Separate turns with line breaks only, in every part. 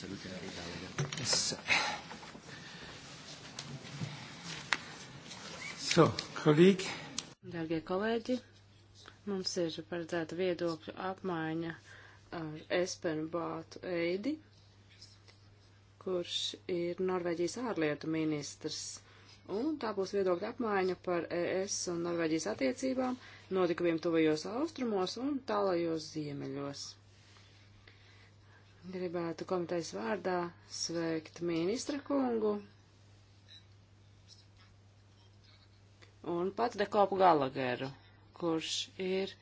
saluti dall'Italia. So, kolīgi.
Dargie kolēģi, mums ir paredzēta viedokļu apmaiņa ar Esperbātu Eidi, kurš ir Norvēģijas ārlietu ministrs. Un tā būs viedokļa apmaiņa par ES un Norvēģijas attiecībām, notikumiem tuvajos austrumos un tālajos ziemeļos. Gribētu komitejas vārdā sveikt ministra kungu un pats Dekopu Galageru, kurš ir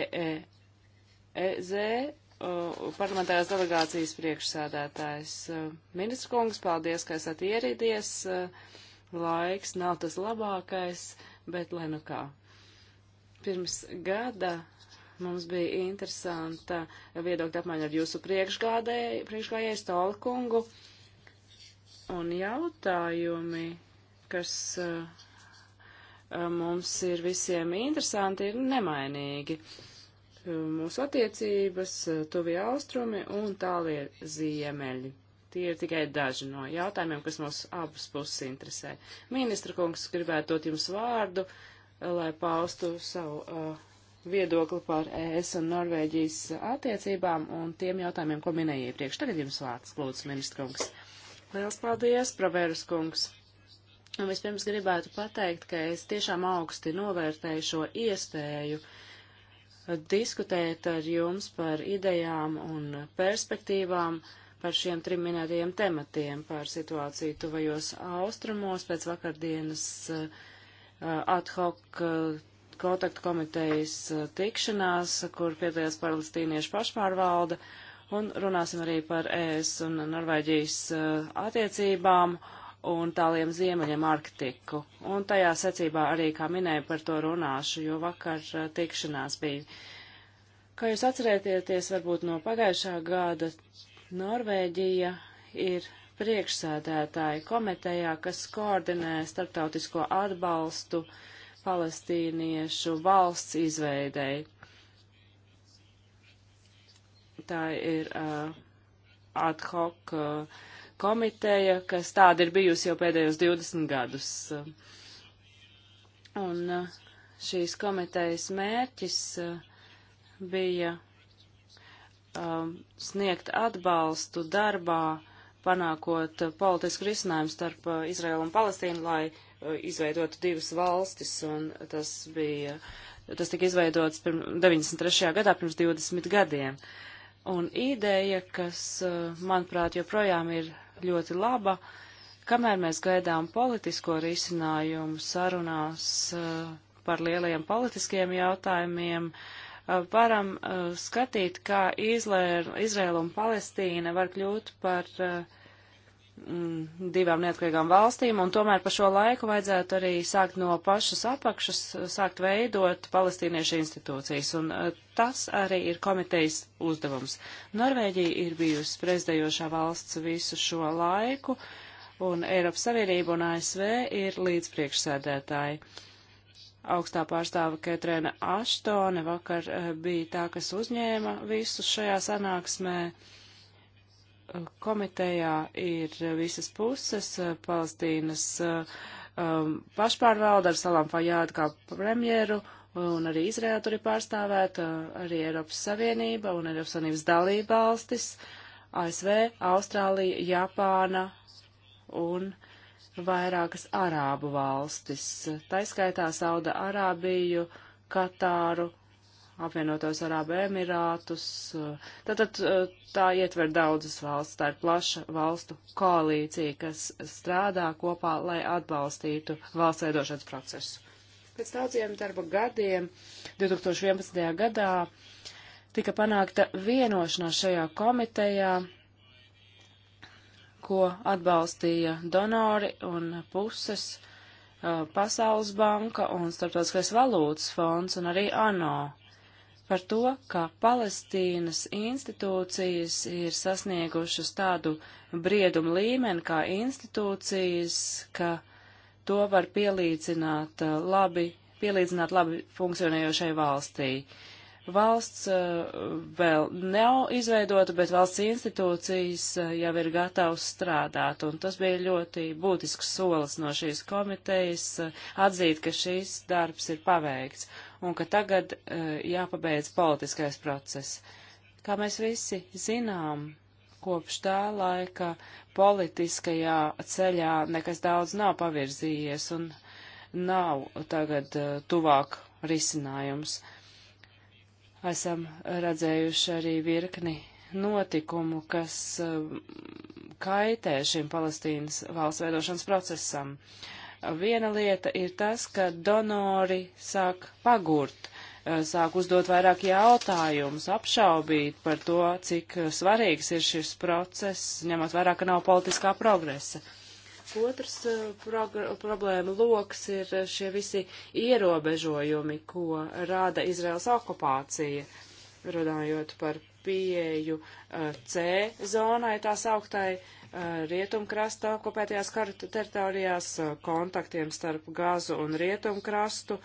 EEZ -E -E, e parlamentārās delegācijas priekšsādātājs. Ministra kungs, paldies, ka esat ieradies. Laiks nav tas labākais, bet lai nu kā. Pirms gada Mums bija interesanta viedokļa apmaiņa ar jūsu priekšgājēju Stolkungu un jautājumi, kas uh, mums ir visiem interesanti, ir nemainīgi. Mūsu attiecības, tuvie austrumi un tālie ziemeļi. Tie ir tikai daži no jautājumiem, kas mūs abas puses interesē. Ministra kungs gribētu dot jums vārdu, lai paustu savu uh, viedokli par ES un Norvēģijas attiecībām un tiem jautājumiem, ko minēja iepriekš. Tagad jums vārds, lūdzu, ministrs. Liels paldies, Pravērs kungs! Un nu, vispirms gribētu pateikt, ka es tiešām augsti novērtēju šo iespēju diskutēt ar jums par idejām un perspektīvām par šiem trim minētajiem tematiem, par situāciju tuvajos austrumos pēc vakardienas eh, ad hoc eh, kontaktkomitejas eh, tikšanās, kur piedalījās palestīniešu pašpārvalde, un runāsim arī par ES un Norvēģijas eh, attiecībām un tāliem ziemeļiem Arktiku. Un tajā secībā arī, kā minēju, par to runāšu, jo vakar eh, tikšanās bija. Kā jūs atcerēties, varbūt no pagājušā gada Norvēģija ir priekšsēdētāja komitejā, kas koordinē starptautisko atbalstu uh, palestīniešu valsts izveidei. Tā ir uh, ad hoc uh, komiteja, kas tāda ir bijusi jau pēdējos 20 gadus. Un uh, šīs komitejas mērķis uh, bija um, sniegt atbalstu darbā, panākot politisku risinājumu starp uh, Izraēlu un Palestīnu, lai Uh, izveidotu divas valstis, un tas bija, tas tika izveidots pirms, 93. gadā, pirms 20 gadiem. Un ideja, kas, uh, manuprāt, joprojām ir ļoti laba, kamēr mēs gaidām politisko risinājumu sarunās uh, par lielajiem politiskiem jautājumiem, varam skatīt, kā Izrēla un Palestīna var kļūt par uh, Mm, divām neatkarīgām valstīm, un tomēr pa šo laiku vajadzētu arī sākt no pašas apakšas, sākt veidot palestīniešu institūcijas, un eh, tas arī ir komitejas uzdevums. Norvēģija ir bijusi prezidējošā valsts visu šo laiku, un Eiropas Savienība un ASV ir līdzpriekšsēdētāji. Augstā pārstāva Ketrēna Aštone vakar eh, bija tā, kas uzņēma visus šajā sanāksmē. Uh, komitejā ir visas puses - Palestīnas um, pašpārvalda ar Salam Fajādu kā premjeru, un arī Izrēla tur ir pārstāvēta, arī Eiropas Savienība un Eiropas Savienības dalība valstis, ASV, Austrālija, Japāna un vairākas arābu valstis, taiskaitā Sauda Arābiju, Katāru apvienotos Arābu Emirātus. Tātad eh, tā ietver daudzas valsts, tā ir plaša valstu koalīcija, kas strādā kopā, lai atbalstītu valsts veidošanas procesu. Pēc daudziem darba gadiem, 2011. gadā, tika panākta vienošanās šajā komitejā, ko atbalstīja donori un puses eh, pasaules banka un starptautiskais valūtas fonds un arī ANO par to, ka Palestīnas institūcijas ir sasniegušas tādu briedumu līmeni kā institūcijas, ka to var pielīdzināt uh, labi, pielīdzināt labi funkcionējošai valstī. Valsts uh, vēl nav izveidota, bet valsts institūcijas uh, jau ir gatavas strādāt, un tas bija ļoti būtisks solis no šīs komitejas atzīt, ka šīs darbs ir paveikts un ka tagad uh, jāpabeidz politiskais process. Kā mēs visi zinām, kopš tā laika politiskajā ceļā nekas daudz nav pavirzījies un nav tagad uh, tuvāk risinājums. Esam redzējuši arī virkni notikumu, kas uh, kaitē šim Palestīnas valsts veidošanas procesam. Uh, Viena lieta ir tas, ka donori sāk pagurt, eh, sāk uzdot vairāk jautājumus, apšaubīt par to, cik eh, svarīgs ir šis process, ņemot vairāk, ka nav politiskā progresa. Otrs eh, problēma loks ir šie visi ierobežojumi, ko rāda Izraels okupācija, runājot par pieeju C zonai, tā sauktai, Uh, rietumkrasta okupētajās teritorijās, uh, kontaktiem starp gazu un rietumkrastu,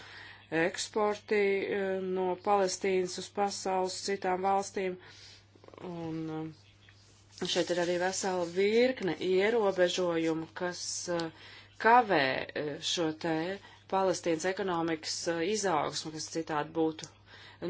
eksporti uh, no Palestīnas uz pasaules citām valstīm. Un šeit ir arī vesela virkne ierobežojumu, kas kavē šo te Palestīnas ekonomikas izaugsmu, kas citādi būtu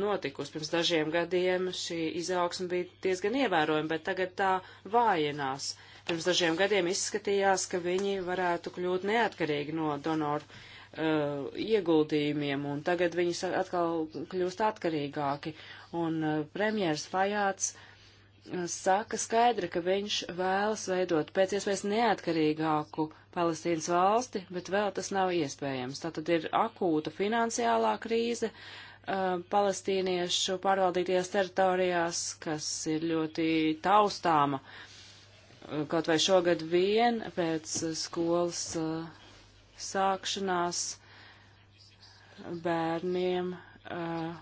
notikusi. Pirms dažiem gadiem šī izaugsme bija diezgan ievērojama, bet tagad tā vājinās. Uh, pirms dažiem gadiem izskatījās, ka viņi varētu kļūt neatkarīgi no donoru uh, ieguldījumiem, un tagad viņi atkal kļūst atkarīgāki. Un uh, premjers Fajāts uh, saka skaidri, ka viņš vēlas veidot pēc iespējas neatkarīgāku Palestīnas valsti, bet vēl tas nav iespējams. Tātad ir akūta finansiālā krīze uh, palestīniešu pārvaldītajās teritorijās, kas ir ļoti taustāma. Uh, kaut vai šogad vien pēc uh, skolas uh, sākšanās bērniem uh,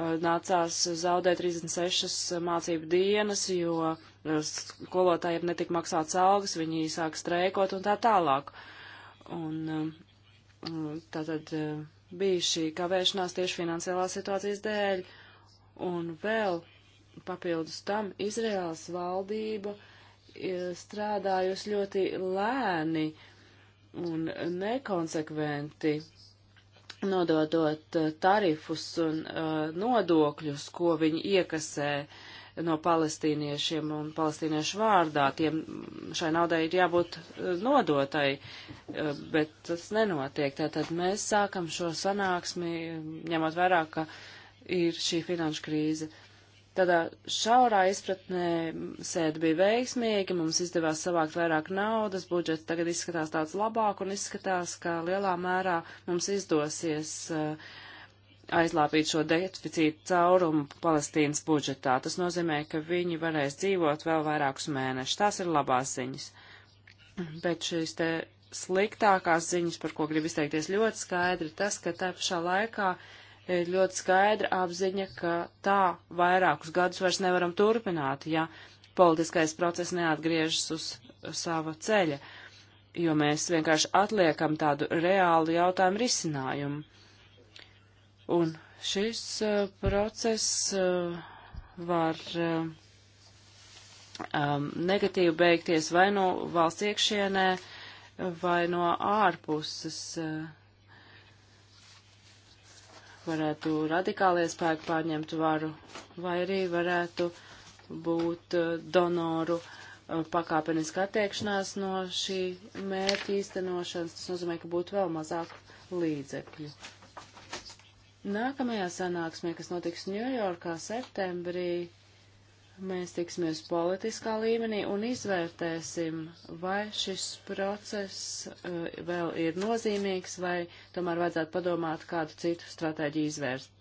uh nācās zaudēt 36 mācību dienas, jo uh, skolotājiem netika maksāts algas, viņi sāk streikot un tā tālāk. Un tātad bija šī kavēšanās tieši finansiālās situācijas dēļ. Un vēl Papildus tam Izraels valdība e, strādājusi ļoti lēni un nekonsekventi nododot e, tarifus un uh, nodokļus, ko viņi iekasē no palestīniešiem un palestīniešu vārdā. Tiem šai naudai ir jābūt nodotai, bet tas nenotiek. Tātad mēs sākam šo sanāksmi, ņemot vērā, ka ir šī finanšu krīze. Uh, Tādā šaurā izpratnē sēde bija veiksmīga, mums izdevās savākt vairāk naudas, budžets tagad izskatās tāds labāk un izskatās, ka lielā mērā mums izdosies uh, aizlāpīt šo deficītu caurumu Palestīnas budžetā. Tas nozīmē, ka viņi varēs dzīvot vēl vairākus mēnešus. Tās ir labās ziņas. Bet šīs te sliktākās ziņas, par ko grib izteikties ļoti skaidri, tas, ka tā pašā laikā uh, ir ļoti skaidra apziņa, ka tā vairākus gadus vairs nevaram turpināt, ja politiskais process neatgriežas uz sava ceļa, jo mēs vienkārši atliekam tādu reālu jautājumu risinājumu. Un šis uh, process uh, var uh, um, negatīvi beigties vai no nu valsts iekšienē, vai no ārpuses. Uh, varētu radikālie spēki pārņemt varu, vai arī varētu būt uh, donoru uh, pakāpeniska attiekšanās no šī mērķa īstenošanas. Tas nozīmē, ka būtu vēl mazāk līdzekļu. Nākamajā sanāksmē, kas notiks Ņujorkā septembrī, Mēs tiksimies politiskā līmenī un izvērtēsim, vai šis process uh, vēl ir nozīmīgs, vai tomēr vajadzētu padomāt, kādu citu stratēģiju izvērst,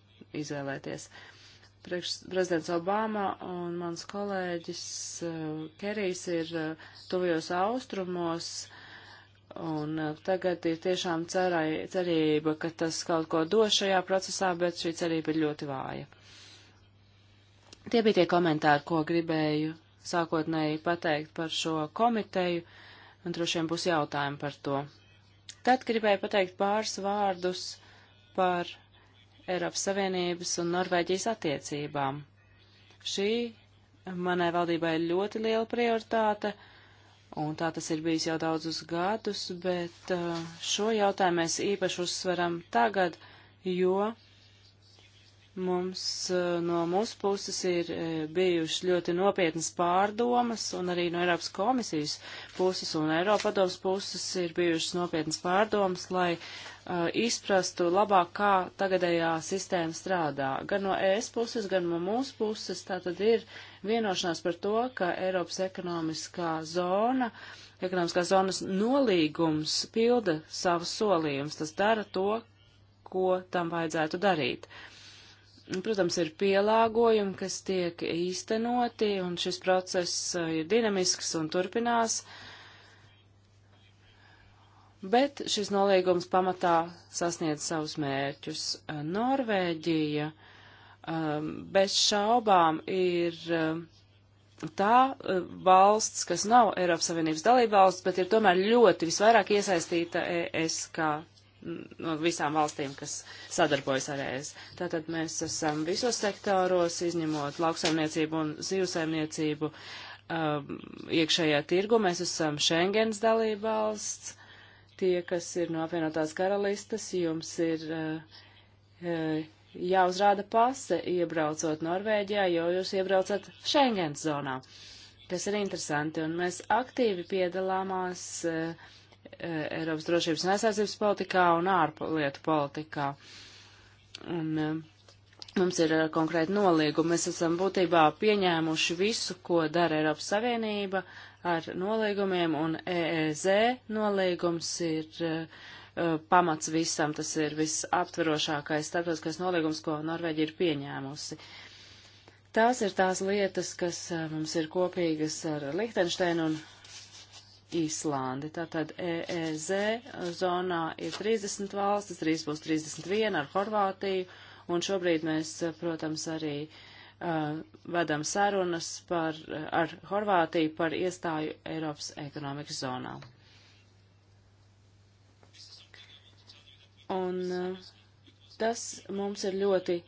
izvēlēties. Priekš, prezidents Obama un mans kolēģis uh, Kerijs ir uh, tuvajos austrumos, un tagad ir tiešām cerai, cerība, ka tas kaut ko dos šajā procesā, bet šī cerība ir ļoti vāja. Tie bija tie komentāri, ko gribēju sākotnēji pateikt par šo komiteju, un droši vien būs jautājumi par to. Tad gribēju pateikt pāris vārdus par Eiropas Savienības un Norvēģijas attiecībām. Šī manai valdībai ir ļoti liela prioritāte, un tā tas ir bijis jau daudzus gadus, bet uh, šo jautājumu mēs īpaši uzsveram tagad, jo Mums eh, no mūsu puses ir eh, bijušas ļoti nopietnas pārdomas, un arī no Eiropas komisijas puses un Eiropadomas puses ir bijušas nopietnas pārdomas, lai uh, izprastu labāk, kā tagadējā sistēma strādā. Gan no ES puses, gan no mūsu puses tā tad ir vienošanās par to, ka Eiropas ekonomiskā zona, ekonomiskā zonas nolīgums pilda savus solījumus. Tas dara to, ko tam vajadzētu darīt. Uh, protams, ir pielāgojumi, kas tiek īstenoti, un šis process uh, ir dinamisks un turpinās. Bet šis nolīgums pamatā sasniedz savus mērķus. Uh, Norvēģija um, bez šaubām ir um, tā uh, valsts, kas nav Eiropas Savienības dalībvalsts, bet ir tomēr ļoti visvairāk iesaistīta ES kā no visām valstīm, kas sadarbojas ar ES. Tātad mēs esam visos sektoros, izņemot lauksaimniecību un zīvesaimniecību um, iekšējā tirgu. Mēs esam Schengens dalībvalsts. Tie, kas ir no apvienotās karalistas, jums ir uh, uh, jāuzrāda pase, iebraucot Norvēģijā, jo jūs iebraucat Schengens zonā, kas ir interesanti. Un mēs aktīvi piedalāmās uh, E, Eiropas drošības un aizsardzības politikā un ārlietu politikā. Un, e, Mums ir e, konkrēti nolīgumi. Mēs esam būtībā pieņēmuši visu, ko dara Eiropas Savienība ar nolīgumiem, un EEZ nolīgums ir uh, pamats visam, tas ir visaptverošākais starptautiskais nolīgums, ko Norvēģija ir pieņēmusi. Tās ir tās lietas, kas mums ir kopīgas ar Lihtenšteinu un Īslandi. Tātad EEZ zonā ir 30 valstis, drīz būs 31 ar Horvātiju, un šobrīd mēs, protams, arī uh, vedam sarunas par, ar Horvātiju par iestāju Eiropas ekonomikas zonā. Un uh, tas mums ir ļoti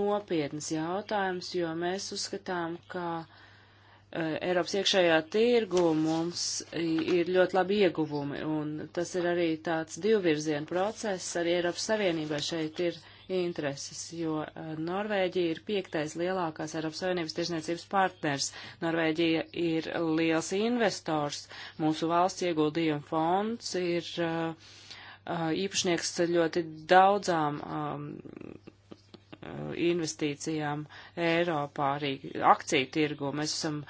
nopietnas jautājums, jo mēs uzskatām, ka uh, Eh, Eiropas iekšējā tirgu mums ir ļoti labi ieguvumi, un tas ir arī tāds divvirzienu process, arī Eiropas Savienībai šeit ir intereses, jo eh, Norvēģija ir piektais lielākās Eiropas Savienības tirsniecības partners. Norvēģija ir liels investors, mūsu valsts ieguldījuma fonds ir eh, īpašnieks ļoti daudzām um, investīcijām Eiropā, arī akciju tirgu. Mēs esam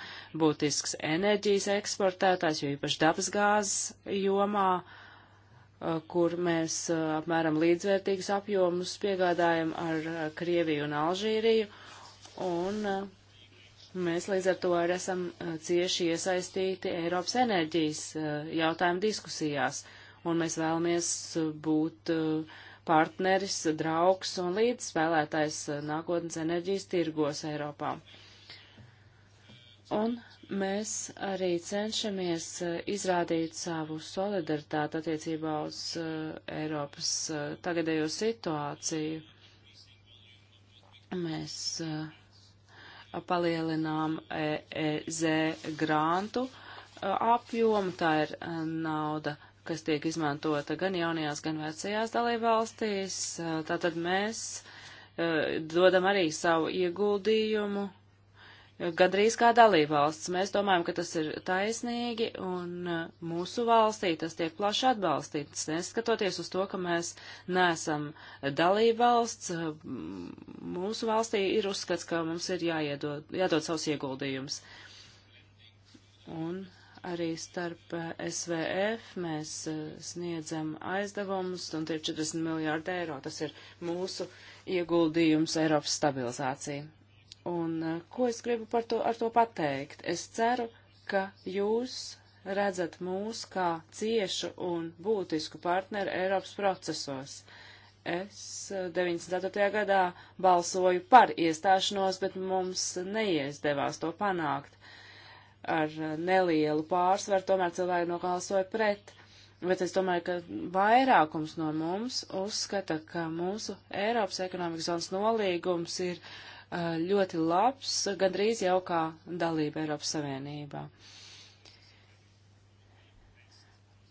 būtisks enerģijas eksportētājs, jo īpaši dabasgāzes jomā, kur mēs apmēram līdzvērtīgus apjomus piegādājam ar Krieviju un Alžīriju. Un mēs līdz ar to arī esam cieši iesaistīti Eiropas enerģijas jautājumu diskusijās. Un mēs vēlamies būt uh, partneris, draugs un līdzspēlētājs nākotnes enerģijas tirgos Eiropā. Un mēs arī cenšamies izrādīt savu solidaritāti attiecībā uz eh, Eiropas eh, tagadējo situāciju. Mēs eh, palielinām EZ e grantu apjomu, tā ir nauda kas tiek izmantota gan jaunajās, gan vecajās dalībvalstīs. Eh, tātad mēs eh, dodam arī savu ieguldījumu eh, gandrīz kā dalībvalsts. Mēs domājam, ka tas ir taisnīgi un mūsu valstī tas tiek plaši atbalstīts, neskatoties uz to, ka mēs neesam dalībvalsts. Mūsu valstī ir uzskats, ka mums ir jāiedod, jādod savus ieguldījumus. Un arī starp eh, SVF mēs eh, sniedzam aizdevumus, un tie ir 40 miljārdi eiro. Tas ir mūsu ieguldījums Eiropas stabilizācija. Un eh, ko es gribu par to, ar to pateikt? Es ceru, ka jūs redzat mūs kā ciešu un būtisku partneri Eiropas procesos. Es 94. gadā balsoju par iestāšanos, bet mums neiesdevās to panākt ar eh, nelielu pārsvaru, tomēr cilvēki nokalsoja pret. Bet es domāju, ka vairākums no mums uzskata, ka mūsu Eiropas ekonomikas zonas nolīgums ir eh, ļoti labs, gandrīz jau kā dalība Eiropas Savienībā.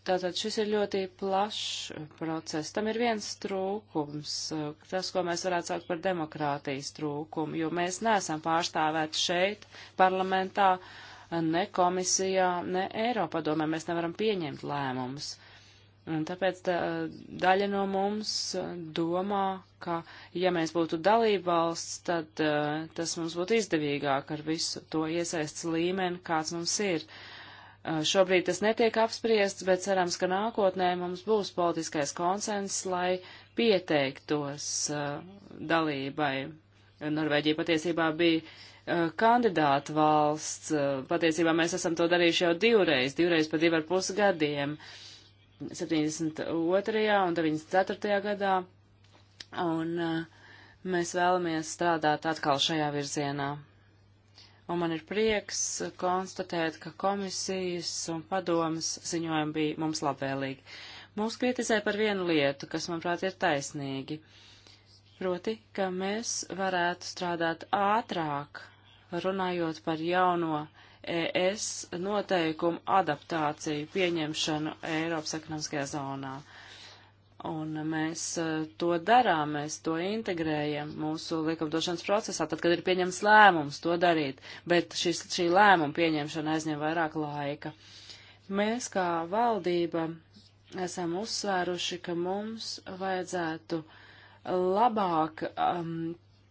Tātad šis ir ļoti plašs process. Tam ir viens trūkums, eh, tas, ko mēs varētu saukt par demokrātijas trūkumu, jo mēs neesam pārstāvēti šeit parlamentā uh, ne komisijā, ne Eiropadomē mēs nevaram pieņemt lēmumus. Un tāpēc da, daļa no mums uh, domā, ka ja mēs būtu dalībvalsts, tad uh, tas mums būtu izdevīgāk ar visu to iesaists līmeni, kāds mums ir. Uh, šobrīd tas netiek apspriests, bet cerams, ka nākotnē mums būs politiskais konsens, lai pieteiktos uh, dalībai. Norvēģija patiesībā bija Eh, kandidātu valsts. Eh, patiesībā mēs esam to darījuši jau divreiz, divreiz pa divi ar pus gadiem, 72. un 94. gadā, un eh, mēs vēlamies strādāt atkal šajā virzienā. Un man ir prieks konstatēt, ka komisijas un padomas ziņojumi bija mums labvēlīgi. Mūs kritizē par vienu lietu, kas, manuprāt, ir taisnīgi. Proti, ka mēs varētu strādāt ātrāk runājot par jauno ES noteikumu adaptāciju pieņemšanu Eiropas ekonomiskajā zonā. Un mēs uh, to darām, mēs to integrējam mūsu likumdošanas procesā, tad, kad ir pieņems lēmums to darīt, bet šis, šī lēmuma pieņemšana aizņem vairāk laika. Mēs kā valdība esam uzsvēruši, ka mums vajadzētu labāk um,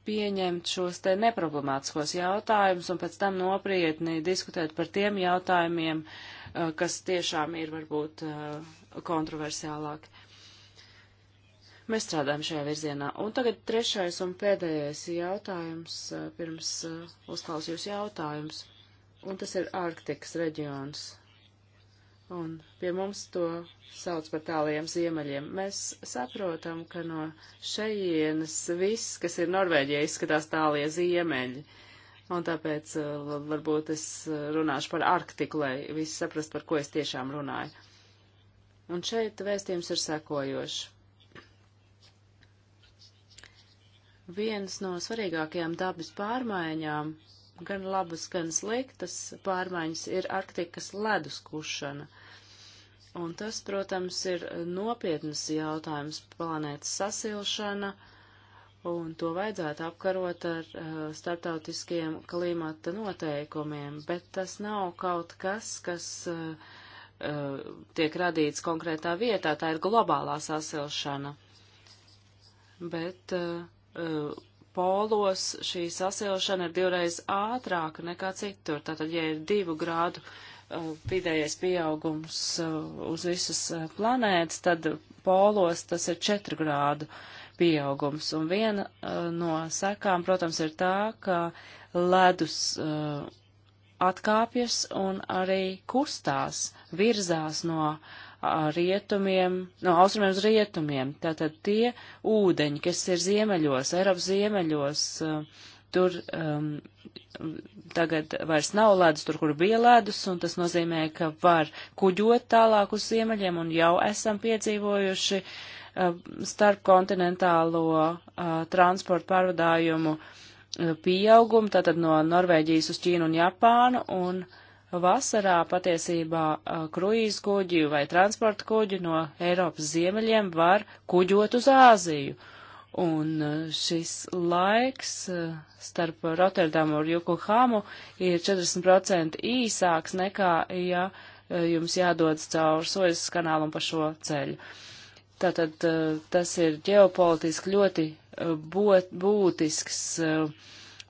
pieņemt šos te neproblemātiskos jautājumus un pēc tam noprietni diskutēt par tiem jautājumiem, uh, kas tiešām ir varbūt uh, kontroversiālāk. Mēs strādājam šajā virzienā. Un tagad trešais un pēdējais jautājums uh, pirms uzklausījus jautājums. Un tas ir Arktikas reģions. Un pie mums to sauc par tāliem ziemeļiem. Mēs saprotam, ka no šejienes viss, kas ir Norvēģijā, izskatās tālie ziemeļi. Un tāpēc eh, varbūt es eh, runāšu par Arktiku, lai visi saprast, par ko es tiešām runāju. Un šeit vēstījums ir sekojošs. Viens no svarīgākajām dabas pārmaiņām, gan labas, gan sliktas pārmaiņas, ir Arktikas leduskušana. kušana Un tas, protams, ir nopietnas jautājums - planētas sasilšana, un to vajadzētu apkarot ar uh, starptautiskiem klimata noteikumiem, bet tas nav kaut kas, kas uh, uh, tiek radīts konkrētā vietā, tā ir globālā sasilšana. Bet uh, polos šī sasilšana ir divreiz ātrāka nekā citur. Tātad, ja ir divu grādu uh, vidējais uh, pieaugums uh, uz visas uh, planētas, tad polos tas ir 4 grādu pieaugums. Un viena no sekām, protams, ir tā, ka ledus atkāpjas un arī kustās, virzās no rietumiem, no austrumiem uz rietumiem. Tātad tie ūdeņi, kas ir ziemeļos, Eiropas ziemeļos, uh, Tur um, tagad vairs nav ledus, tur, kur bija ledus, un tas nozīmē, ka var kuģot tālāk uz ziemeļiem, un jau esam piedzīvojuši uh, starpkontinentālo uh, transportu pārvadājumu uh, pieaugumu, tātad no Norvēģijas uz Ķīnu un Japānu, un vasarā patiesībā uh, kruīz kuģi vai transporta kuģi no Eiropas ziemeļiem var kuģot uz Āziju. Uh, Un e, šis laiks e, starp Rotterdamu un Jukuhamu ir 40% īsāks nekā, ja e, jums jādodas caur Sojas kanālu un pa šo ceļu. Tātad tas ir ģeopolitiski ļoti būtisks,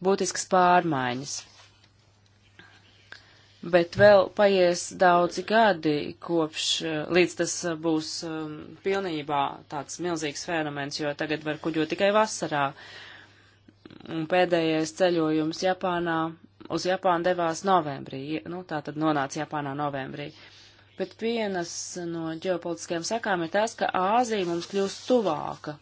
būtisks pārmaiņas bet vēl paies daudzi gadi, kopš eh, līdz tas eh, būs um, pilnībā tāds milzīgs fenomens, jo tagad var kuģot tikai vasarā. Un pēdējais ceļojums Japānā, uz Japānu devās novembrī, nu tā tad nonāca Japānā novembrī. Bet vienas no ģeopolitiskajām sakām ir tas, ka Āzija mums kļūst tuvāka,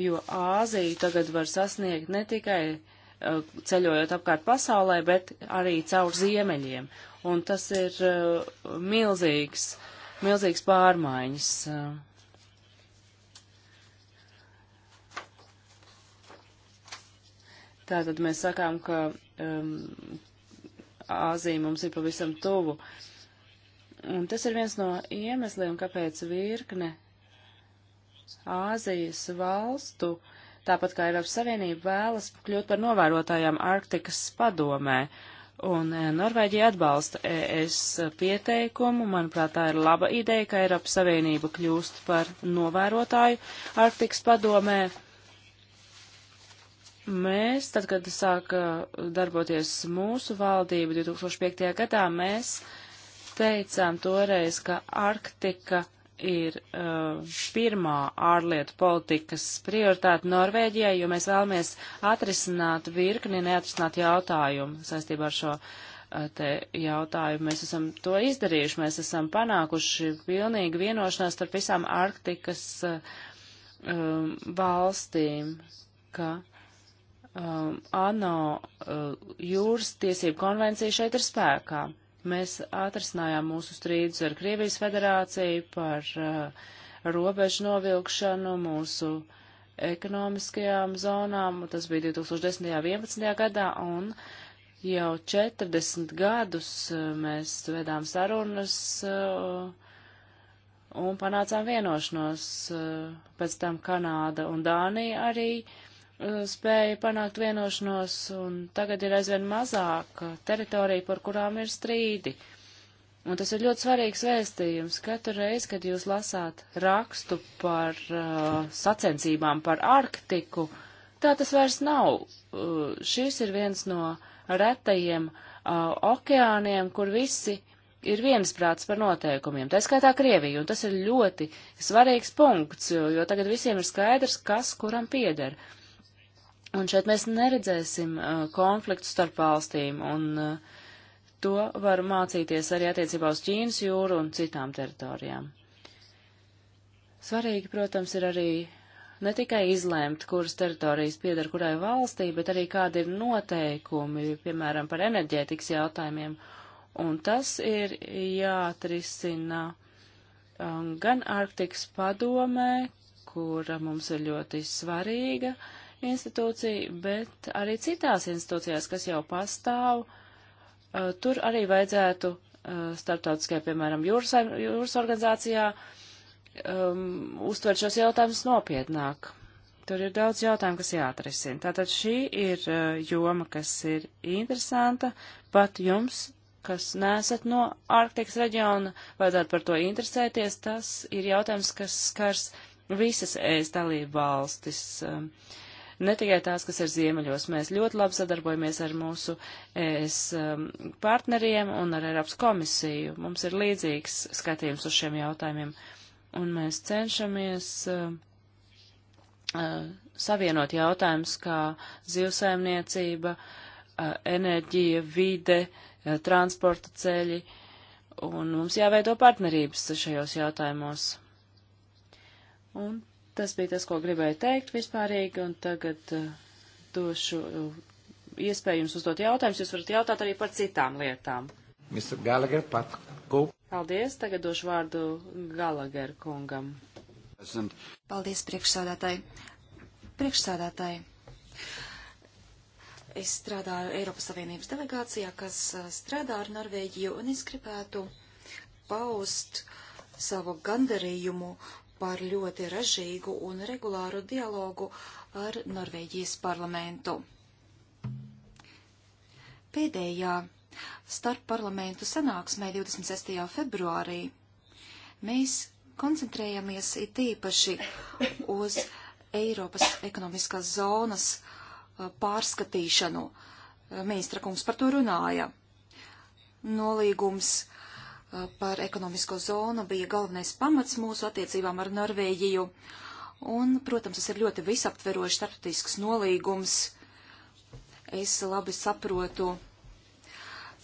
jo Āziju tagad var sasniegt ne tikai uh, Eh, ceļojot apkārt pasaulē, bet arī caur ziemeļiem. Un tas ir eh, milzīgs, milzīgs pārmaiņas. Eh. Tātad mēs sakām, ka um, Āzija mums ir pavisam tuvu. Un tas ir viens no iemesliem, kāpēc virkne Āzijas valstu uh, tāpat kā Eiropas Savienība vēlas kļūt par novērotājām Arktikas padomē. Un eh, Norvēģija atbalsta ES pieteikumu. Manuprāt, tā ir laba ideja, ka Eiropas Savienība kļūst par novērotāju Arktikas padomē. Mēs, tad, kad sāka darboties mūsu valdība 2005. gadā, mēs teicām toreiz, ka Arktika ir uh, pirmā ārlietu politikas prioritāte Norvēģijai, jo mēs vēlamies atrisināt virkni neatrisināt jautājumu saistībā ar šo uh, te jautājumu. Mēs esam to izdarījuši, mēs esam panākuši pilnīgu vienošanās starp visām Arktikas uh, um, valstīm, ka um, ANO uh, jūras tiesību konvencija šeit ir spēkā. Mēs atrisinājām mūsu strīdus ar Krievijas federāciju par uh, robežu novilkšanu mūsu ekonomiskajām zonām. Tas bija 2010. un 2011. gadā, un jau 40 gadus uh, mēs vedām sarunas uh, un panācām vienošanos. Uh, pēc tam Kanāda un Dānija arī uh, Uh, spēja panākt vienošanos, un tagad ir aizvien mazāk teritorija, par kurām ir strīdi. Un tas ir ļoti svarīgs vēstījums. Katru reizi, kad jūs lasāt rakstu par uh, sacensībām par Arktiku, tā tas vairs nav. Uh, šis ir viens no retajiem uh, okeāniem, kur visi ir viensprāts par noteikumiem, tā skaitā Krievija, un tas ir ļoti svarīgs punkts, jo, jo tagad visiem ir skaidrs, kas kuram pieder. Uh, Un šeit mēs neredzēsim uh, konfliktu starp valstīm, un uh, to var mācīties arī attiecībā uz Ķīnas jūru un citām teritorijām. Svarīgi, protams, ir arī ne tikai izlēmt, kuras teritorijas pieder kurai valstī, bet arī kādi ir noteikumi, piemēram, par enerģētikas jautājumiem. Un tas ir jāatrisina um, gan Arktikas padomē, kura mums ir ļoti svarīga, uh, institūciju, bet arī citās institūcijās, kas jau pastāv, uh, tur arī vajadzētu uh, starptautiskajā, piemēram, jūras, jūras organizācijā um, uztvert šos jautājumus nopietnāk. Tur ir daudz jautājumu, kas jāatrisina. Tātad šī ir uh, joma, kas ir interesanta. Pat jums, kas nesat no Arktikas reģiona, vajadzētu par to interesēties. Tas ir jautājums, kas skars visas ēst dalību valstis. Uh, ne tikai tās, kas ir ziemeļos. Mēs ļoti labi sadarbojamies ar mūsu ES um, partneriem un ar Eiropas komisiju. Mums ir līdzīgs skatījums uz šiem jautājumiem, un mēs cenšamies uh, uh, savienot jautājumus kā zivsaimniecība, uh, enerģija, vide, uh, transporta ceļi, un mums jāveido partnerības šajos jautājumos. Un Tas bija tas, ko gribēju teikt vispārīgi, un tagad uh, došu uh, iespēju jums uzdot jautājumus. Jūs varat jautāt arī par citām lietām.
Mr. Gallagher, pat ko?
Paldies, tagad došu vārdu Gallagher kungam. Paldies, priekšsādātāji. Priekšsādātāji.
Es strādāju Eiropas Savienības delegācijā, kas uh, strādā ar Norvēģiju, un es gribētu paust savu gandarījumu par ļoti ražīgu un regulāru dialogu ar Norvēģijas parlamentu. Pēdējā starp parlamentu sanāksmē 26. februārī mēs koncentrējamies it īpaši uz Eiropas ekonomiskās zonas uh, pārskatīšanu. Ministra kungs par to runāja. Nolīgums par ekonomisko zonu bija galvenais pamats mūsu attiecībām ar Norvēģiju. Un, protams, tas ir ļoti visaptverošs starptautisks nolīgums. Es labi saprotu,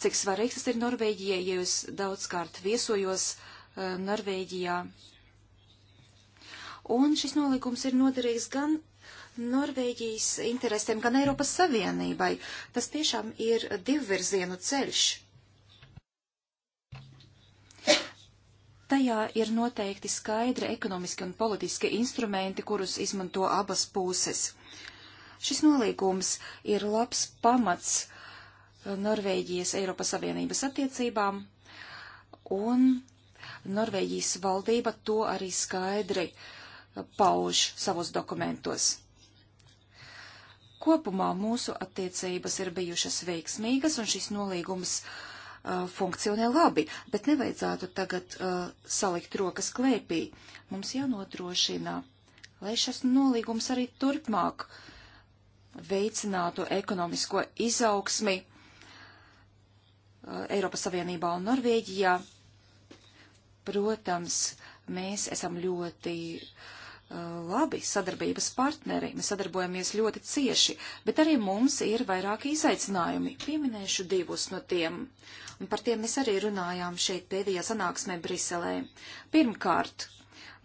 cik svarīgs tas ir Norvēģijai, ja jūs daudzkārt viesojos uh, Norvēģijā. Un šis nolīgums ir noderīgs gan Norvēģijas interesēm, gan Eiropas Savienībai. Tas tiešām ir divvirzienu ceļš. Tajā ir noteikti skaidri ekonomiski un politiski instrumenti, kurus izmanto abas puses. Šis nolīgums ir labs pamats uh, Norvēģijas Eiropas Savienības attiecībām, un Norvēģijas valdība to arī skaidri uh, pauž savos dokumentos. Kopumā mūsu attiecības ir bijušas veiksmīgas, un šis nolīgums uh, uh, funkcionē labi, bet nevajadzētu tagad uh, salikt rokas klēpī. Mums jānodrošina, lai šis nolīgums arī turpmāk veicinātu ekonomisko izaugsmi uh, Eiropas Savienībā un Norvēģijā. Protams, mēs esam ļoti labi sadarbības partneri, mēs sadarbojamies ļoti cieši, bet arī mums ir vairāki izaicinājumi. Pieminēšu divus no tiem un par tiem mēs arī runājām šeit pēdējā sanāksmē Briselē. Pirmkārt,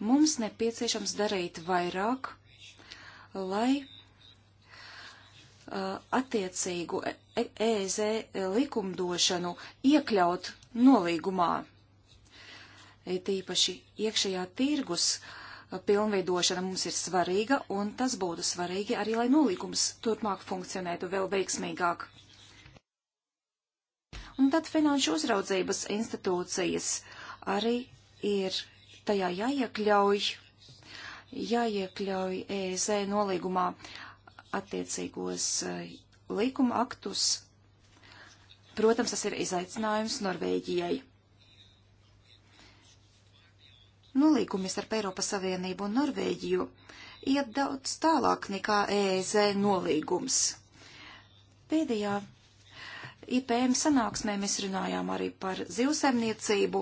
mums nepieciešams darīt vairāk, lai uh, attiecīgu EEZ e likumdošanu iekļaut nolīgumā. Tīpaši iekšējā tirgus uh, pilnveidošana mums ir svarīga, un tas būtu svarīgi arī, lai nolīgums turpmāk funkcionētu vēl veiksmīgāk. Un tad finanšu uzraudzības institūcijas arī ir tajā jāiekļauj, jāiekļauj EZ e nolīgumā attiecīgos eh, līkuma aktus. Protams, tas ir izaicinājums Norvēģijai. Nolīgumi starp Eiropas Savienību un Norvēģiju iet daudz tālāk nekā EZ e nolīgums. Pēdējā IPM sanāksmē mēs runājām arī par zivsaimniecību.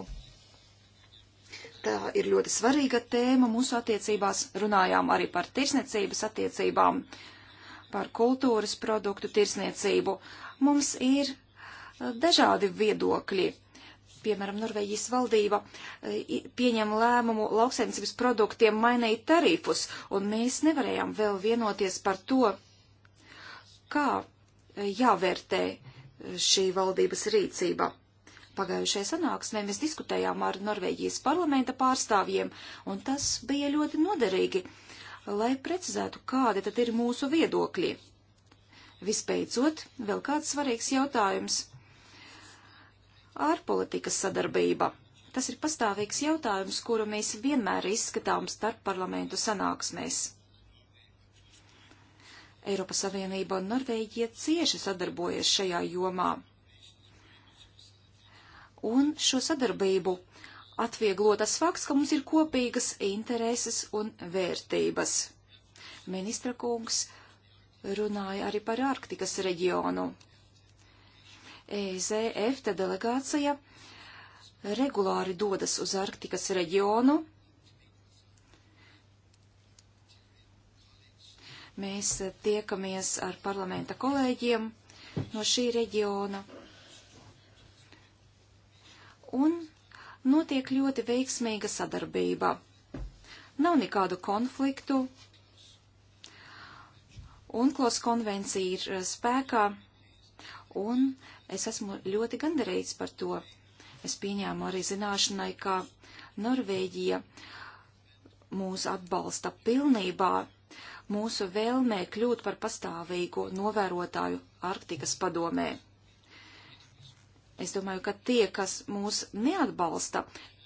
Tā ir ļoti svarīga tēma mūsu attiecībās. Runājām arī par tirsniecības attiecībām, par kultūras produktu tirsniecību. Mums ir eh, dažādi viedokļi. Piemēram, Norvēģijas valdība eh, pieņem lēmumu lauksaimniecības produktiem mainīt tarifus, un mēs nevarējām vēl vienoties par to, kā eh, jāvērtē uh, šī valdības rīcība. Pagājušajā sanāksmē mēs diskutējām ar Norvēģijas parlamenta pārstāvjiem, un tas bija ļoti noderīgi, lai precizētu, kādi tad ir mūsu viedokļi. Vispēcot, vēl kāds svarīgs jautājums - ārpolitikas sadarbība. Tas ir pastāvīgs jautājums, kuru mēs vienmēr izskatām starp parlamentu sanāksmēs. Eiropas Savienība un Norvēģija cieši sadarbojas šajā jomā. Un šo sadarbību atvieglo tas fakts, ka mums ir kopīgas intereses un vērtības. Ministra kungs runāja arī par Arktikas reģionu. EZF delegācija regulāri dodas uz Arktikas reģionu Mēs eh, tiekamies ar parlamenta kolēģiem no šī reģiona. Un notiek ļoti veiksmīga sadarbība. Nav nekādu konfliktu. UNCLOS konvencija ir eh, spēkā, un es esmu ļoti gandarīts par to. Es pieņēmu arī zināšanai, ka Norvēģija mūs atbalsta pilnībā mūsu vēlmē kļūt par pastāvīgo novērotāju Arktikas padomē. Es domāju, ka tie, kas mūs neatbalsta,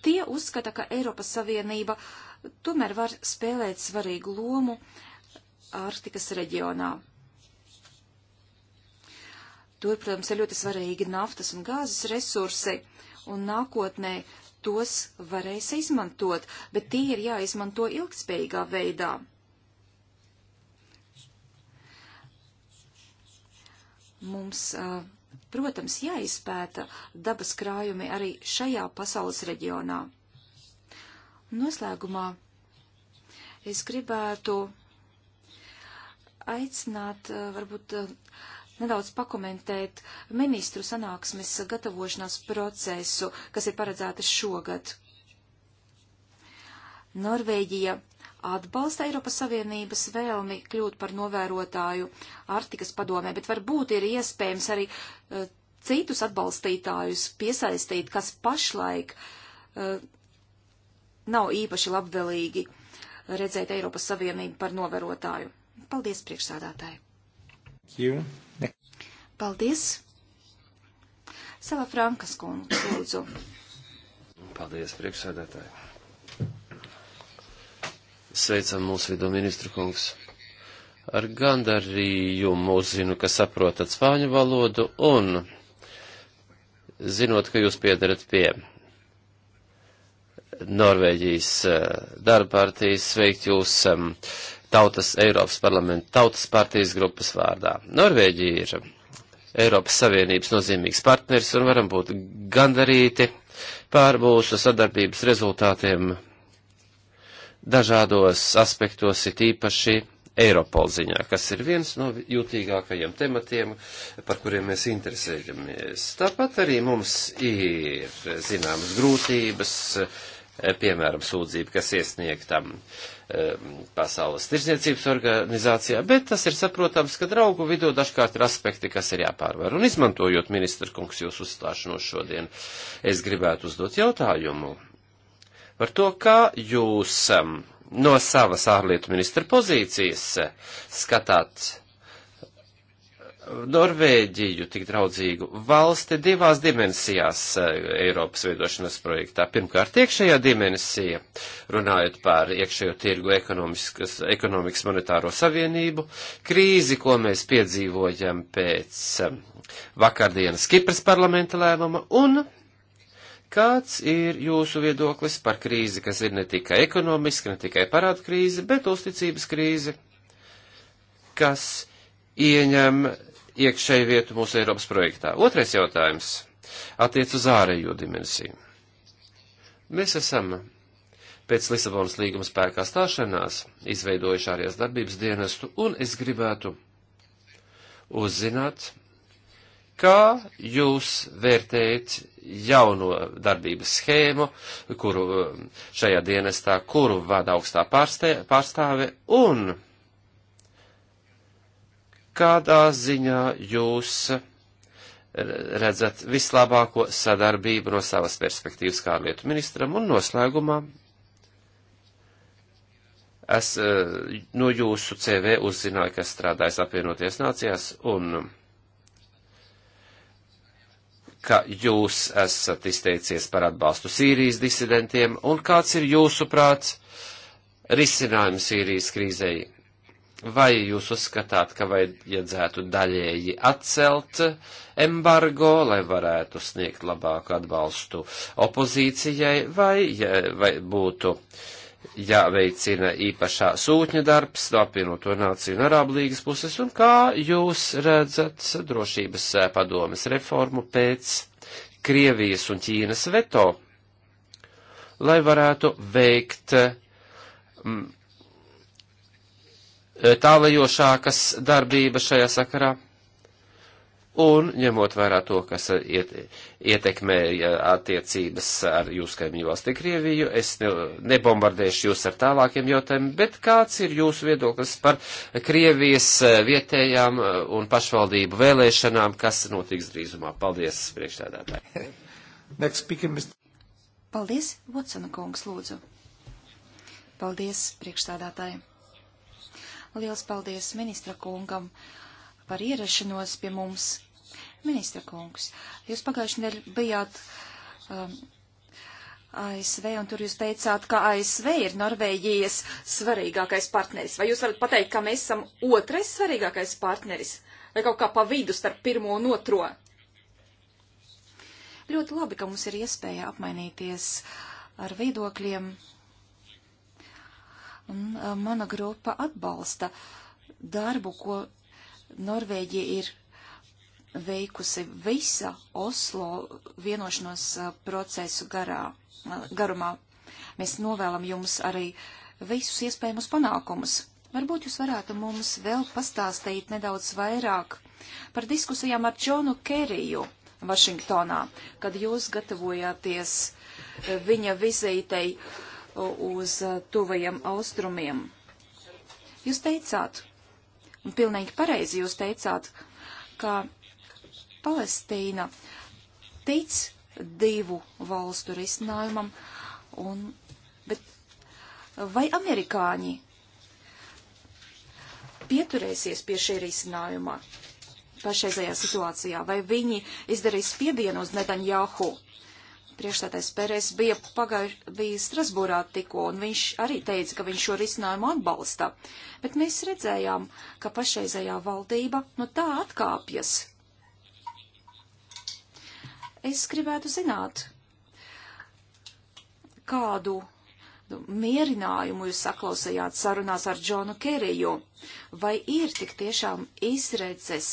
tie uzskata, ka Eiropas Savienība tomēr var spēlēt svarīgu lomu Arktikas reģionā. Tur, protams, ir ļoti svarīgi naftas un gāzes resursi, un nākotnē tos varēs izmantot, bet tie ir jāizmanto ilgspējīgā veidā. Mums, protams, jāizpēta dabas krājumi arī šajā pasaules reģionā. Noslēgumā es gribētu aicināt, varbūt nedaudz pakomentēt ministru sanāksmes gatavošanās procesu, kas ir paredzēta šogad. Norvēģija atbalsta Eiropas Savienības vēlmi kļūt par novērotāju Arktikas padomē, bet varbūt ir iespējams arī uh, citus atbalstītājus piesaistīt, kas pašlaik uh, nav īpaši labvēlīgi redzēt Eiropas Savienību par novērotāju. Paldies, priekšsādātāji! Paldies! Sava Frankas kungs,
lūdzu!
Paldies, priekšsādātāji! Sveicam mūsu vidū ministru kungs. Ar gandarījumu zinu, ka saprotat spāņu valodu un zinot, ka jūs piedarat pie Norvēģijas eh, darba partijas, sveikt jūs tautas Eiropas parlamenta tautas partijas grupas vārdā. Norvēģija ir Eiropas Savienības nozīmīgs partners un varam būt gandarīti pār mūsu sadarbības rezultātiem dažādos aspektos, it īpaši Eiropola ziņā, kas ir viens no jūtīgākajiem tematiem, par kuriem mēs interesējamies. Tāpat arī mums ir zināmas grūtības, piemēram, sūdzība, kas iesniegtam ehm, Pasaules tirzniecības organizācijā, bet tas ir saprotams, ka draugu vidū dažkārt ir aspekti, kas ir jāpārvar. Un izmantojot ministra kungs jūsu uzstāšanos šodien, es gribētu uzdot jautājumu par to, kā jūs um, no savas ārlietu ministra pozīcijas uh, skatāt uh, Norvēģiju, tik draudzīgu valsti, divās dimensijās uh, Eiropas veidošanas projektā. Pirmkārt, iekšējā dimensija, runājot par iekšējo tirgu ekonomikas monetāro savienību, krīzi, ko mēs piedzīvojam pēc um, vakardienas Kipras parlamenta lēmuma, un Kāds ir jūsu viedoklis par krīzi, kas ir ne tikai ekonomiska, ne tikai parāda krīze, bet uzticības krīze, kas ieņem iekšēju vietu mūsu Eiropas projektā? Otrais jautājums attiec uz ārējo dimensiju. Mēs esam pēc Lisabonas līguma spēkā stāšanās izveidojuši ārējās darbības dienestu, un es gribētu uzzināt, Kā jūs vērtējat jauno darbības schēmu, kuru šajā dienestā, kuru vada augstā pārstē, pārstāve, un kādā ziņā jūs redzat vislabāko sadarbību no savas perspektīvas kā lietu ministram un noslēgumā es eh, no jūsu CV uzzināju, ka strādājas apvienoties nācijās, un ka jūs esat izteicies par atbalstu Sīrijas disidentiem, un kāds ir jūsu prāts risinājums Sīrijas krīzei? Vai jūs uzskatāt, ka vajadzētu daļēji atcelt embargo, lai varētu sniegt labāku atbalstu opozīcijai, vai, ja, vai būtu uh, jāveicina īpašā sūtņa darbs no apvienoto nāciju un arābu līgas puses, un kā jūs redzat drošības padomes reformu pēc Krievijas un Ķīnas veto, lai varētu veikt mm, tālajošākas darbības šajā sakarā? un ņemot vērā to, kas iet, ietekmēja attiecības ar jūsu kaimiņu valsti Krieviju, es ne, nebombardēšu jūs ar tālākiem jautājumiem, bet kāds ir jūsu viedoklis par Krievijas eh, vietējām eh, un pašvaldību vēlēšanām, kas notiks drīzumā? Paldies, priekšstādātāji.
Next speaker, Mr.
Paldies, Watsona kungs, lūdzu. Paldies, priekšstādātāji. Liels paldies ministra kungam par ierašanos pie mums. Ministra kungs, jūs pagājušajā nedēļā bijāt um, ASV, un tur jūs teicāt, ka ASV ir Norvēģijas svarīgākais partneris. Vai jūs varat pateikt, ka mēs esam otrais svarīgākais partneris? Vai kaut kā pa vidu starp pirmo un otro? Ļoti labi, ka mums ir iespēja apmainīties ar viedokļiem. Un, uh, mana grupa atbalsta darbu, ko Norvēģija ir veikusi visa Oslo vienošanos uh, procesu garā, uh, garumā. Mēs novēlam jums arī visus iespējamus panākumus. Varbūt jūs varētu mums vēl pastāstīt nedaudz vairāk par diskusijām ar Džonu Keriju Vašingtonā, kad jūs gatavojāties uh, viņa vizītei uz tuvajiem austrumiem. Jūs teicāt, un pilnīgi pareizi jūs teicāt, ka Palestīna tic divu valstu risinājumam, un, bet vai amerikāņi pieturēsies pie šī risinājuma pašreizajā situācijā, vai viņi izdarīs spiedienu uz Netanjahu? Priekšstādājs Pērēs bija, pagājuš, bija Strasbūrā tikko, un viņš arī teica, ka viņš šo risinājumu atbalsta. Bet mēs redzējām, ka pašreizējā valdība no nu, tā atkāpjas Es gribētu zināt, kādu mierinājumu jūs saklausījāt sarunās ar Džonu Keriju, vai ir tik tiešām izredzes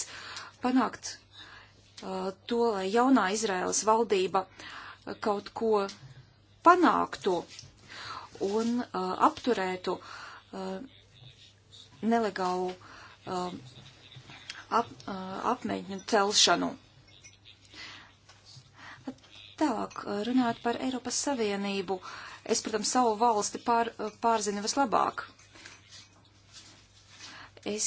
panākt uh, to, lai jaunā Izraēlas valdība uh, kaut ko panāktu un uh, apturētu uh, nelegālu uh, ap, uh, apmēģinu celšanu. Tālāk, runājot par Eiropas Savienību, es, protams, savu valsti pār, pārzinu vislabāk. Es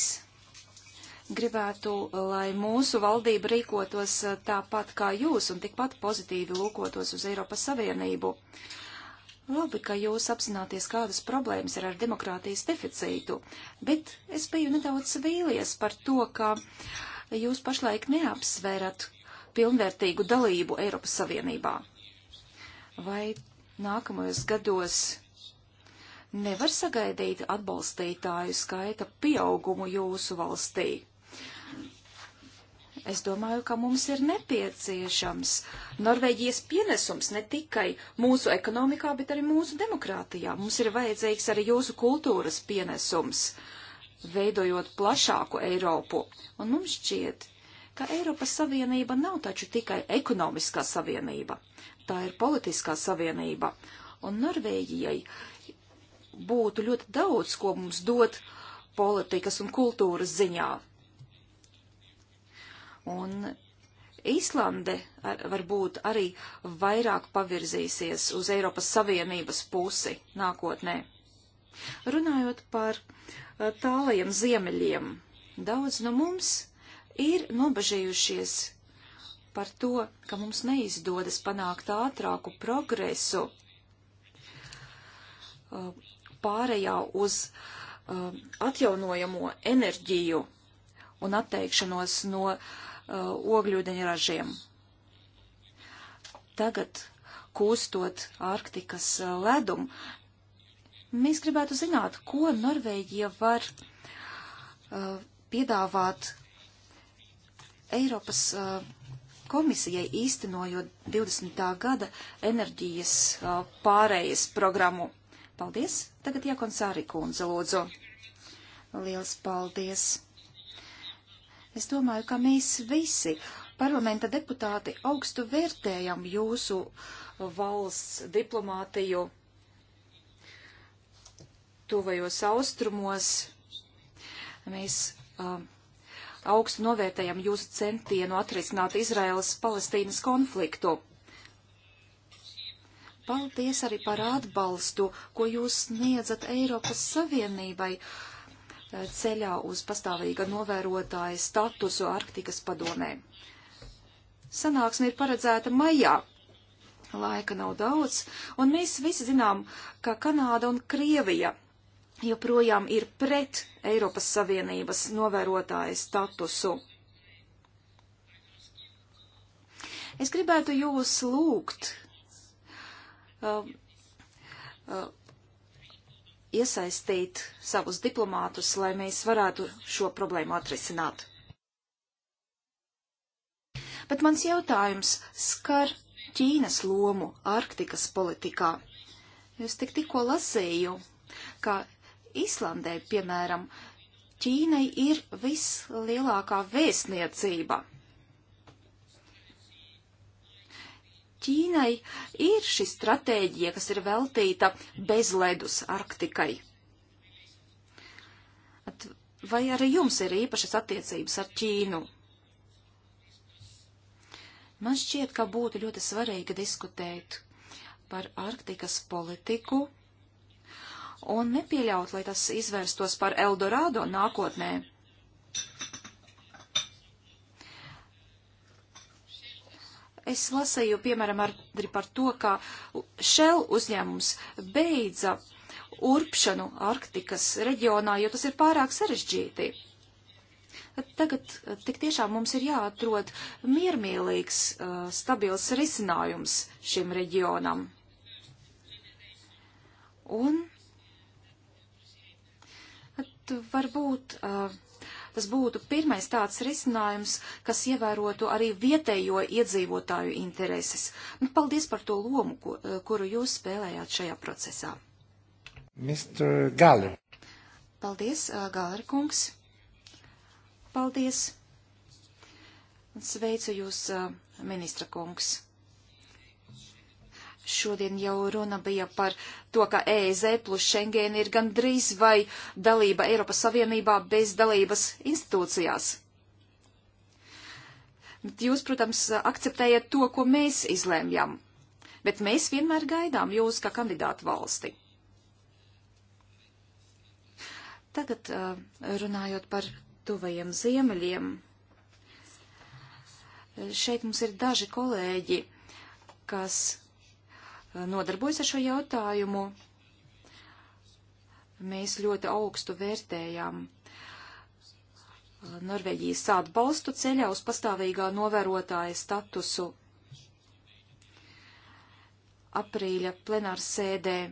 gribētu, lai mūsu valdība rīkotos tāpat kā jūs un tikpat pozitīvi lūkotos uz Eiropas Savienību. Labi, ka jūs apzināties, kādas problēmas ir ar demokrātijas deficītu, bet es biju nedaudz vīlies par to, ka jūs pašlaik neapsverat, pilnvērtīgu dalību Eiropas Savienībā? Vai nākamajos gados nevar sagaidīt atbalstītāju skaita pieaugumu jūsu valstī? Es domāju, ka mums ir nepieciešams Norvēģijas pienesums ne tikai mūsu ekonomikā, bet arī mūsu demokrātijā. Mums ir vajadzīgs arī jūsu kultūras pienesums, veidojot plašāku Eiropu. Un mums šķiet, ka Eiropas Savienība nav taču tikai ekonomiskā savienība, tā ir politiskā savienība, un Norvēģijai būtu ļoti daudz, ko mums dot politikas un kultūras ziņā. Un Īslande ar, varbūt arī vairāk pavirzīsies uz Eiropas Savienības pusi nākotnē. Runājot par eh, tālajiem ziemeļiem, daudz no mums ir nobežījušies par to, ka mums neizdodas panākt ātrāku progresu uh, pārējā uz uh, atjaunojamo enerģiju un atteikšanos no uh, ogļūdeņražiem. Tagad, kūstot Arktikas ledumu, mēs gribētu zināt, ko Norvēģija var piedāvāt Eiropas komisijai īstenojot 20. gada enerģijas pārējas programmu. Paldies! Tagad jākonsāri kundze, lūdzu. Liels paldies! Es domāju, ka mēs visi, parlamenta deputāti, augstu vērtējam jūsu valsts diplomātiju tuvajos austrumos. Mēs um, augstu novērtējam jūsu centienu atrisināt Izraēlas-Palestīnas konfliktu. Paldies arī par atbalstu, ko jūs sniedzat Eiropas Savienībai eh, ceļā uz pastāvīga novērotāja statusu Arktikas padomē. Sanāksme ir paredzēta maijā. Laika nav daudz, un mēs visi zinām, ka Kanāda un Krievija joprojām ir pret Eiropas Savienības novērotāja statusu. Es gribētu jūs lūgt uh, uh, iesaistīt savus diplomātus, lai mēs varētu šo problēmu atrisināt. Bet mans jautājums skar Ķīnas lomu Arktikas politikā. Es tik tikko lasīju, ka Islandē, piemēram, Ķīnai ir vislielākā vēstniecība. Ķīnai ir šī stratēģija, kas ir veltīta bezledus Arktikai. At vai arī jums ir īpašas attiecības ar Ķīnu? Man šķiet, ka būtu ļoti svarīgi diskutēt par Arktikas politiku un nepieļaut, lai tas izvērstos par Eldorado nākotnē. Es lasēju, piemēram, arī par to, ka Shell uzņēmums beidza urpšanu Arktikas reģionā, jo tas ir pārāk sarežģīti. Tagad tik tiešām mums ir jāatrod miermīlīgs, uh, stabils risinājums šim reģionam. Un varbūt uh, tas būtu pirmais tāds risinājums, kas ievērotu arī vietējo iedzīvotāju intereses. Un nu, paldies par to lomu, ko, eh, kuru jūs spēlējāt šajā procesā.
Mr. Galler.
Paldies, eh, Galler kungs. Paldies. Sveicu jūs, ministra kungs. Šodien jau runa bija par to, ka EZ plus Schengen ir gandrīz vai dalība Eiropas Savienībā bez dalības institūcijās. Jūs, protams, akceptējat to, ko mēs izlēmjam, bet mēs vienmēr gaidām jūs kā kandidātu valsti. Tagad uh, runājot par tuvajiem ziemeļiem. Šeit mums ir daži kolēģi, kas nodarbojas ar šo jautājumu. Mēs ļoti augstu vērtējam uh, Norvēģijas atbalstu ceļā uz pastāvīgā novērotāja statusu. Aprīļa plenārs sēdē uh,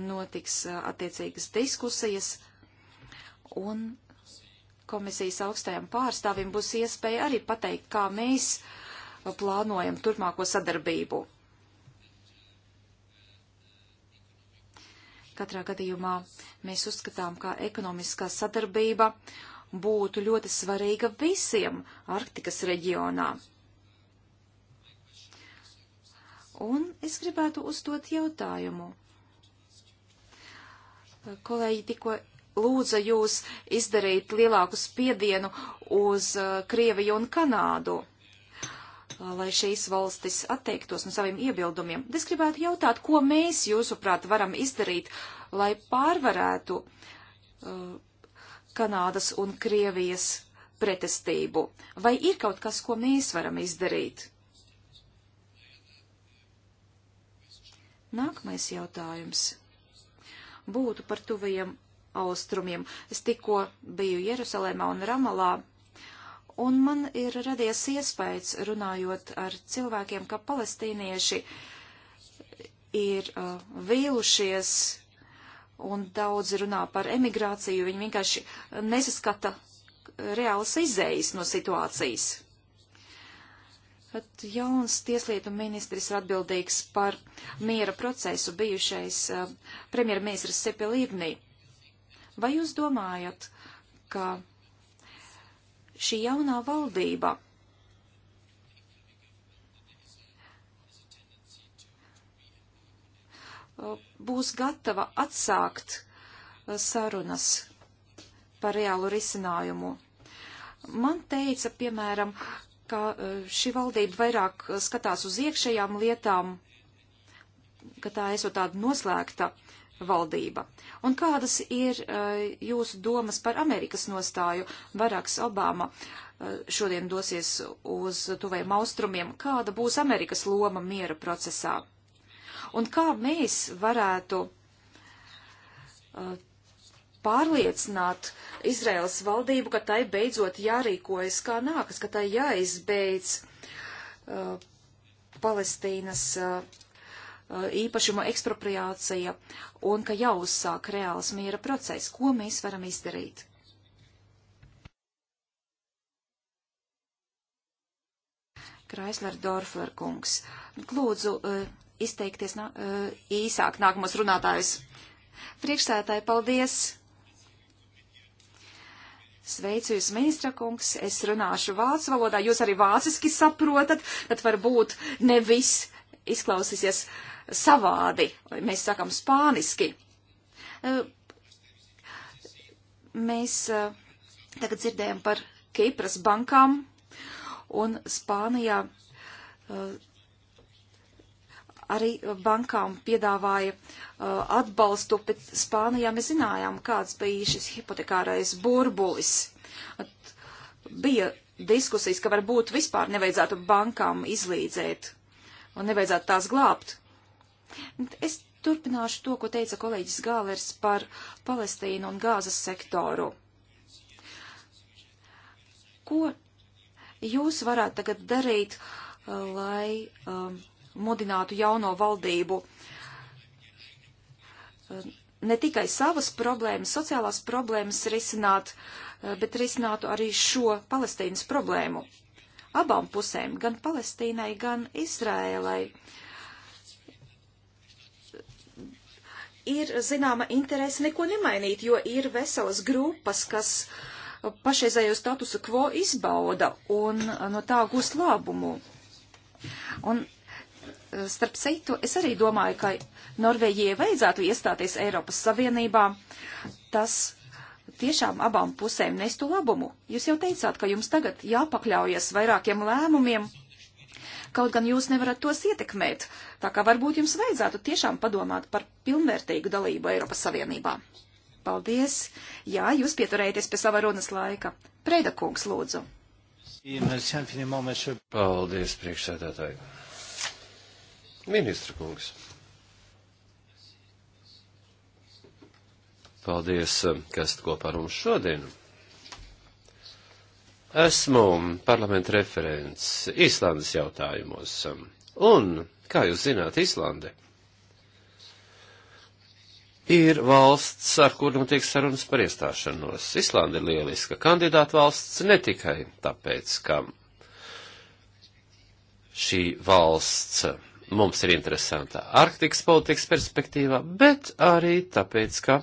notiks uh, attiecīgas diskusijas, un komisijas augstajam pārstāvim būs iespēja arī pateikt, kā mēs plānojam turpmāko sadarbību. Katrā gadījumā mēs uzskatām, ka ekonomiskā sadarbība būtu ļoti svarīga visiem Arktikas reģionā. Un es gribētu uzdot jautājumu. Kolēģi tikko lūdza jūs izdarīt lielāku spiedienu uz uh, Krieviju un Kanādu lai šīs valstis atteiktos no saviem iebildumiem. Es gribētu jautāt, ko mēs, jūsuprāt, varam izdarīt, lai pārvarētu uh, Kanādas un Krievijas pretestību? Vai ir kaut kas, ko mēs varam izdarīt? Nākamais jautājums būtu par tuvajiem austrumiem. Es tikko biju Jerusalemā un Ramalā Un man ir radies iespējas, runājot ar cilvēkiem, ka palestīnieši ir uh, vīlušies un daudz runā par emigrāciju. Viņi vienkārši nesaskata reālas izējas no situācijas. At jauns tieslietu ministrs ir atbildīgs par miera procesu bijušais uh, premjerministrs Sepelīvnī. Vai jūs domājat, ka šī jaunā valdība būs gatava atsākt sarunas par reālu risinājumu. Man teica, piemēram, ka eh, šī valdība vairāk skatās uz iekšējām lietām, ka tā esot tāda noslēgta valdība. Un kādas ir eh, jūsu domas par Amerikas nostāju? Baraks Obama eh, šodien dosies uz tuvajiem austrumiem. Kāda būs Amerikas loma miera procesā? Un kā mēs varētu eh, pārliecināt Izraels valdību, ka tai beidzot jārīkojas kā nākas, ka tai jāizbeidz uh, Palestīnas uh, Uh, īpašuma ekspropriācija un ka jāuzsāk reāls miera process, ko mēs varam izdarīt. Kraisler Dorfler kungs, lūdzu uh, izteikties nā, uh, īsāk nākamos runātājus. Priekšstādātāji, paldies! Sveicu jūs, ministra kungs, es runāšu vācu valodā, jūs arī vāciski saprotat, tad varbūt ne viss izklausīsies uh, savādi, mēs sakam spāniski. Eh, mēs eh, tagad dzirdējam par Kipras bankām un Spānijā eh, arī bankām piedāvāja uh, atbalstu, bet Spānijā mēs zinājām, kāds bija šis hipotekārais burbulis. At, bija diskusijas, ka varbūt vispār nevajadzētu bankām izlīdzēt un nevajadzētu tās glābt. Es turpināšu to, ko teica kolēģis Gālers par Palestīnu un Gāzes sektoru. Ko jūs varētu tagad darīt, uh, lai um, mudinātu jauno valdību uh, ne tikai savas problēmas, sociālās problēmas risināt, uh, bet risinātu arī šo Palestīnas problēmu? Abām pusēm, gan Palestīnai, gan Izrēlai. Uh, ir zināma interese neko nemainīt, jo ir veselas grupas, kas uh, pašreizējo statusu quo izbauda un uh, no tā gūs labumu. Un uh, starp citu, es arī domāju, ka Norvēģijai vajadzētu iestāties Eiropas Savienībā. Tas tiešām abām pusēm nestu labumu. Jūs jau teicāt, ka jums tagad jāpakļaujas vairākiem lēmumiem, kaut gan jūs nevarat tos ietekmēt. Tā kā varbūt jums vajadzētu tiešām padomāt par pilnvērtīgu dalību Eiropas Savienībā. Paldies! Jā, jūs pieturējieties pie sava runas laika. Preida kungs, lūdzu.
Paldies, priekšsēdētāji. Ministra kungs. Paldies, eh, kas kopā ar mums šodien. Esmu parlamenta referents Īslandes jautājumos. Un, kā jūs zināt, Īslande ir valsts, ar kur notiek sarunas par iestāšanos. Īslande ir lieliska kandidāta valsts ne tikai tāpēc, ka šī valsts mums ir interesanta Arktikas politikas perspektīvā, bet arī tāpēc, ka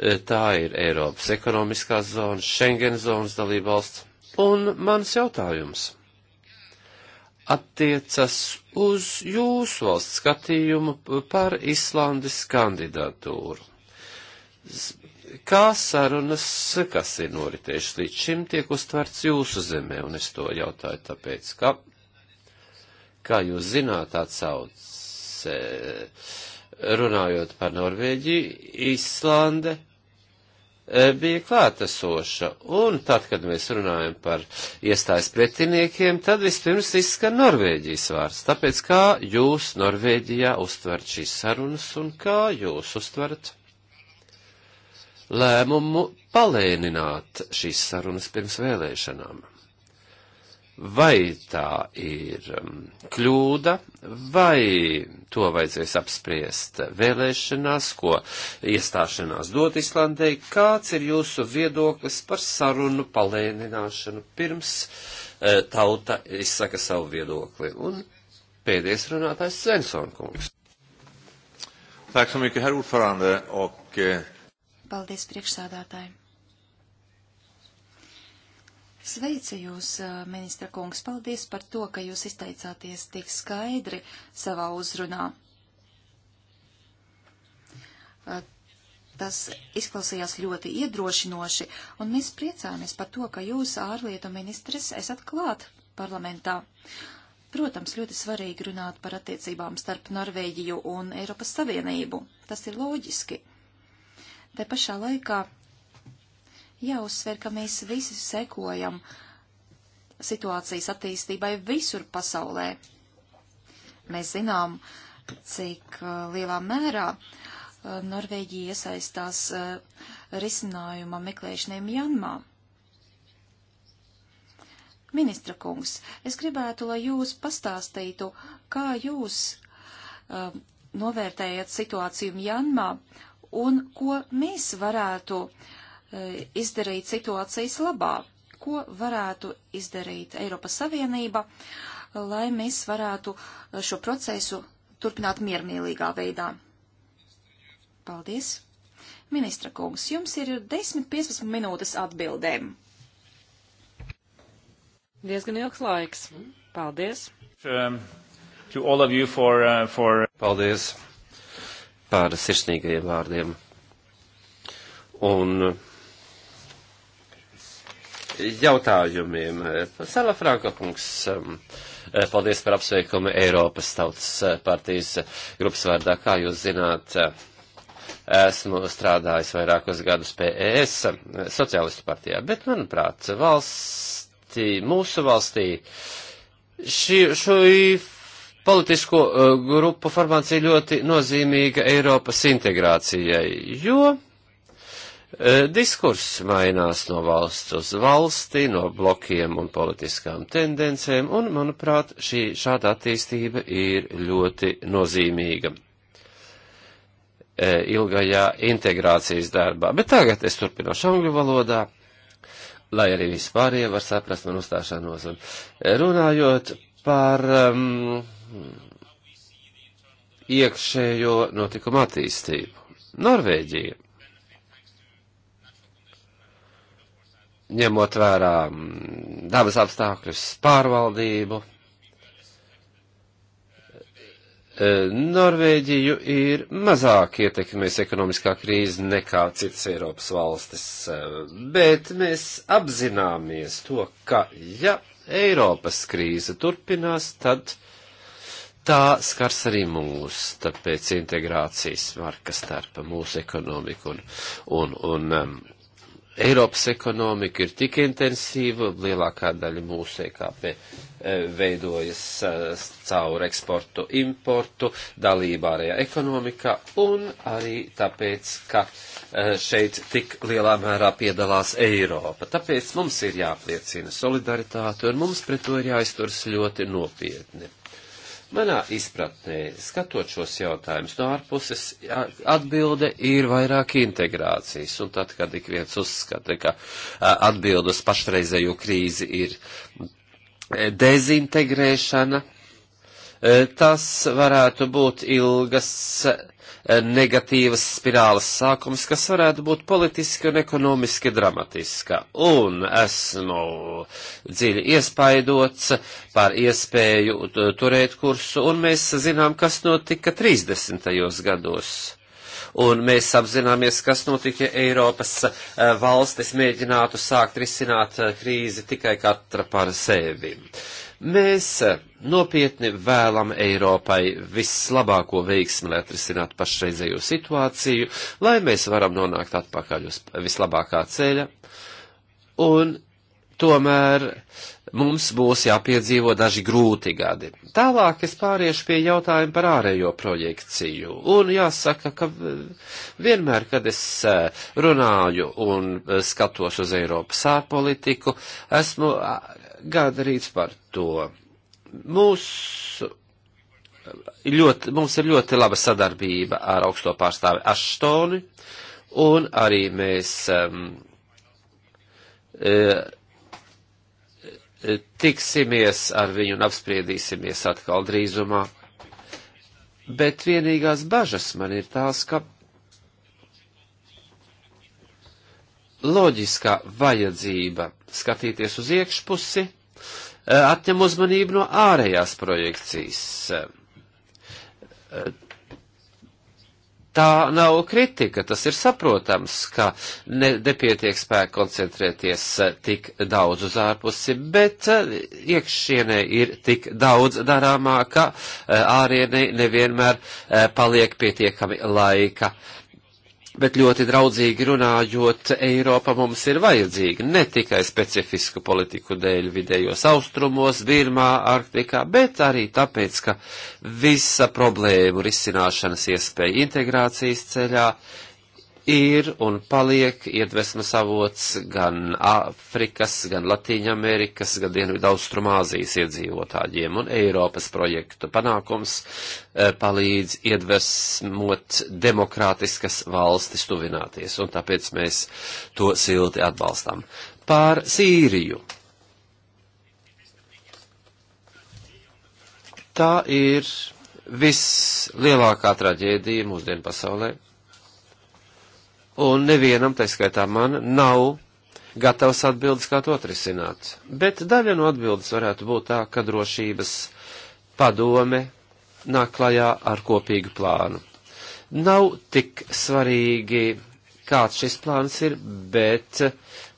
Eh, tā ir Eiropas ekonomiskās zonas, Schengen zonas dalībvalsts. Un mans jautājums attiecas uz jūsu valsts skatījumu par Islandes kandidatūru. Kā sarunas, kas ir noritējušas līdz šim, tiek uztverts jūsu zemē, un es to jautāju tāpēc, ka, kā jūs zināt, atsauc, runājot par Norvēģiju, Islande E, bija klātesoša. Un tad, kad mēs runājam par iestājas pretiniekiem, tad vispirms izskan Norvēģijas vārds. Tāpēc kā jūs Norvēģijā uztverat šīs sarunas un kā jūs uztverat lēmumu palēnināt šīs sarunas pirms vēlēšanām? Vai tā ir um, kļūda, vai to vajadzēs apspriest vēlēšanās, ko iestāšanās dot Islandē? Kāds ir jūsu viedoklis par sarunu palēnināšanu pirms e, tauta izsaka savu viedokli? Un pēdējais runātājs Svensson kungs. Tack så mycket, herr ordförande. Och, eh...
Paldies, priekšsādātāji. Sveicu jūs, ministra kungs, paldies par to, ka jūs izteicāties tik skaidri savā uzrunā. Tas izklausījās ļoti iedrošinoši, un mēs priecāmies par to, ka jūs, ārlietu ministres, esat klāt parlamentā. Protams, ļoti svarīgi runāt par attiecībām starp Norvēģiju un Eiropas Savienību. Tas ir loģiski. Te pašā laikā Jāuzsver, ka mēs visi sekojam situācijas attīstībai visur pasaulē. Mēs zinām, cik uh, lielā mērā uh, Norvēģija iesaistās uh, risinājuma meklēšanai Janmā. Ministra kungs, es gribētu, lai jūs pastāstītu, kā jūs uh, novērtējat situāciju Janmā un ko mēs varētu uh, E, izdarīt situācijas labā? Ko varētu izdarīt Eiropas Savienība, lai mēs varētu šo procesu turpināt miermīlīgā veidā? Paldies! Ministra kungs, jums ir 10-15 minūtes atbildēm.
Diezgan ilgs laiks. Paldies!
Um, for, uh, for... Paldies par sirsnīgajiem vārdiem. Un jautājumiem. Sala Franka kungs, um, paldies par apsveikumu Eiropas Tautas partijas grupas vārdā. Kā jūs zināt, esmu strādājis vairākus gadus PES e sociālistu partijā, bet, manuprāt, valstī, mūsu valstī šī, šo politisko uh, grupu formācija ļoti nozīmīga Eiropas integrācijai, jo Eh, Diskurss mainās no valsts uz valsti, no blokiem un politiskām tendencēm, un, manuprāt, šī šāda attīstība ir ļoti nozīmīga eh, ilgajā integrācijas darbā. Bet tagad es turpināšu angļu valodā, lai arī vispārie var saprast man uzstāšanos. Un eh, runājot par um, iekšējo notikumu attīstību. Norvēģija ņemot vērā mm, dabas apstākļus, pārvaldību. E, Norvēģiju ir mazāk ietekmēs ekonomiskā krīze nekā citas Eiropas valstis, e, bet mēs apzināmies to, ka ja Eiropas krīze turpinās, tad tā skars arī mūs, tāpēc integrācijas marka starp mūsu ekonomiku un, un, un um, Eiropas ekonomika ir tik intensīva, lielākā daļa mūsu EKP e, veidojas e, caur eksportu, importu, dalību ārējā ekonomikā un arī tāpēc, ka e, šeit tik lielā mērā piedalās Eiropa. Tāpēc mums ir jāpliecina solidaritāte un mums pret to ir jāizturas ļoti nopietni. Manā izpratnē, skatot šos jautājumus no ārpuses, atbilde ir vairāk integrācijas, un tad, kad ik viens uzskata, ka atbildes pašreizējo krīzi ir e, dezintegrēšana, e, tas varētu būt ilgas negatīvas spirāles sākums, kas varētu būt politiski un ekonomiski dramatiska. Un esmu dziļi iespaidots par iespēju turēt kursu, un mēs zinām, kas notika 30. gados un mēs apzināmies, kas notika, ja Eiropas eh, valstis mēģinātu sākt risināt eh, krīzi tikai katra par sevi. Mēs eh, nopietni vēlam Eiropai vislabāko veiksmi, lai atrisinātu pašreizējo situāciju, lai mēs varam nonākt atpakaļ uz vislabākā ceļa. Un tomēr mums būs jāpiedzīvo daži grūti gadi. Tālāk es pāriešu pie jautājuma par ārējo projekciju. Un jāsaka, ka vienmēr, kad es eh, runāju un eh, skatos uz Eiropas ārpolitiku, esmu gādarīts par to. Mūsu ļoti, mums ir ļoti laba sadarbība ar augsto pārstāvi Aštoni, un arī mēs um, e, tiksimies ar viņu un apspriedīsimies atkal drīzumā. Bet vienīgās bažas man ir tās, ka loģiskā vajadzība skatīties uz iekšpusi, e, atņem uzmanību no ārējās projekcijas. E, tā nav kritika, tas ir saprotams, ka ne, nepietiek spēku koncentrēties e, tik daudz uz ārpusi, bet iekšienē ir tik daudz darāmā, ka ārienē nevienmēr paliek pietiekami laika uh, Bet ļoti draudzīgi runājot, Eiropa mums ir vajadzīga ne tikai specifisku politiku dēļ vidējos austrumos, Birmā, Arktikā, bet arī tāpēc, ka visa problēmu risināšanas iespēja integrācijas ceļā ir un paliek iedvesmas avots gan Āfrikas, gan Latīņamerikas, gan Dienvidaustrumāzijas iedzīvotāģiem, un Eiropas projektu panākums eh, palīdz iedvesmot demokrātiskas valstis tuvināties, un tāpēc mēs to silti atbalstām. Pār Sīriju. Tā ir vislielākā traģēdija mūsdienu pasaulē un nevienam, tā skaitā man, nav gatavs atbildes, kā to atrisināt. Bet daļa no atbildes varētu būt tā, ka drošības padome nāk klajā ar kopīgu plānu. Nav tik svarīgi, kāds šis plāns ir, bet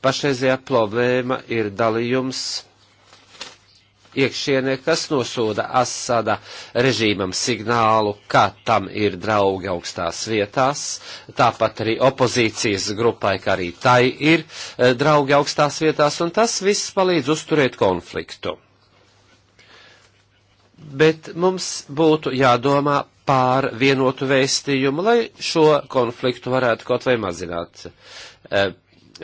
pašreizējā problēma ir dalījums iekšienē, kas nosūda Asada režīmam signālu, ka tam ir draugi augstās vietās, tāpat arī opozīcijas grupai, ka arī tai ir e, draugi augstās vietās, un tas viss palīdz uzturēt konfliktu. Bet mums būtu jādomā pār vienotu vēstījumu, lai šo konfliktu varētu kaut vai mazināt. E,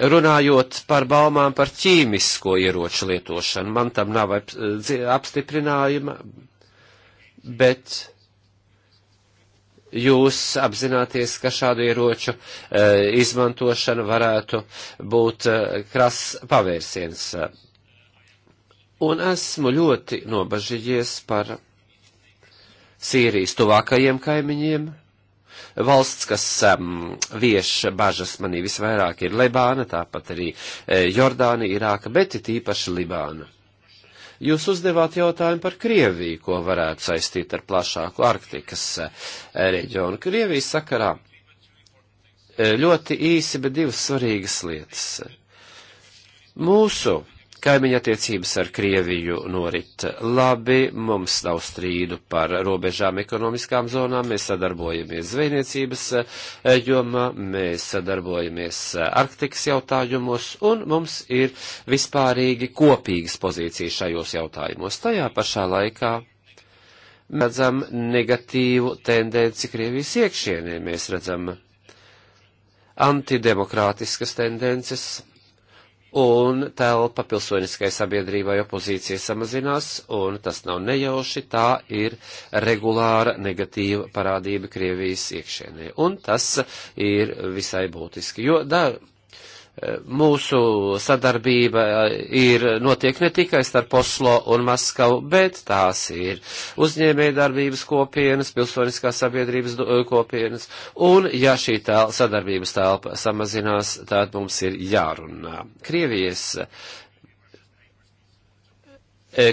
runājot par baumām par ķīmisko ieroču lietošanu. Man tam nav apstiprinājuma, bet jūs apzināties, ka šādu ieroču e, izmantošana varētu būt e, krass pavērsiens. Un esmu ļoti nobažījies par Sīrijas tuvākajiem kaimiņiem Valsts, kas um, vieš bažas manī visvairāk ir Libāna, tāpat arī e, Jordāna, Irāka, bet it īpaši Libāna. Jūs uzdevāt jautājumu par Krieviju, ko varētu saistīt ar plašāku Arktikas e, reģionu. Krievijas sakarā e, ļoti īsi, bet divas svarīgas lietas. Mūsu Kaimiņa attiecības ar Krieviju norit labi, mums nav strīdu par robežām ekonomiskām zonām, mēs sadarbojamies zvejniecības eh, jomā, mēs sadarbojamies eh, Arktikas jautājumos, un mums ir vispārīgi kopīgas pozīcijas šajos jautājumos. Tajā pašā laikā redzam negatīvu tendenci Krievijas iekšienē, mēs redzam antidemokrātiskas tendences, un telpa pilsoniskai sabiedrībai opozīcija samazinās, un tas nav nejauši, tā ir regulāra negatīva parādība Krievijas iekšēnē. Un tas ir visai būtiski, jo dar, mūsu sadarbība eh, ir notiek ne tikai starp Oslo un Maskavu, bet tās ir uzņēmējdarbības kopienas, pilsoniskās sabiedrības eh, kopienas, un ja šī tēl, sadarbības telpa samazinās, tad mums ir jārunā. Krievijas eh,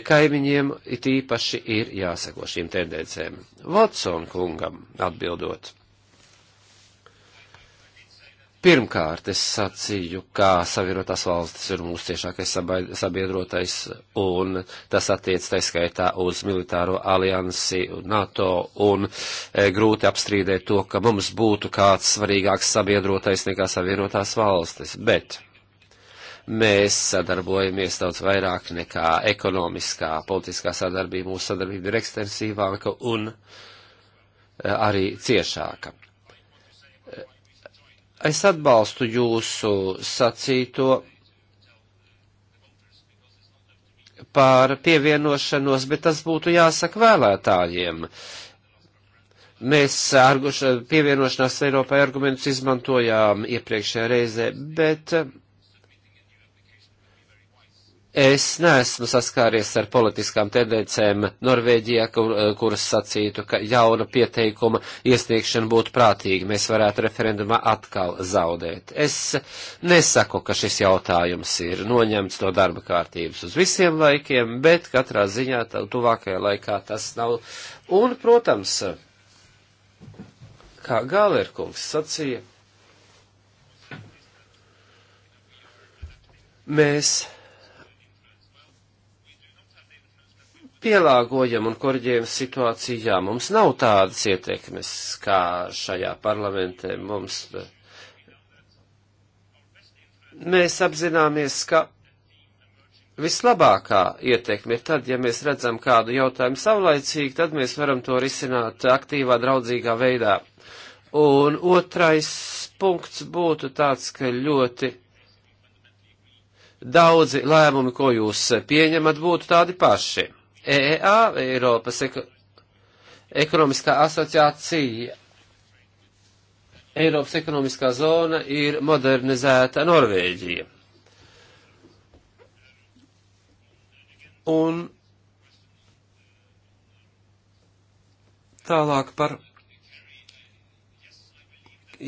kaimiņiem it īpaši ir jāseko šīm tendencēm. Watson kungam atbildot. Pirmkārt, es sacīju, ka Savienotās valstis ir mūsu ciešākais sabiedrotais, un tas attiec taiskaitā uz militāro aliansi NATO, un e, grūti apstrīdēt to, ka mums būtu kāds svarīgāks sabiedrotais nekā Savienotās valstis. Bet mēs sadarbojamies daudz vairāk nekā ekonomiskā, politiskā sadarbība. Mūsu sadarbība ir ekstensīvāka un e, arī ciešāka. Es atbalstu jūsu sacīto par pievienošanos, bet tas būtu jāsaka vēlētājiem. Mēs pievienošanās Eiropai argumentus izmantojām iepriekšējā reizē, bet Es neesmu saskāries ar politiskām tendencēm Norvēģijā, kur, eh, kuras sacītu, ka jauna pieteikuma iesniegšana būtu prātīga. Mēs varētu referendumā atkal zaudēt. Es nesaku, ka šis jautājums ir noņemts no darba kārtības uz visiem laikiem, bet katrā ziņā tuvākajā laikā tas nav. Un, protams, kā Gālērkungs sacīja, mēs pielāgojam un korģējam situāciju. Jā, mums nav tādas ietekmes kā šajā parlamentē. Mums, mēs apzināmies, ka vislabākā ietekme ir tad, ja mēs redzam kādu jautājumu savlaicīgi, tad mēs varam to risināt aktīvā, draudzīgā veidā. Un otrais punkts būtu tāds, ka ļoti daudzi lēmumi, ko jūs pieņemat, būtu tādi paši. EEA, Eiropas eko, ekonomiskā asociācija. Eiropas ekonomiskā zona ir modernizēta Norvēģija. Un tālāk par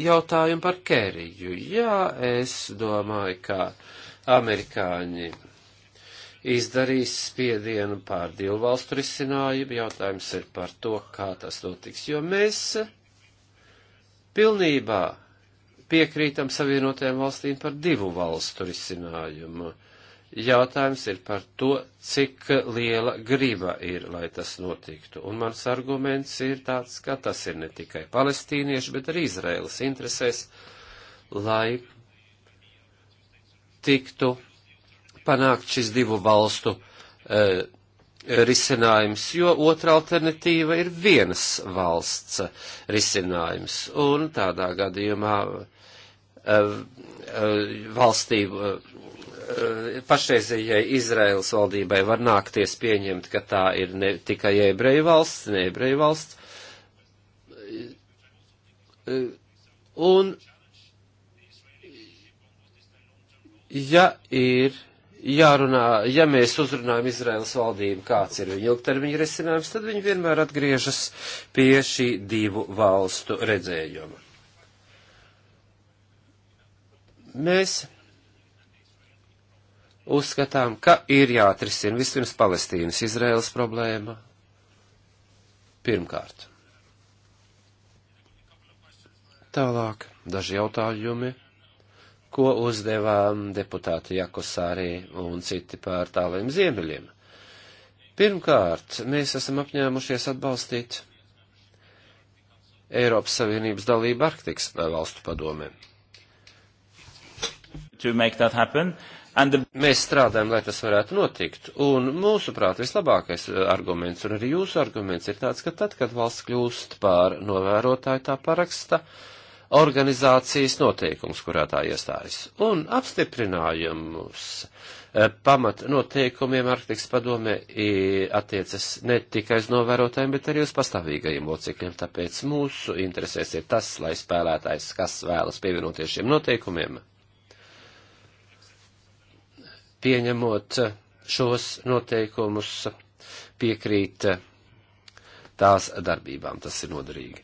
jautājumu par Kēriju. Jā, es domāju, ka amerikāņi izdarīs spiedienu pār divu valstu risinājumu. Jautājums ir par to, kā tas notiks, jo mēs pilnībā piekrītam savienotajām valstīm par divu valstu risinājumu. Jautājums ir par to, cik liela griba ir, lai tas notiktu. Un mans arguments ir tāds, ka tas ir ne tikai palestīniešu, bet arī Izraēlas interesēs, lai tiktu panākt šis divu valstu e, risinājums, jo otra alternatīva ir vienas valsts risinājums. Un tādā gadījumā e, e, valstī e, pašreizējai Izraels valdībai var nākties pieņemt, ka tā ir ne tikai ebreju valsts, ne ebreju valsts. E, un ja ir jārunā, ja mēs uzrunājam Izraels valdību, kāds ir viņa ilgtermiņa risinājums, tad viņi vienmēr atgriežas pie šī divu valstu redzējuma. Mēs uzskatām, ka ir jāatrisina vispirms Palestīnas Izraels problēma pirmkārt. Tālāk daži jautājumi ko uzdevām deputāti Jakosārī un citi pār tāliem ziemeļiem. Pirmkārt, mēs esam apņēmušies atbalstīt Eiropas Savienības dalību Arktikas valstu padomē. The... Mēs strādājam, lai tas varētu notikt, un mūsuprāt vislabākais uh, arguments, un arī jūsu arguments ir tāds, ka tad, kad valsts kļūst par novērotāju tā paraksta, uh, organizācijas noteikums, kurā tā iestājas, un apstiprinājumus e, pamat noteikumiem Arktikas padome attiecas ne tikai uz novērotājiem, bet arī uz pastāvīgajiem locekļiem. Tāpēc mūsu interesēs ir tas, lai spēlētājs, kas vēlas pievienoties šiem noteikumiem, pieņemot šos noteikumus, piekrīt tās darbībām. Tas ir noderīgi.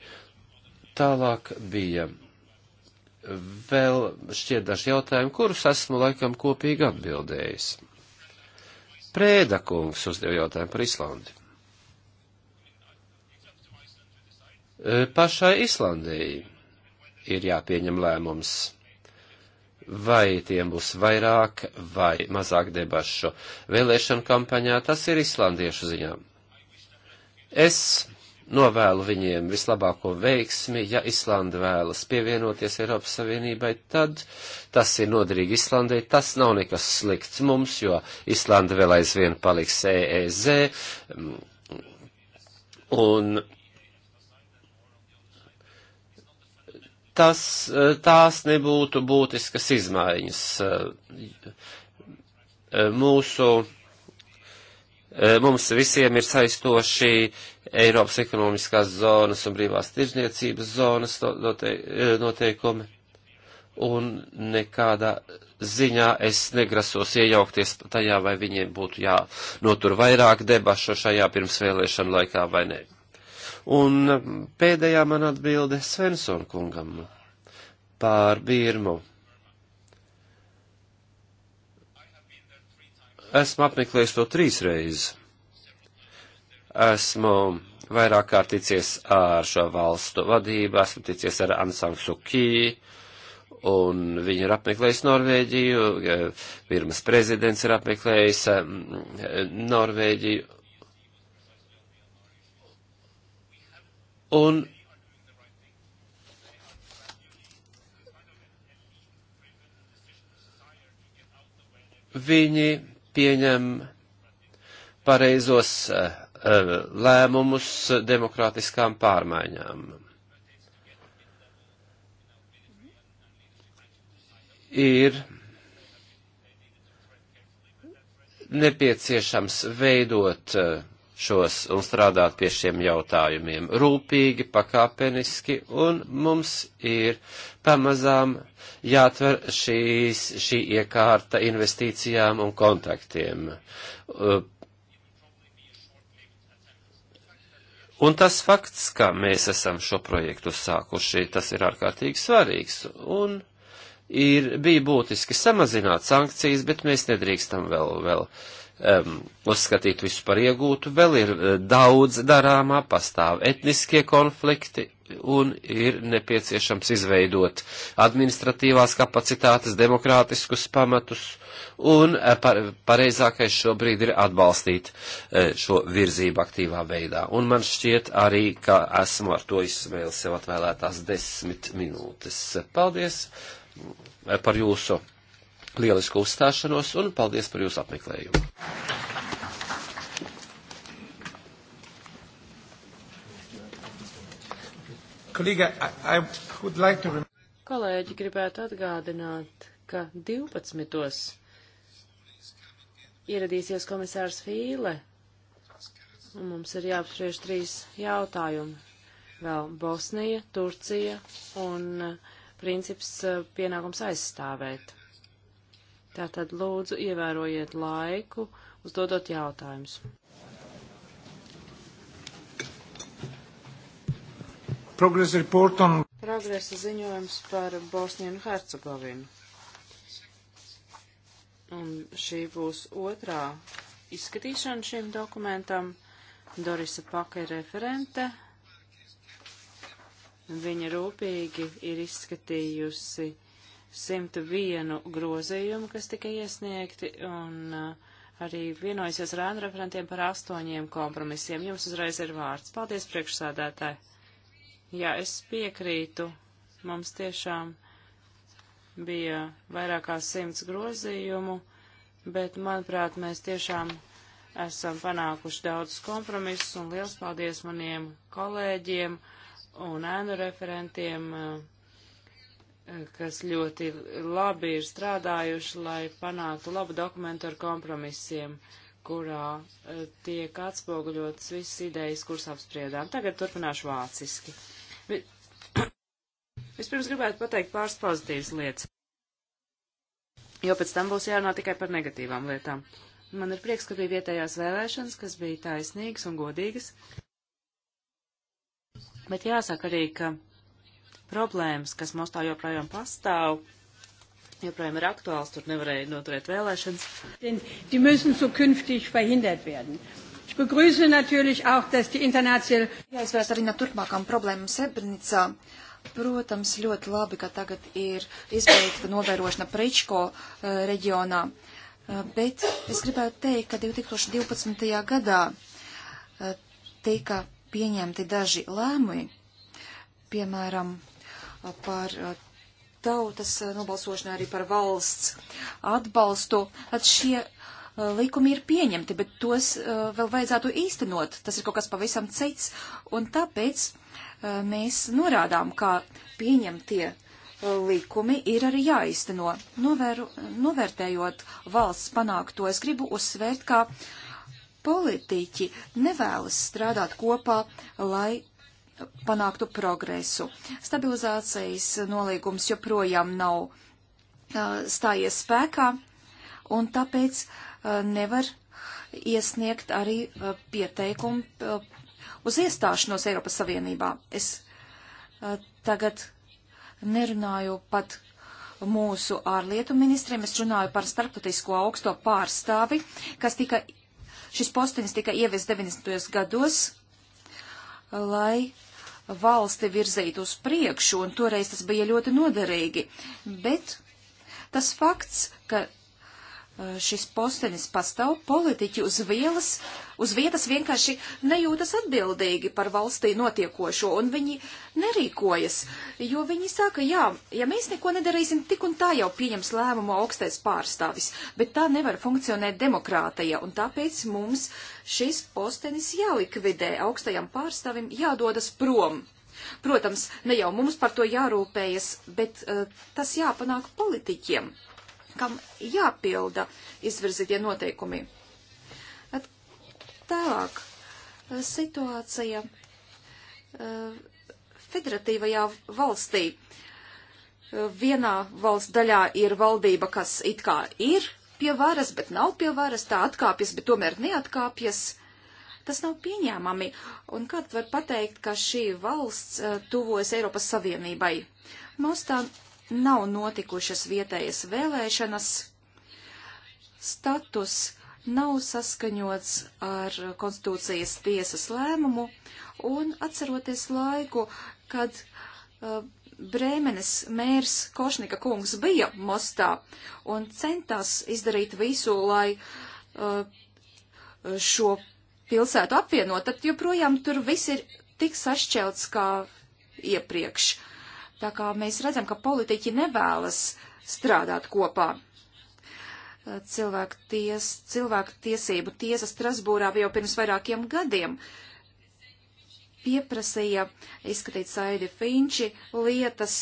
Tālāk bija vēl šķiet daži jautājumi, kurus esmu laikam kopīgi atbildējis. Prēda kungs uzdev jautājumu par Islandi. E, pašai Islandēji ir jāpieņem lēmums vai tiem būs vairāk vai mazāk debašu vēlēšanu kampaņā, tas ir islandiešu ziņā. Es Novēlu viņiem vislabāko veiksmi, ja Islanda vēlas pievienoties Eiropas Savienībai, tad tas ir noderīgi Islandai, tas nav nekas slikts mums, jo Islanda vēl aizvien paliks EEZ. Un tas, tās nebūtu būtiskas izmaiņas mūsu Eh, mums visiem ir saistoši Eiropas ekonomiskās zonas un brīvās tirzniecības zonas eh, noteikumi. Un nekādā ziņā es negrasos iejaukties tajā, vai viņiem būtu jānotur vairāk debašu šajā pirmsvēlēšana laikā vai nē. Un pēdējā man atbilde Svensson kungam par Birmu. Esmu apmeklējis to trīs reizes. Esmu vairāk kārt ticies ar šo valstu vadību, esmu ticies ar Ansang Suki, un viņi ir apmeklējis Norvēģiju, Birmas prezidents ir apmeklējis Norvēģiju. Un viņi pieņem pareizos eh, eh, lēmumus demokrātiskām pārmaiņām. Ir nepieciešams veidot uh, šos un strādāt pie šiem jautājumiem rūpīgi, pakāpeniski, un mums ir pamazām jāatver šīs, šī iekārta investīcijām un kontaktiem. Uh, un tas fakts, ka mēs esam šo projektu sākuši, tas ir ārkārtīgi svarīgs, un ir, bija būtiski samazināt sankcijas, bet mēs nedrīkstam vēl, vēl. Uh, um, uzskatīt visu par iegūtu, vēl ir uh, daudz darāmā, pastāv etniskie konflikti un ir nepieciešams izveidot administratīvās kapacitātes, demokrātiskus pamatus, un uh, par, pareizākais šobrīd ir atbalstīt uh, šo virzību aktīvā veidā. Un man šķiet arī, ka esmu ar to izsmēlis sev atvēlētās desmit minūtes. Paldies par jūsu lielisku uzstāšanos un paldies par jūsu apmeklējumu.
Kolīga, I, I like to...
Kolēģi gribētu atgādināt, ka 12. ieradīsies komisārs Fīle, un mums ir jāapspriež trīs jautājumi. Vēl Bosnija, Turcija un eh, princips eh, pienākums aizstāvēt. Tātad lūdzu ievērojiet laiku, uzdodot jautājumus.
Progress report on.
Progresa ziņojums par Bosniju un Hercegovinu. Un šī būs otrā izskatīšana šim dokumentam. Dorisa Paka ir referente. Viņa rūpīgi ir izskatījusi 101 grozījumu, kas tika iesniegti, un uh, arī vienojasies ar ēnu referentiem par astoņiem kompromisiem. Jums uzreiz ir vārds. Paldies, priekšsādātāji. Jā, es piekrītu. Mums tiešām bija vairākās simts grozījumu, bet, manuprāt, mēs tiešām esam panākuši daudzus kompromisus, un liels paldies maniem kolēģiem un ēnu referentiem. Uh, kas ļoti labi ir strādājuši, lai panāktu labu dokumentu ar kompromisiem, kurā eh, tiek atspoguļotas visas idejas, kuras apspriedām. Tagad turpināšu vāciski. Vispirms gribētu pateikt pāris pozitīvas lietas, jo pēc tam būs jārunā tikai par negatīvām lietām. Man ir prieks, ka bija vietējās vēlēšanas, kas bija taisnīgas un godīgas. Bet jāsaka arī, ka problēmas, kas Mostā joprojām pastāv, joprojām ir aktuāls, tur nevarēja noturēt vēlēšanas. Die müssen zukünftig verhindert werden. Ich begrüße natürlich auch, dass die internationale. Jāizvērst arī no turpmākām
problēmām Srebrenicā. Protams, ļoti labi, ka tagad ir izbeigta novērošana Pričko uh, reģionā. Uh, bet es gribētu teikt, ka 2012. gadā uh, tika pieņemti daži lēmumi, piemēram, par uh, tautas uh, nobalsošanu, arī par valsts atbalstu. Tad šie uh, likumi ir pieņemti, bet tos vēl vajadzētu īstenot. Tas ir kaut kas pavisam cits. Un tāpēc mēs norādām, ka pieņemtie likumi ir arī jāizteno. Novēru, novērtējot valsts panākto, es gribu uzsvērt, ka politiķi nevēlas strādāt kopā, lai panāktu progresu. Stabilizācijas nolīgums joprojām nav stājies spēkā, un tāpēc nevar iesniegt arī pieteikumu uz iestāšanos Eiropas Savienībā. Es tagad nerunāju pat mūsu ārlietu ministriem, es runāju par starptautisko augsto pārstāvi, kas tika, šis postenis tika ievies 90. gados lai valsti virzītu uz priekšu, un toreiz tas bija ļoti noderīgi. Bet tas fakts, ka šis postenis pastāv, politiķi uz, vielas, uz vietas vienkārši nejūtas atbildīgi par valstī notiekošo, un viņi nerīkojas, jo viņi saka, jā, ja mēs neko nedarīsim, tik un tā jau pieņems lēmumu augstais pārstāvis, bet tā nevar funkcionēt demokrātajā, un tāpēc mums šis postenis jālikvidē augstajam pārstāvim, jādodas prom. Protams, ne jau mums par to jārūpējas, bet uh, tas jāpanāk politiķiem kam jāpilda izvirzītie noteikumi. At, tālāk eh, situācija eh, federatīvajā valstī. Eh, vienā valsts daļā ir valdība, kas it kā ir pie varas, bet nav pie varas, tā atkāpjas, bet tomēr neatkāpjas. Tas nav pieņēmami. Un kāds var pateikt, ka šī valsts tuvojas Eiropas Savienībai? Mums tā nav notikušas vietējas vēlēšanas, status nav saskaņots ar konstitūcijas tiesas lēmumu, un atceroties laiku, kad uh, Brēmenes mērs Košnika kungs bija mostā un centās izdarīt visu, lai uh, šo pilsētu apvienot, tad joprojām tur viss ir tik sašķelts kā iepriekš. Uh, Tā kā mēs redzam, ka politiķi nevēlas strādāt kopā. Cilvēku, ties, cilvēku tiesību tiesa Strasbūrā jau pirms vairākiem gadiem pieprasīja izskatīt Saidi Finči lietas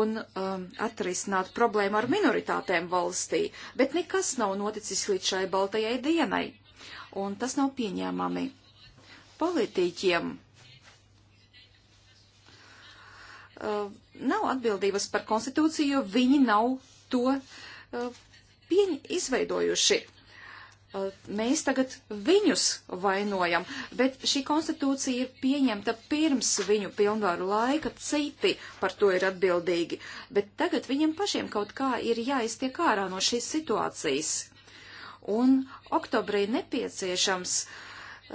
un um, atrisināt problēmu ar minoritātēm valstī, bet nekas nav noticis līdz šai baltajai dienai, un tas nav pieņēmami. Politiķiem uh, nav atbildības par konstitūciju, jo viņi nav to uh, pieņ, izveidojuši. Uh, mēs tagad viņus vainojam, bet šī konstitūcija ir pieņemta pirms viņu pilnvaru laika, citi par to ir atbildīgi, bet tagad viņiem pašiem kaut kā ir jāiztiek ārā no šīs situācijas. Un oktobrī nepieciešams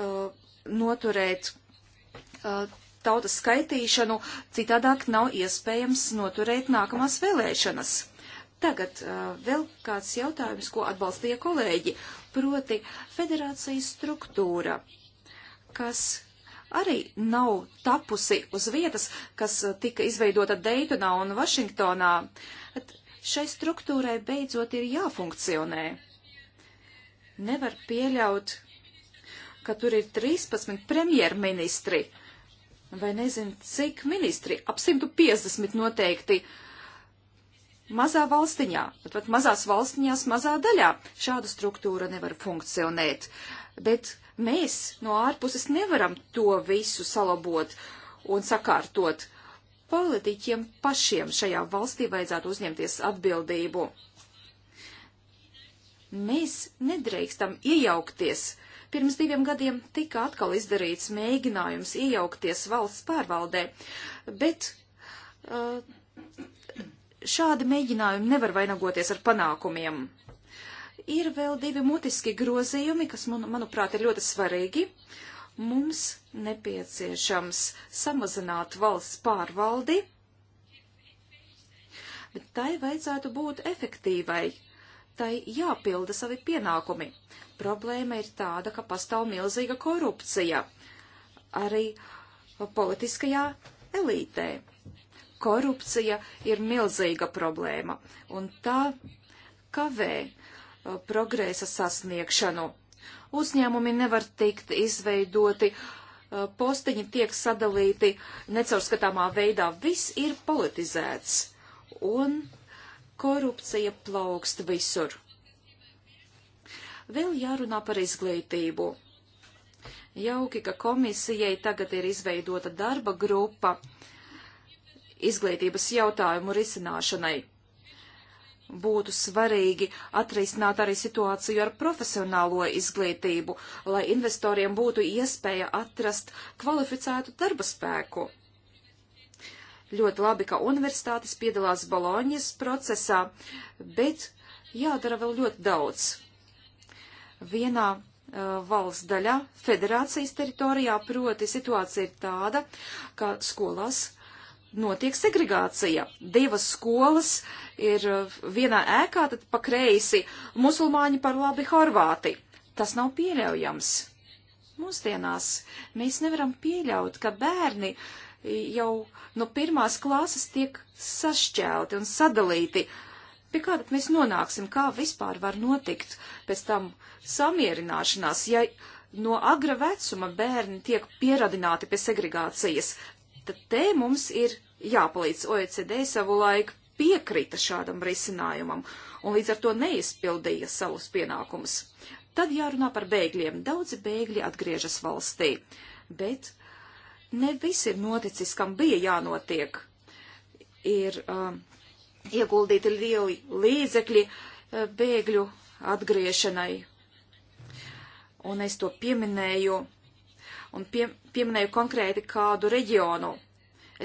uh, noturēt uh, tautas skaitīšanu, citādāk nav iespējams noturēt nākamās vēlēšanas. Tagad uh, vēl kāds jautājums, ko atbalstīja kolēģi, proti federācijas struktūra, kas arī nav tapusi uz vietas, kas uh, tika izveidota Deitonā un Vašingtonā. At šai struktūrai beidzot ir jāfunkcionē. Nevar pieļaut, ka tur ir 13 premjerministri vai nezinu, cik ministri, ap 150 noteikti, mazā valstiņā, bet pat mazās valstiņās, mazā daļā šāda struktūra nevar funkcionēt. Bet mēs no ārpuses nevaram to visu salabot un sakārtot. Politiķiem pašiem šajā valstī vajadzētu uzņemties atbildību. Mēs nedrīkstam iejaukties uh, Pirms diviem gadiem tika atkal izdarīts mēģinājums iejaukties valsts pārvaldē, bet eh, šādi mēģinājumi nevar vainagoties ar panākumiem. Ir vēl divi mutiski grozījumi, kas, manuprāt, ir ļoti svarīgi. Mums nepieciešams samazināt valsts pārvaldi, bet tai vajadzētu būt efektīvai, tai jāpilda savi pienākumi. Problēma ir tāda, ka pastāv milzīga korupcija arī politiskajā elītē. Korupcija ir milzīga problēma, un tā kavē uh, progresa sasniegšanu. Uzņēmumi nevar tikt izveidoti, uh, postiņi tiek sadalīti necaurskatāmā veidā, viss ir politizēts, un korupcija plaukst visur. Vēl jārunā par izglītību. Jauki, ka komisijai tagad ir izveidota darba grupa izglītības jautājumu risināšanai. Būtu svarīgi atrisināt arī situāciju ar profesionālo izglītību, lai investoriem būtu iespēja atrast kvalificētu darba spēku. Ļoti labi, ka universitātes piedalās Boloņas procesā, bet jādara vēl ļoti daudz vienā valsts daļā, federācijas teritorijā, proti situācija ir tāda, ka skolās notiek segregācija. Divas skolas ir vienā ēkā, tad pa kreisi musulmaņi par labi horvāti. Tas nav pieļaujams. Mūsdienās mēs nevaram pieļaut, ka bērni jau no pirmās klases tiek sašķelti un sadalīti. Uh, Pie kā tad mēs nonāksim? Kā vispār var notikt pēc tam samierināšanās, ja no agra vecuma bērni tiek pieradināti pie segregācijas? Tad te mums ir jāpalīdz OECD savu laiku piekrita šādam risinājumam un līdz ar to neizpildīja savus pienākumus. Tad jārunā par bēgļiem. Daudzi bēgļi atgriežas valstī, bet ne viss ir noticis, kam bija jānotiek. Ir uh, ieguldīti lieli līdzekļi e, bēgļu atgriešanai. Un es to pieminēju, un pie, pieminēju konkrēti kādu reģionu.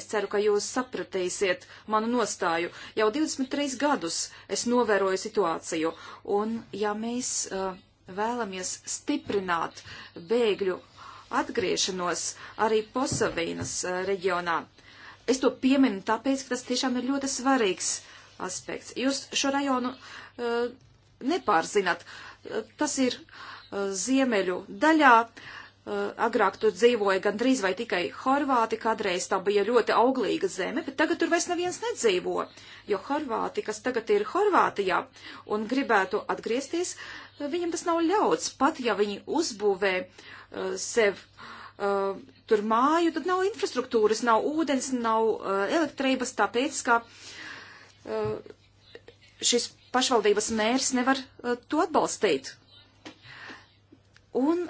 Es ceru, ka jūs sapratīsiet manu nostāju. Jau 23 gadus es novēroju situāciju, un ja mēs uh, vēlamies stiprināt bēgļu atgriešanos arī Posavīnas uh, reģionā, Es to pieminu tāpēc, ka tas tiešām ir ļoti svarīgs aspekts. Jūs šo rajonu uh, eh, nepārzināt. Uh, tas ir uh, ziemeļu daļā. Eh, agrāk tur dzīvoja gandrīz vai tikai Horvāti, kādreiz tā bija ļoti auglīga zeme, bet tagad tur vairs neviens nedzīvo, jo Horvāti, kas tagad ir Horvātijā un gribētu atgriezties, viņam tas nav ļauts, pat ja viņi uzbūvē sev uh, uh, tur māju, tad nav infrastruktūras, nav ūdens, nav uh, elektrības, tāpēc, ka uh, šis pašvaldības mērs nevar uh, to atbalstīt. Un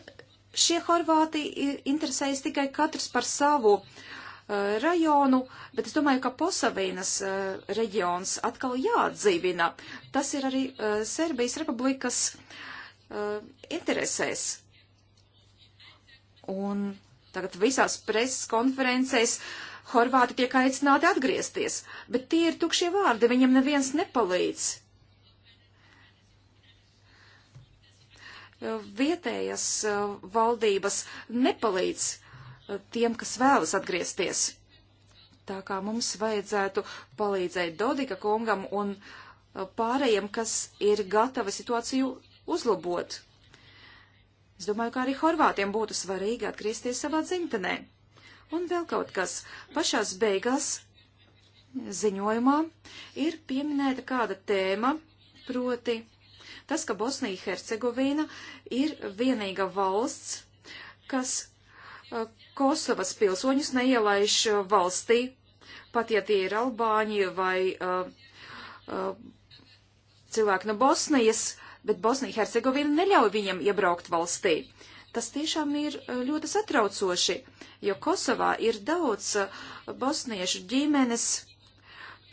šie horvāti interesējas tikai katrs par savu uh, rajonu, bet es domāju, ka Posavīnas uh, reģions atkal jāatdzīvina. Tas ir arī uh, Serbijas republikas uh, interesēs Un tagad visās preses konferencēs Horvāti tiek aicināti atgriezties, bet tie ir tukšie vārdi, viņam neviens nepalīdz. Vietējas uh, valdības nepalīdz uh, tiem, kas vēlas atgriezties. Tā kā mums vajadzētu palīdzēt Dodika kungam un uh, pārējiem, kas ir gatavi situāciju uzlabot. Es domāju, ka arī horvātiem būtu svarīgi atgriezties savā dzimtenē. Un vēl kaut kas. Pašās beigās ziņojumā ir pieminēta kāda tēma, proti tas, ka Bosnija Hercegovina ir vienīga valsts, kas uh, Kosovas pilsoņus neielaiž uh, valstī, pat ja tie ir Albāņi vai uh, uh, cilvēki no Bosnijas, bet Bosnija-Hercegovina neļauj viņam iebraukt valstī. Tas tiešām ir e, ļoti satraucoši, jo Kosovā ir daudz e, bosniešu ģimenes,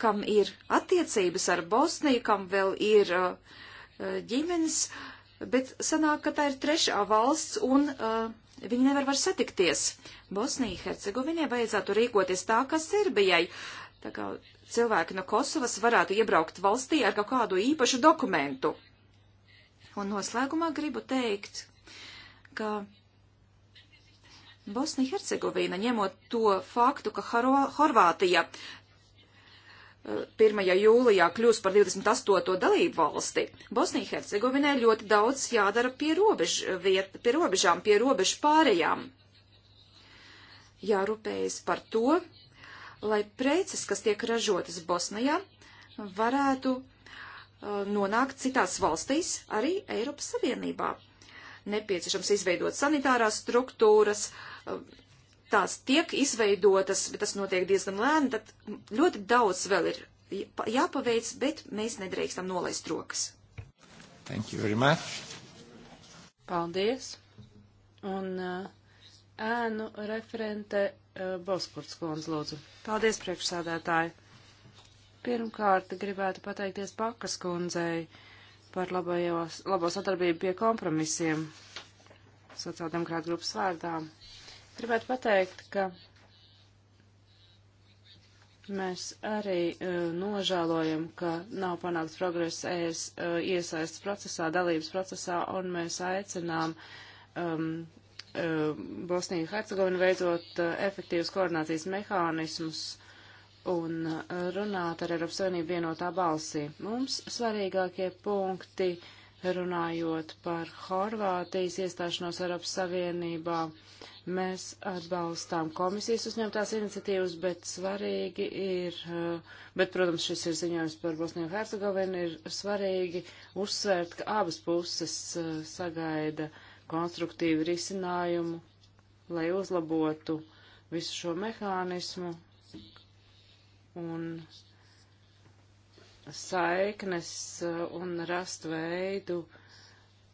kam ir attiecības ar Bosniju, kam vēl ir e, ģimenes, bet sanāk, ka tā ir trešā valsts un viņi nevar var satikties. Bosnija-Hercegovinai vajadzētu rīkoties tā, kā Serbijai. Tā kā cilvēki no Kosovas varētu iebraukt valstī ar kaut kādu īpašu dokumentu. Un noslēgumā gribu teikt, ka Bosnija-Hercegovina, ņemot to faktu, ka Haro Horvātija 1. Eh, jūlijā kļūs par 28. dalību valsti, Bosnija-Hercegovinai ļoti daudz jādara pie, robež, viet, pie robežām, pie robežu pārējām. Jārūpējas par to, lai preces, kas tiek ražotas Bosnijā, varētu Uh, nonākt citās valstīs, arī Eiropas Savienībā. Nepieciešams izveidot sanitārās struktūras, uh, tās tiek izveidotas, bet tas notiek diezgan lēni, tad ļoti daudz vēl ir jāpaveic, bet mēs nedrīkstam
nolaist rokas. Thank you very much.
Paldies. Un uh, ēnu referente uh, Boskurts Kons, lūdzu. Paldies, priekšsādētāji. Pirmkārt, gribētu pateikties Pakas kundzei par labajos, labo sadarbību pie kompromisiem sociāldemokrāta grupas vārdā. Gribētu pateikt, ka mēs arī uh, nožēlojam, ka nav panākts progress ES uh, iesaistas procesā, dalības procesā, un mēs aicinām um, uh, Bosniju Hercegovinu veidot uh, efektīvus koordinācijas mehānismus un uh, runāt ar Eiropas Savienību vienotā balsī. Mums svarīgākie punkti, runājot par Horvātijas iestāšanos Eiropas Savienībā, mēs atbalstām komisijas uzņemtās iniciatīvas, bet svarīgi ir, uh, bet, protams, šis ir ziņojums par Bosniju Hercegovinu, ir svarīgi uzsvērt, ka abas puses uh, sagaida konstruktīvu risinājumu, lai uzlabotu visu šo mehānismu, un saiknes uh, un rast veidu,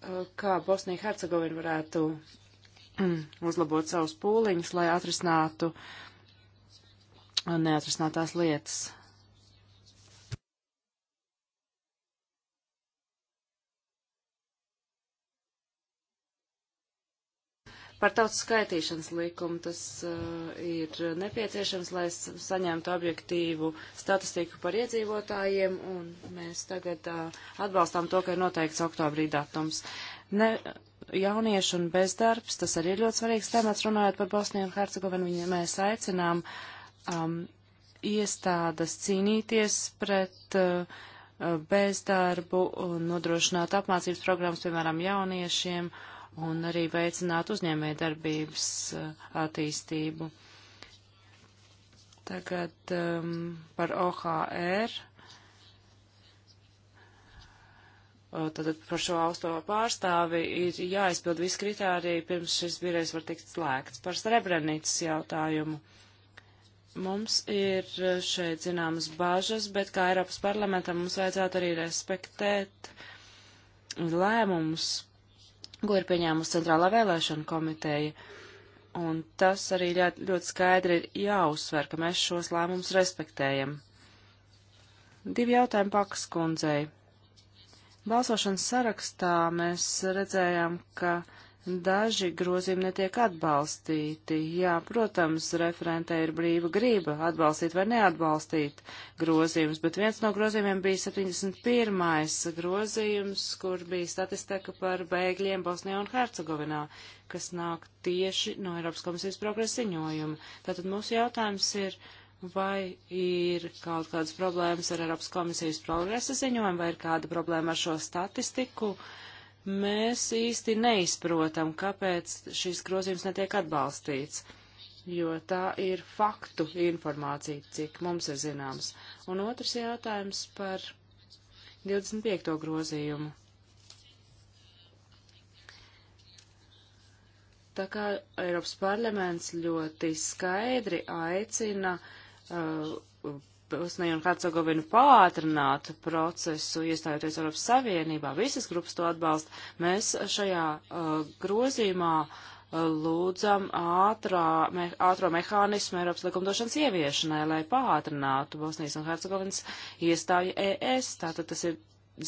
uh, kā Bosnija Hercegovina varētu mm, uzlabot savus pūliņus, lai atrisinātu neatrisinātās lietas. Par tautas skaitīšanas likumu tas uh, ir nepieciešams, lai saņemtu objektīvu statistiku par iedzīvotājiem, un mēs tagad uh, atbalstām to, ka ir noteikts oktobrī datums. Ne, jauniešu un bezdarbs, tas arī ir ļoti svarīgs temats, runājot par Bosniju un Hercegovinu, mēs aicinām um, iestādes cīnīties pret uh, bezdarbu un nodrošināt apmācības programmas, piemēram, jauniešiem, uh, un arī veicināt uzņēmē darbības eh, attīstību. Tagad um, par OHR. Tātad par šo austo pārstāvi ir jāizpild visi kritēriji, pirms šis birējs var tikt slēgts. Par Srebrenicas jautājumu. Mums ir eh, šeit zināmas bažas, bet kā Eiropas parlamentam mums vajadzētu arī respektēt lēmumus ko ir pieņēmusi Centrālā vēlēšana komiteja. Un tas arī ļoti, ļoti skaidri ir jāuzsver, ka mēs šos lēmumus respektējam. Divi jautājumi Pakas kundzei. Balsošanas sarakstā mēs redzējām, ka daži grozījumi netiek atbalstīti. Jā, protams, referentē ir brīva grība atbalstīt vai neatbalstīt grozījumus, bet viens no grozījumiem bija 71. grozījums, kur bija statistika par bēgļiem Bosnijā un Hercegovinā, kas nāk tieši no Eiropas komisijas progresa ziņojuma. Tātad mūsu jautājums ir. Vai ir kaut kādas problēmas ar Eiropas komisijas progresa ziņojumu, vai ir kāda problēma ar šo statistiku? Uh, mēs īsti neizprotam, kāpēc šis grozījums netiek atbalstīts, jo tā ir faktu informācija, cik mums ir zināms. Un otrs jautājums par 25. grozījumu. Tā kā Eiropas parlaments ļoti skaidri aicina uh, Bosniju un Hercegovinu pātrinātu procesu, iestājoties Eiropas Savienībā, visas grupas to atbalsta, mēs šajā uh, grozījumā uh, lūdzam ātrā, me, ātro mehānismu Eiropas likumdošanas ieviešanai, lai pātrinātu Bosnijas un Hercegovinas iestāju ES. Tātad tas ir,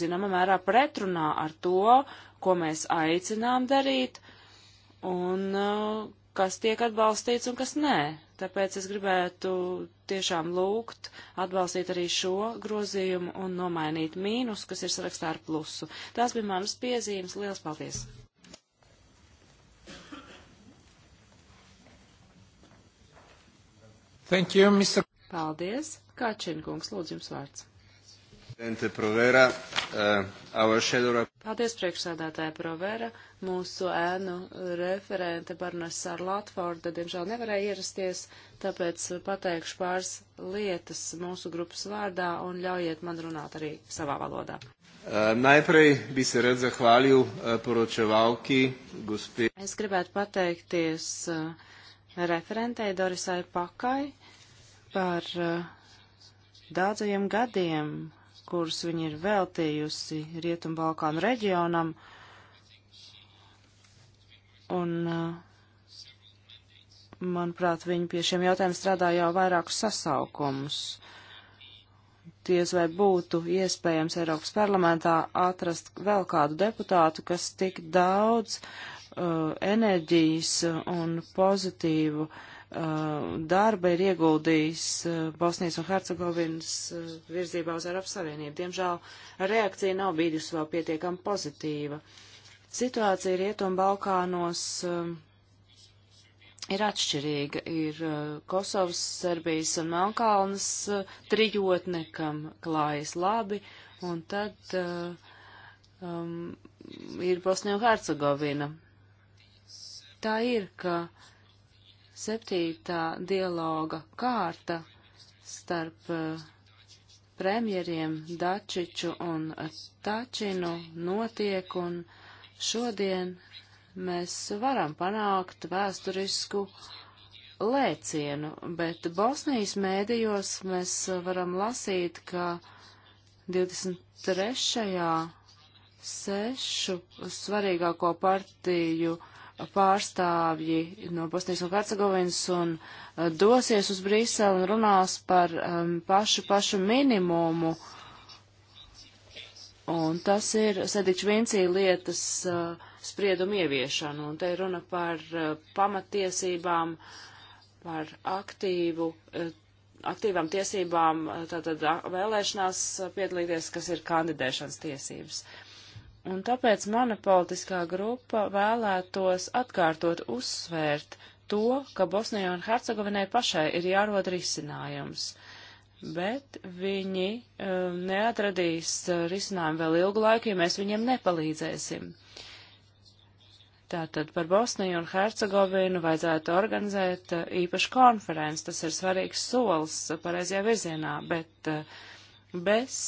zināmā mērā, pretrunā ar to, ko mēs aicinām darīt un uh, kas tiek atbalstīts un kas nē. Tāpēc es gribētu tiešām lūgt atbalstīt arī šo grozījumu un nomainīt mīnus, kas ir
sarakstā ar plusu.
Tās bija manas piezīmes. Lielas paldies!
Thank you, Mr.
Paldies. Kačinkungs, lūdzu jums vārds.
Eh,
Paldies, priekšsēdētāja Provera. Mūsu ēnu referente Barnesa ar Latforda, diemžēl, nevarēja ierasties, tāpēc pateikšu pāris lietas mūsu grupas vārdā un ļaujiet man runāt arī savā valodā.
Eh, najprej bi se rad zahvalil eh, poročevalki, gospe.
Es gribētu pateikties referentei Dorisai Pakai par daudzajiem gadiem kurus viņa ir veltījusi Rietumbalkānu reģionam. Un, uh, manuprāt, viņa pie šiem jautājumiem strādā jau vairākus sasaukumus. Ties vai būtu iespējams Eiropas parlamentā atrast vēl kādu deputātu, kas tik daudz uh, enerģijas un pozitīvu uh, Uh, darba ir ieguldījis uh, Bosnijas un Hercegovinas uh, virzībā uz Eiropas Savienību. Diemžēl reakcija nav bijusi vēl pietiekami pozitīva. Situācija Rietumbalkānos um, ir atšķirīga. Ir Kosovas, Serbijas un Melnkalnas trijotne, kam klājas labi, un tad um, ir Bosnija un Hercegovina. Tā ir, ka uh, septītā dialoga kārta starp eh, premjeriem Dačiču un Tačinu notiek, un šodien mēs varam panākt vēsturisku lēcienu, bet Bosnijas mēdījos mēs varam lasīt, ka 23. sešu svarīgāko partiju uh, pārstāvji no Bosnijas un Hercegovinas un eh, dosies uz Brīseli un runās par um, pašu, pašu minimumu. Un tas ir Sedičvincija lietas uh, spriedumu ieviešanu. Un te ir runa par uh, pamatiesībām, par aktīvu, uh, aktīvām tiesībām, tātad vēlēšanās piedalīties, kas ir kandidēšanas tiesības. Uh, Un tāpēc mana politiskā grupa vēlētos atkārtot uzsvērt to, ka Bosnijai un Hercegovinai pašai ir jārod risinājums. Bet viņi um, neatradīs uh, risinājumu vēl ilgu laiku, ja mēs viņiem nepalīdzēsim. Tātad par Bosniju un Hercegovinu vajadzētu organizēt uh, īpašu konferenci. Tas ir svarīgs solis pareizajā virzienā, bet uh, bez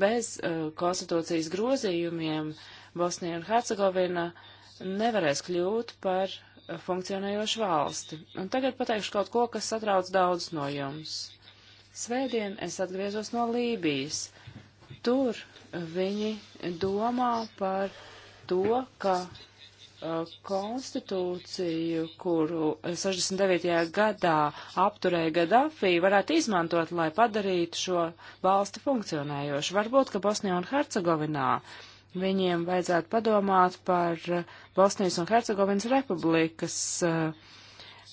Bez uh, konstitūcijas grozījumiem Bosnija un Hercegovina nevarēs kļūt par uh, funkcionējošu valsti. Un tagad pateikšu kaut ko, kas satrauc daudz no jums. Svētdien es atgriezos no Lībijas. Tur viņi domā par to, ka Uh, konstitūciju, kuru 69. Eh, gadā apturēja Gaddafi, varētu izmantot, lai padarītu šo valsti funkcionējošu. Varbūt, ka Bosnijā un Hercegovinā viņiem vajadzētu padomāt par eh, Bosnijas un Hercegovinas republikas uh,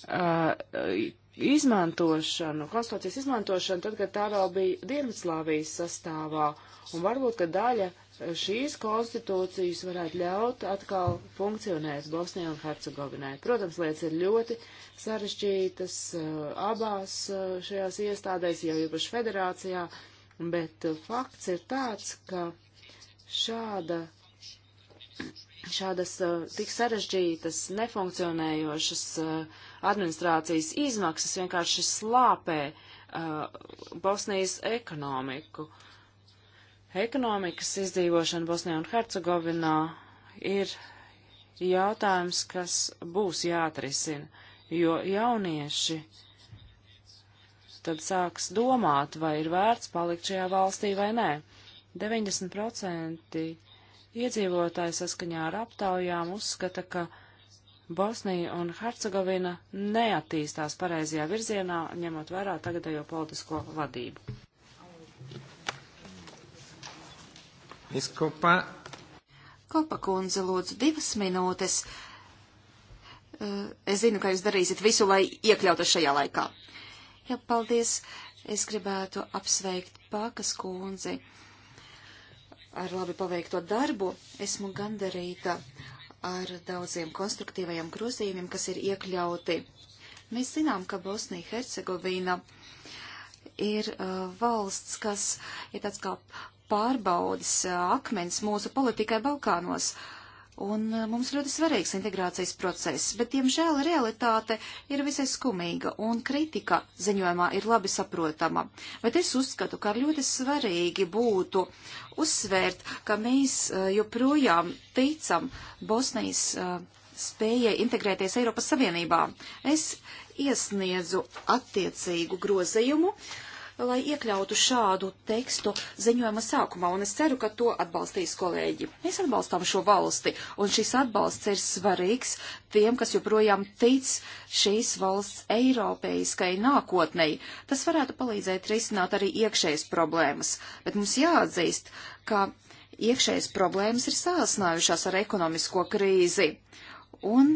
uh, izmantošanu, konstitūcijas izmantošanu, tad, kad tā vēl bija Dienvidslāvijas sastāvā, un varbūt, ka daļa uh, šīs konstitūcijas varētu ļaut atkal funkcionēt Bosnijā un Hercegovinai. Protams, lietas ir ļoti sarežģītas eh, abās eh, šajās iestādēs, jau īpaši federācijā, bet eh, fakts ir tāds, ka šāda, šādas tik sarežģītas, nefunkcionējošas administrācijas izmaksas vienkārši slāpē Bosnijas ekonomiku. Uh, Ekonomikas izdzīvošana Bosnijā un Hercegovinā ir jautājums, kas būs jāatrisina, jo jaunieši tad sāks domāt, vai ir vērts palikt šajā valstī vai nē. 90% iedzīvotāji saskaņā ar aptaujām uzskata, ka Bosnija un Hercegovina neattīstās pareizajā virzienā, ņemot vērā tagadējo politisko vadību.
Iskopā.
Kopa kundze, lūdzu, divas minūtes. Eh, es zinu, ka jūs darīsiet visu, lai iekļautu šajā laikā. Jā, paldies. Es gribētu apsveikt Pākas kundzi ar labi paveikto darbu. Esmu gandarīta ar daudziem konstruktīvajiem grozījumiem, kas ir iekļauti. Mēs zinām, ka Bosnija-Hercegovina ir uh, valsts, kas ir tāds kā pārbaudas akmens mūsu politikai Balkānos. Un mums ļoti svarīgs integrācijas process, bet, diemžēl, realitāte ir visai skumīga, un kritika ziņojumā ir labi saprotama. Bet es uzskatu, ka ļoti svarīgi būtu uzsvērt, ka mēs joprojām ticam Bosnijas spējai integrēties Eiropas Savienībā. Es iesniedzu attiecīgu grozījumu, uh, lai iekļautu šādu tekstu ziņojuma sākumā, un es ceru, ka to atbalstīs kolēģi. Mēs atbalstām šo valsti, un šis atbalsts ir svarīgs tiem, kas joprojām tic šīs valsts eiropeiskai nākotnei. Tas varētu palīdzēt risināt arī iekšējas problēmas, bet mums jāatzīst, ka iekšējas problēmas ir sāsnājušās ar ekonomisko krīzi. Un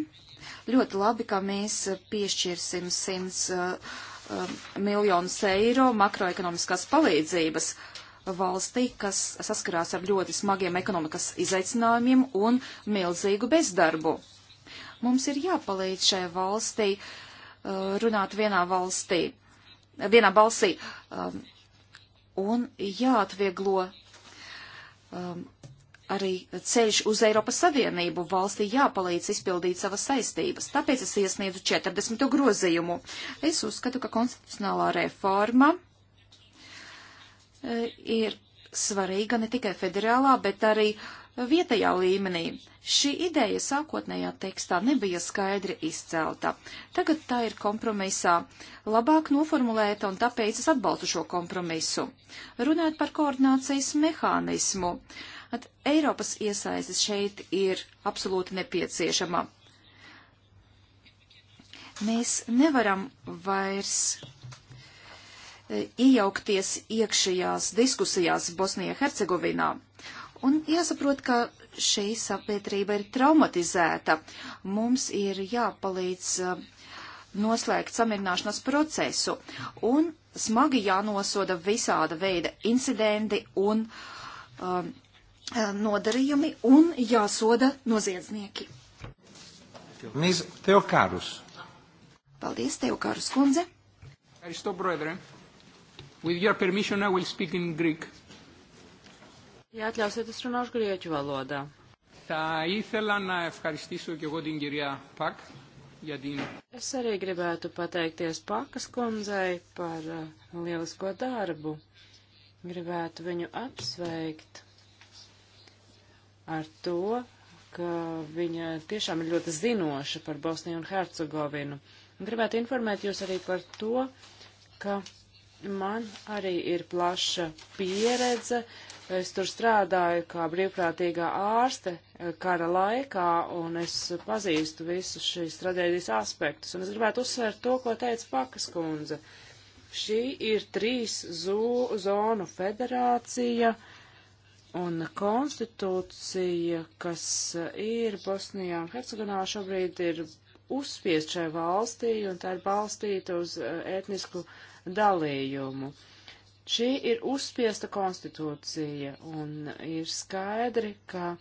ļoti labi, ka mēs piešķirsim 100 Um, miljonus eiro makroekonomiskās palīdzības valstī, kas saskarās ar ļoti smagiem ekonomikas izaicinājumiem un milzīgu bezdarbu. Mums ir jāpalīdz šai valstī uh, runāt vienā valstī, vienā balsī um, un jāatvieglo um, arī ceļš uz Eiropas Savienību valstī jāpalīdz izpildīt savas saistības. Tāpēc es iesniedzu 40. grozījumu. Es uzskatu, ka konstitucionālā reforma e, ir svarīga ne tikai federālā, bet arī vietējā līmenī. Šī ideja sākotnējā tekstā nebija skaidri izcelta. Tagad tā ir kompromisā labāk noformulēta un tāpēc es atbalstu šo kompromisu. Runājot par koordinācijas mehānismu. Uh, At Eiropas iesaistas šeit ir absolūti nepieciešama. Mēs nevaram vairs e, iejaukties iekšējās diskusijās Bosnijā-Hercegovinā. Un jāsaprot, ka šī sabiedrība ir traumatizēta. Mums ir jāpalīdz e, noslēgt samierināšanās procesu un smagi jānosoda visāda veida incidenti un um, Eh, nodarījumi un jāsoda noziedznieki.
Mīz Teokārus.
Paldies, Teokārus kundze.
Aristo, brodre. With your permission, I will speak in Greek. Ja atļausiet, es runāšu grieķu valodā. Θα ήθελα να ευχαριστήσω και εγώ την κυρία Πακ για την...
Es arī gribētu pateikties Pakas kundzei par eh, lielisko darbu. Gribētu viņu apsveikt ar to, ka viņa tiešām ir ļoti zinoša par Bosniju un Hercegovinu. Gribētu informēt jūs arī par to, ka man arī ir plaša pieredze. Es tur strādāju kā brīvprātīgā ārste kara laikā, un es pazīstu visus šīs traģēdijas aspektus. Un es gribētu uzsvērt to, ko teica Pakas kundze. Šī ir trīs zonu federācija. Uh, Un konstitūcija, kas ir Bosnijā un Hercegonā šobrīd ir uzspiest šai valstī, un tā ir balstīta uz e, etnisku dalījumu. Šī ir uzspiesta konstitūcija, un ir skaidri, ka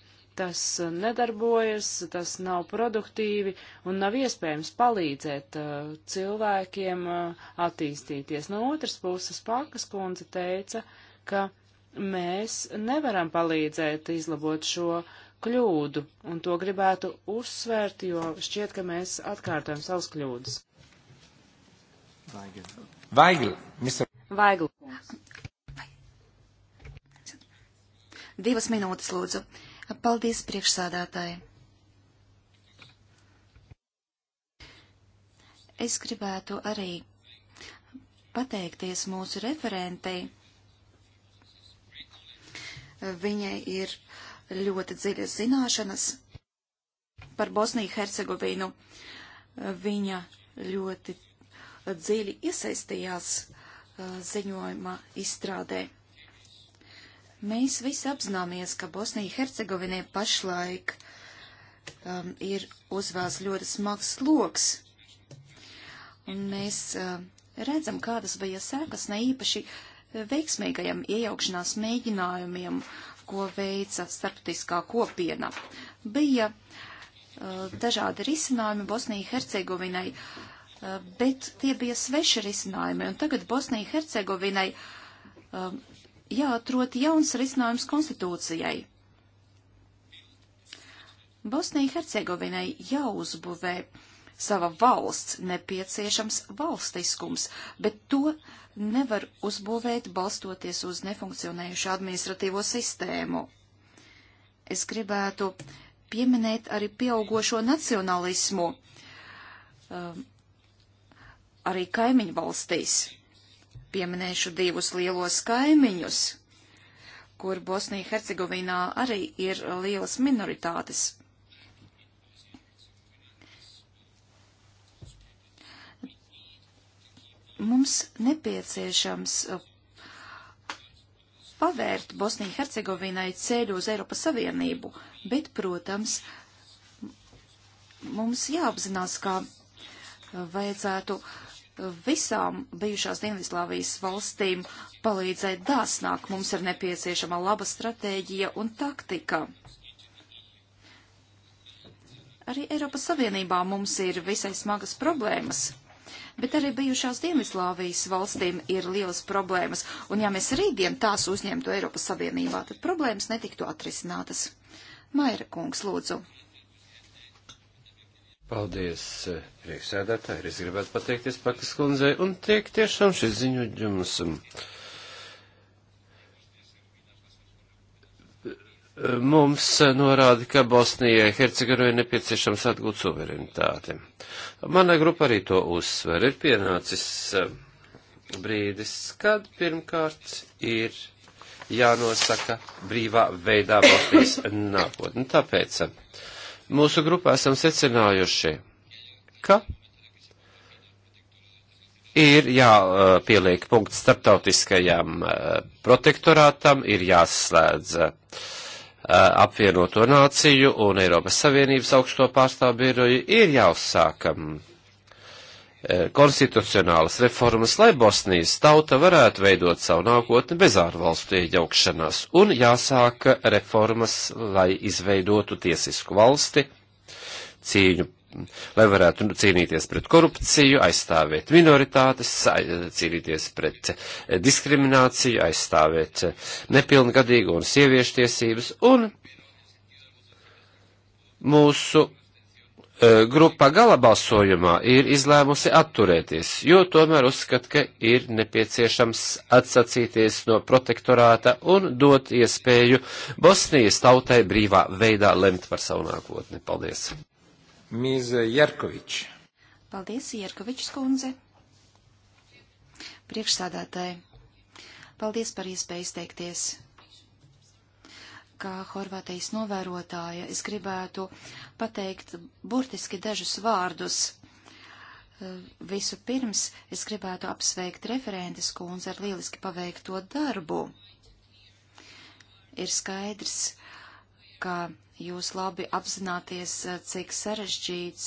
tas nedarbojas, tas nav produktīvi un nav iespējams palīdzēt uh, cilvēkiem uh, attīstīties. No otras puses, Pakas kundze teica, ka mēs nevaram palīdzēt izlabot šo kļūdu, un to gribētu uzsvērt, jo šķiet, ka mēs atkārtojam savas kļūdas.
Vaigl. Vaigl. Mister...
Vaigl. Divas minūtes, lūdzu. Paldies, priekšsādātāji. Es gribētu arī pateikties mūsu referentei Viņai ir ļoti dziļas zināšanas par Bosniju Hercegovinu. Viņa ļoti dziļi iesaistījās ziņojuma izstrādē. Mēs visi apzināmies, ka Bosnija Hercegovinai pašlaik um, ir uzvēls ļoti smags sloks. Un mēs uh, redzam, kādas bija sēkas ne īpaši uh, veiksmīgajiem iejaukšanās mēģinājumiem, ko veica starptautiskā kopiena. Bija uh, dažādi risinājumi Bosnijai Hercegovinai, uh, bet tie bija sveši risinājumi, un tagad Bosnijai Hercegovinai uh, jāatrot jauns risinājums konstitūcijai. Bosnijai Hercegovinai jāuzbūvē sava valsts, nepieciešams valstiskums, bet to nevar uzbūvēt balstoties uz nefunkcionējušu administratīvo sistēmu. Es gribētu pieminēt arī pieaugošo nacionalismu, um, arī kaimiņu valstīs. Pieminēšu divus lielos kaimiņus, kur Bosnija-Hercegovīnā arī ir lielas minoritātes. Mums nepieciešams uh, pavērt Bosnijai Hercegovinai ceļu uz Eiropas Savienību, bet, protams, mums jāapzinās, ka uh, vajadzētu uh, visām bijušās Dienvidslāvijas valstīm palīdzēt dāsnāk. Mums ir nepieciešama laba stratēģija un taktika. Arī Eiropas Savienībā mums ir visai smagas problēmas bet arī bijušās Dienvidslāvijas valstīm ir lielas problēmas, un ja mēs rītdien tās uzņemtu Eiropas Savienībā, tad problēmas netiktu atrisinātas. Maira kungs, lūdzu.
Paldies, eh, priekšsēdētāji. Es gribētu pateikties Pakas kundzei un tiek tiešām šis ziņojums. Um, mums norāda, ka Bosnijai Hercegovina ir nepieciešams atgūt suverenitāti. Mana grupa arī to uzsver. Ir pienācis eh, brīdis, kad pirmkārt ir jānosaka brīvā veidā Bosnijas nākotne. Tāpēc eh, mūsu grupā esam secinājuši, ka ir jāpieliek eh, punkts starptautiskajam protektorātam, ir jāslēdz uh, Eh, apvienoto nāciju un Eiropas Savienības augsto pārstāvu biroju ir jāuzsākam um, eh, konstitucionālas reformas, lai Bosnijas tauta varētu veidot savu nākotni bez ārvalstu iejaukšanās, un jāsāka reformas, lai izveidotu tiesisku valsti, cīņu lai varētu cīnīties pret korupciju, aizstāvēt minoritātes, cīnīties pret e, diskrimināciju, aizstāvēt e, nepilngadīgu un sieviešu tiesības, un mūsu e, grupa galabalsojumā ir izlēmusi atturēties, jo tomēr uzskat, ka ir nepieciešams atsacīties no protektorāta un dot iespēju Bosnijas tautai brīvā veidā lemt par savu nākotni. Paldies!
Mīze Jerkovič.
Paldies, Jerkovičs kundze. Priekšsādātāji, paldies par iespēju izteikties. Kā Horvātijas novērotāja, es gribētu pateikt burtiski dažus vārdus. Visu pirms es gribētu apsveikt referentes kundze ar lieliski paveikto darbu. Ir skaidrs, uh, ka jūs labi apzināties, cik sarežģīts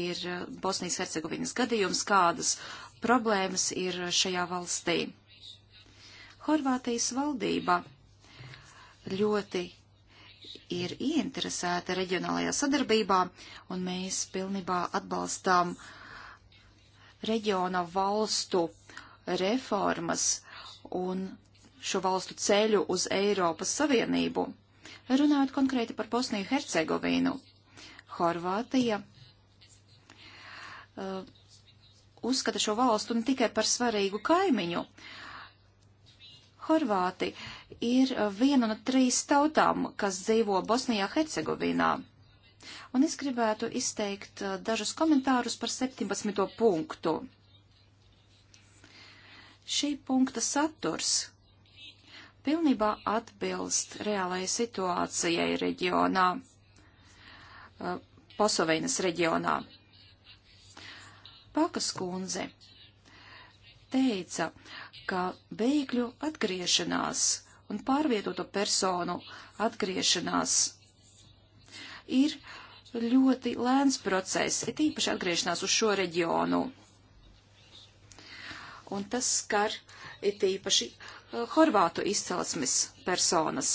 ir Bosnijas Hercegovinas gadījums, kādas problēmas ir šajā valstī. Horvātijas valdība ļoti ir ieinteresēta reģionālajā sadarbībā, un mēs pilnībā atbalstām reģiona valstu reformas un šo valstu ceļu uz Eiropas Savienību. Runājot konkrēti par Bosniju Hercegovīnu, Horvātija uh, uzskata šo valstu ne tikai par svarīgu kaimiņu. Horvāti ir uh, viena no trīs tautām, kas dzīvo Bosnijā Hercegovīnā. Un es gribētu izteikt uh, dažus komentārus par 17. punktu. Šī punkta saturs pilnībā atbilst reālajai situācijai reģionā, Posoveinas reģionā. Pakas kundze teica, ka bēgļu atgriešanās un pārvietoto personu atgriešanās ir ļoti lēns process, ir tīpaši atgriešanās uz šo reģionu. Un tas skar ir tīpaši horvātu izcelsmes personas.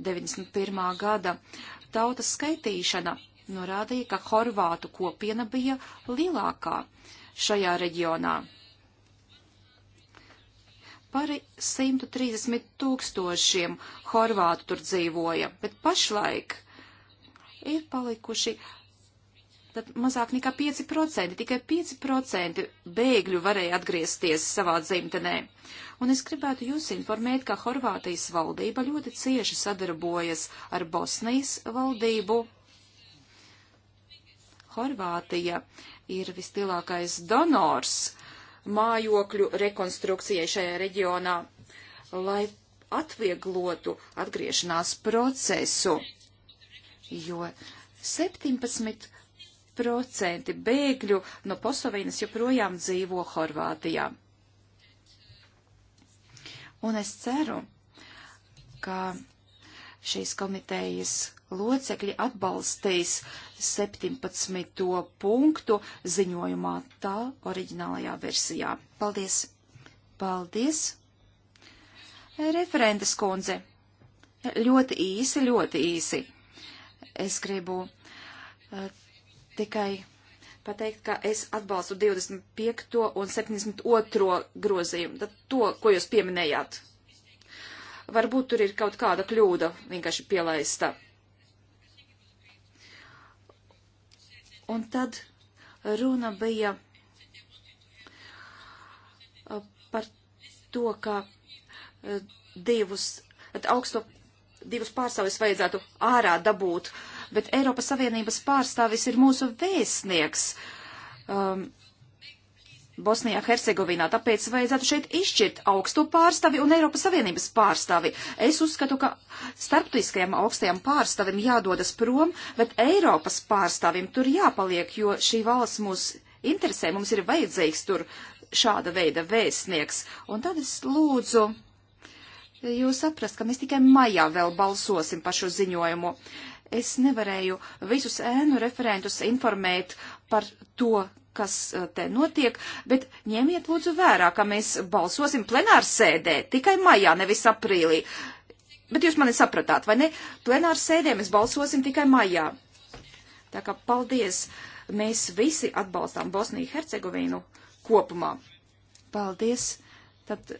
91. gada tautas skaitīšana norādīja, ka horvātu kopiena bija lielākā šajā reģionā. Pari 130 tūkstošiem horvātu tur dzīvoja, bet pašlaik ir palikuši tad mazāk nekā 5%, tikai 5% bēgļu varēja atgriezties savā dzimtenē. Un es gribētu jūs informēt, ka Horvātijas valdība ļoti cieši sadarbojas ar Bosnijas valdību. Horvātija ir vislielākais donors mājokļu rekonstrukcijai šajā reģionā, lai atvieglotu atgriešanās procesu, jo 17 5% bēgļu no Posovinas joprojām dzīvo Horvātijā. Un es ceru, ka šīs komitejas locekļi atbalstīs 17. punktu ziņojumā tā oriģinālajā versijā. Paldies! Paldies! Referentes kundze! Ļoti īsi, ļoti īsi. Es gribu eh, tikai pateikt, ka es atbalstu 25. un 72. grozījumu, tad to, ko jūs pieminējāt. Varbūt tur ir kaut kāda kļūda vienkārši pielaista. Un tad runa bija uh, par to, ka uh, divus, augsto, divus pārstāvis vajadzētu ārā dabūt uh, bet Eiropas Savienības pārstāvis ir mūsu vēstnieks um, Bosnijā, Hercegovinā. Tāpēc vajadzētu šeit izšķirt augsto pārstāvi un Eiropas Savienības pārstāvi. Es uzskatu, ka starptautiskajam augstajam pārstāvim jādodas prom, bet Eiropas pārstāvim tur jāpaliek, jo šī valsts mūs interesē, mums ir vajadzīgs tur šāda veida vēstnieks. Un tad es lūdzu jūs saprast, ka mēs tikai maijā vēl balsosim par šo ziņojumu. Es nevarēju visus ēnu referentus informēt par to, kas eh, te notiek, bet ņemiet lūdzu vērā, ka mēs balsosim plenārsēdē tikai maijā, nevis aprīlī. Bet jūs mani sapratāt, vai ne? Plenārsēdē mēs balsosim tikai maijā. Tā kā paldies! Mēs visi atbalstām Bosniju Hercegovinu kopumā. Paldies! Tad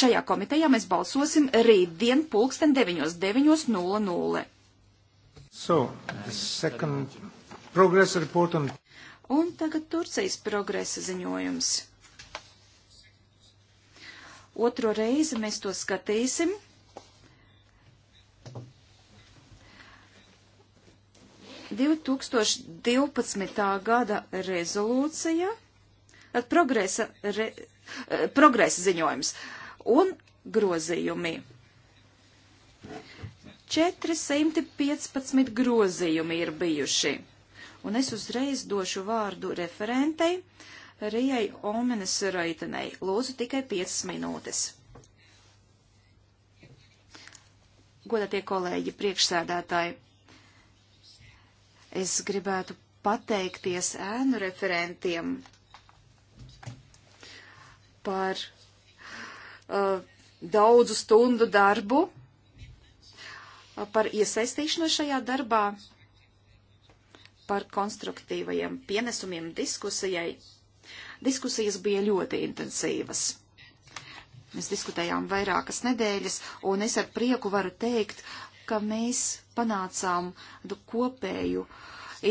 šajā komitejā mēs balsosim rītdien pulksten 9.00.
So, on...
Un tagad Turcijas progresa ziņojums. Otro reizi mēs to skatīsim. gada rezolūcija, progresa, re, eh, progresa ziņojums un grozījumi. 415 grozījumi ir bijuši. Un es uzreiz došu vārdu referentei Rijai Omenes Raitenei. Lūdzu tikai 5 minūtes. Godatie kolēģi, priekšsēdētāji, es gribētu pateikties ēnu referentiem par uh, daudzu stundu darbu par iesaistīšanos šajā darbā, par konstruktīvajiem pienesumiem diskusijai. Diskusijas bija ļoti intensīvas. Mēs diskutējām vairākas nedēļas, un es ar prieku varu teikt, ka mēs panācām kopēju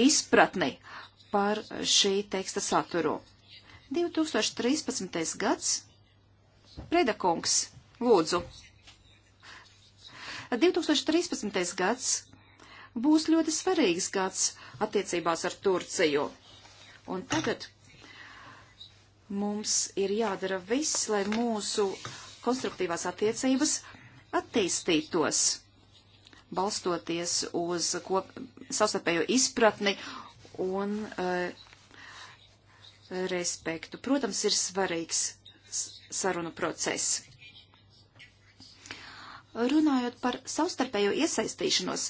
izpratni par šī teksta saturu. 2013. gads. Predakungs, lūdzu. 2013. gads būs ļoti svarīgs gads attiecībās ar Turciju. Un tagad mums ir jādara viss, lai mūsu konstruktīvās attiecības attīstītos, balstoties uz kop, savstarpējo izpratni un uh, respektu. Protams, ir svarīgs sarunu process. Runājot par savstarpējo iesaistīšanos,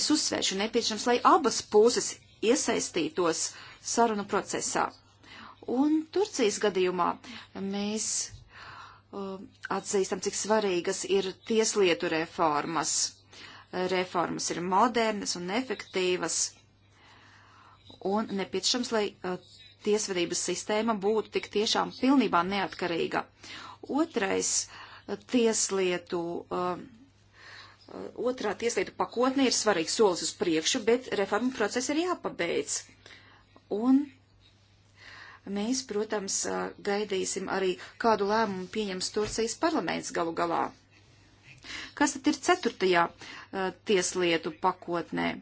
es uzsvēršu nepieciešams, lai abas puses iesaistītos sarunu procesā. Un Turcijas gadījumā mēs uh, atzīstam, cik svarīgas ir tieslietu reformas. Reformas ir modernas un efektīvas. Un nepieciešams, lai uh, tiesvedības sistēma būtu tik tiešām pilnībā neatkarīga. Otrais uh, tieslietu, uh, otrā tieslietu pakotne ir svarīgs solis uz priekšu, bet reformu process ir jāpabeidz. Un mēs, protams, uh, gaidīsim arī, kādu lēmumu pieņems Turcijas parlaments galu galā. Kas tad ir ceturtajā uh, tieslietu pakotnē?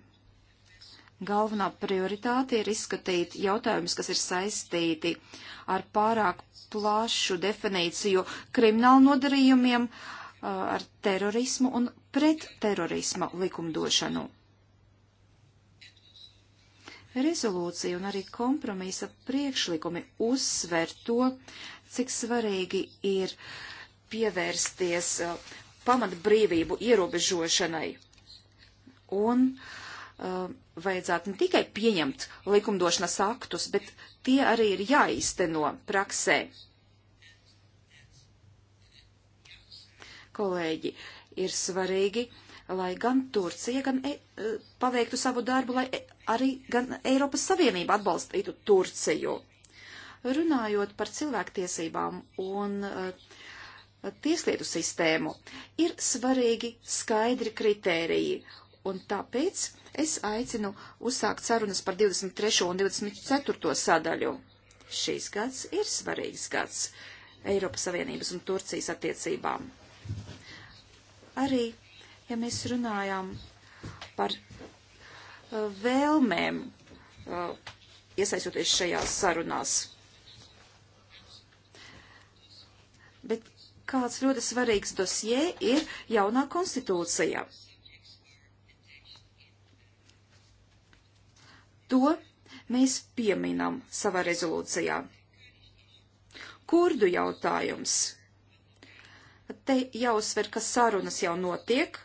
Galvenā prioritāte ir izskatīt jautājumus, kas ir saistīti ar pārāk plašu definīciju kriminālu nodarījumiem, ar terorismu un pretterorisma likumdošanu. Rezolūcija un arī kompromisa priekšlikumi uzsver to, cik svarīgi ir pievērsties pamatbrīvību ierobežošanai un uh, vajadzētu ne tikai pieņemt likumdošanas aktus, bet tie arī ir jāīsteno praksē. Kolēģi, ir svarīgi, lai gan Turcija gan e, e, paveiktu savu darbu, lai e, arī gan Eiropas Savienība atbalstītu Turciju. Runājot par cilvēktiesībām un uh, tieslietu sistēmu, ir svarīgi skaidri kritēriji Un tāpēc es aicinu uzsākt sarunas par 23. un 24. sadaļu. Šīs gads ir svarīgs gads Eiropas Savienības un Turcijas attiecībām. Arī, ja mēs runājām par uh, vēlmēm uh, iesaistoties šajās sarunās. Bet kāds ļoti svarīgs dosie ir jaunā konstitūcija. To mēs pieminam savā rezolūcijā. Kurdu jautājums. Te jāuzsver, ka sarunas jau notiek,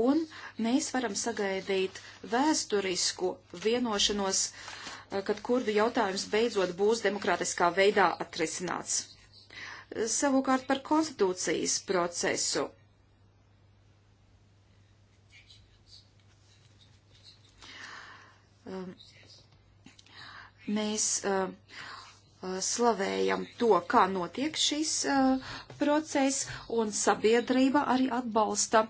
un mēs varam sagaidīt vēsturisku vienošanos, kad kurdu jautājums beidzot būs demokrātiskā veidā atrisināts. Savukārt par konstitūcijas procesu Um, mēs um, slavējam to, kā notiek šis uh, process, un sabiedrība arī atbalsta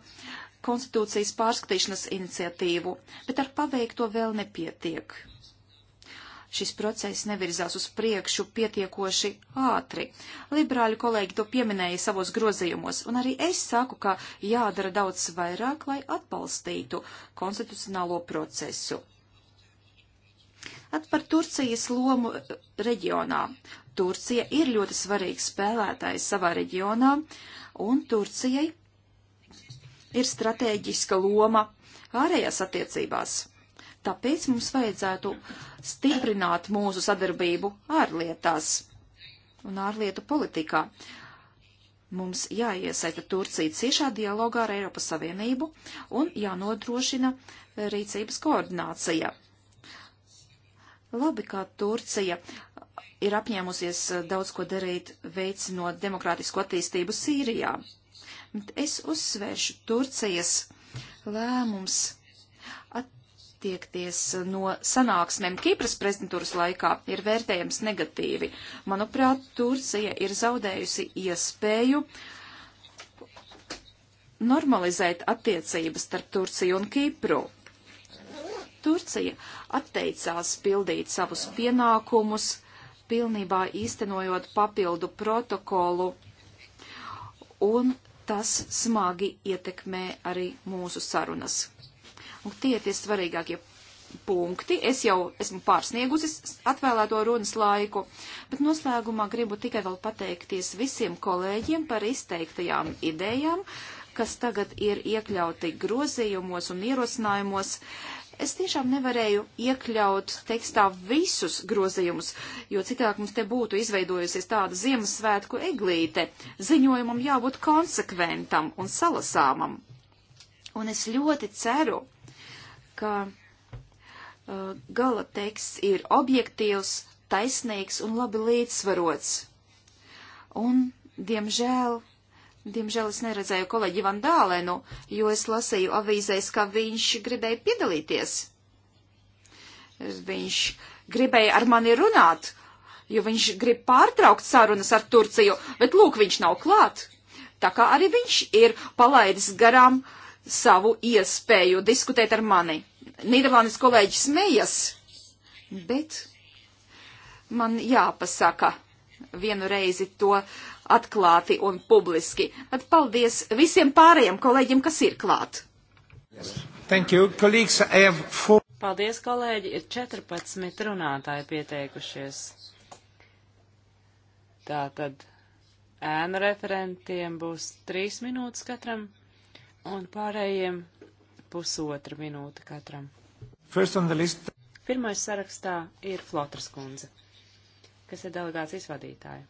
konstitūcijas pārskatīšanas iniciatīvu, bet ar paveikto vēl nepietiek. Šis process nevirzās uz priekšu pietiekoši ātri. Liberāļu kolēģi to pieminēja savos grozījumos, un arī es saku, ka jādara daudz vairāk, lai atbalstītu konstitucionālo procesu. At par Turcijas lomu eh, reģionā. Turcija ir ļoti svarīgs spēlētājs savā reģionā, un Turcijai ir strateģiska loma ārējās attiecībās. Tāpēc mums vajadzētu stiprināt mūsu sadarbību ārlietās un ārlietu politikā. Mums jāiesaista Turcija ciešā dialogā ar Eiropas Savienību un jānodrošina rīcības koordinācija. Labi, kā Turcija ir apņēmusies eh, daudz ko darīt, veicinot demokrātisku attīstību Sīrijā. Bet es uzsvēršu Turcijas lēmums attiekties eh, no sanāksmēm Kipras prezidentūras laikā ir vērtējams negatīvi. Manuprāt, Turcija ir zaudējusi iespēju normalizēt attiecības starp Turciju un Kipru. Turcija atteicās pildīt savus pienākumus, pilnībā īstenojot papildu protokolu, un tas smagi ietekmē arī mūsu sarunas. Un tie ir tie svarīgākie punkti. Es jau esmu pārsniegusi atvēlēto runas laiku, bet noslēgumā gribu tikai vēl pateikties visiem kolēģiem par izteiktajām idejām, kas tagad ir iekļauti grozījumos un ierosinājumos. Uh, Es tiešām nevarēju iekļaut tekstā visus grozījumus, jo citādi mums te būtu izveidojusies tāda Ziemassvētku eglīte. Ziņojumam jābūt konsekventam un salasāmam. Un es ļoti ceru, ka uh, gala teksts ir objektīvs, taisnīgs un labi līdzsvarots. Un, diemžēl, Diemžēl es neredzēju kolēģi Van Dālenu, jo es lasīju avīzēs, ka viņš gribēja piedalīties. Viņš gribēja ar mani runāt, jo viņš grib pārtraukt sarunas ar Turciju, bet lūk, viņš nav klāt. Tā kā arī viņš ir palaidis garām savu iespēju diskutēt ar mani. Nīderlandes kolēģis smējas, bet man jāpasaka vienu reizi to atklāti un publiski. Bet paldies visiem pārējiem kolēģiem, kas ir klāt.
Thank you, colleagues. I have four.
Paldies, kolēģi. Ir 14 runātāji pieteikušies. Tā tad ēnu referentiem būs 3 minūtes katram un pārējiem pusotra minūte katram. Pirmais sarakstā ir Flotras kundze, kas ir delegācijas vadītāja.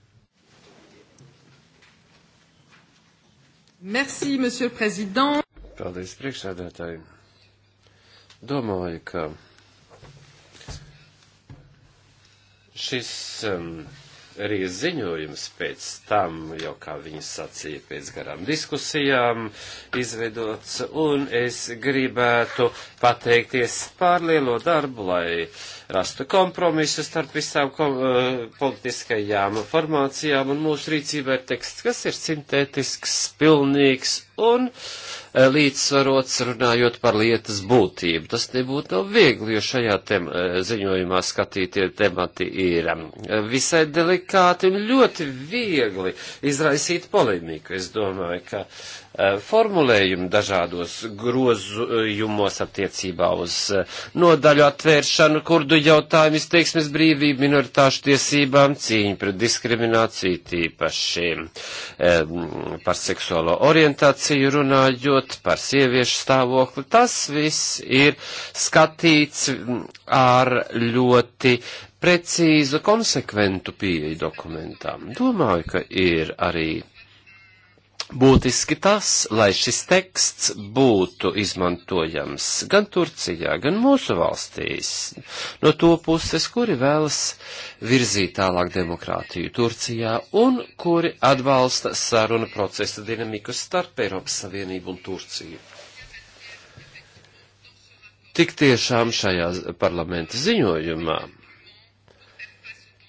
Merci, monsieur prezident.
Paldies, priekšsēdētāji. Domāju, ka šis um, arī ziņojums pēc tam, jau kā viņi sacīja, pēc garām diskusijām izveidots, un es gribētu pateikties par lielo darbu, lai uh, rastu kompromisu starp visām kom, eh, politiskajām formācijām, un mūsu rīcībā ir teksts, kas ir sintētisks, pilnīgs un eh, līdzsvarots runājot par lietas būtību. Tas nebūtu nav viegli, jo šajā tem, eh, ziņojumā skatītie temati ir mm, visai delikāti un ļoti viegli izraisīt polemiku. Es domāju, ka Eh, formulējumi dažādos grozījumos attiecībā uz eh, nodaļu atvēršanu, kurdu jautājumu izteiksmes brīvību, minoritāšu tiesībām, cīņu pret diskrimināciju tīpaši eh, par seksuālo orientāciju runājot, par sieviešu stāvokli. Tas viss ir skatīts mm, ar ļoti precīzu, konsekventu pieeju dokumentām. Domāju, ka ir arī būtiski tas, lai šis teksts būtu izmantojams gan Turcijā, gan mūsu valstīs, no to puses, kuri vēlas virzīt tālāk demokrātiju Turcijā un kuri atbalsta saruna procesa dinamiku starp Eiropas Savienību un Turciju. Tik tiešām šajā parlamenta ziņojumā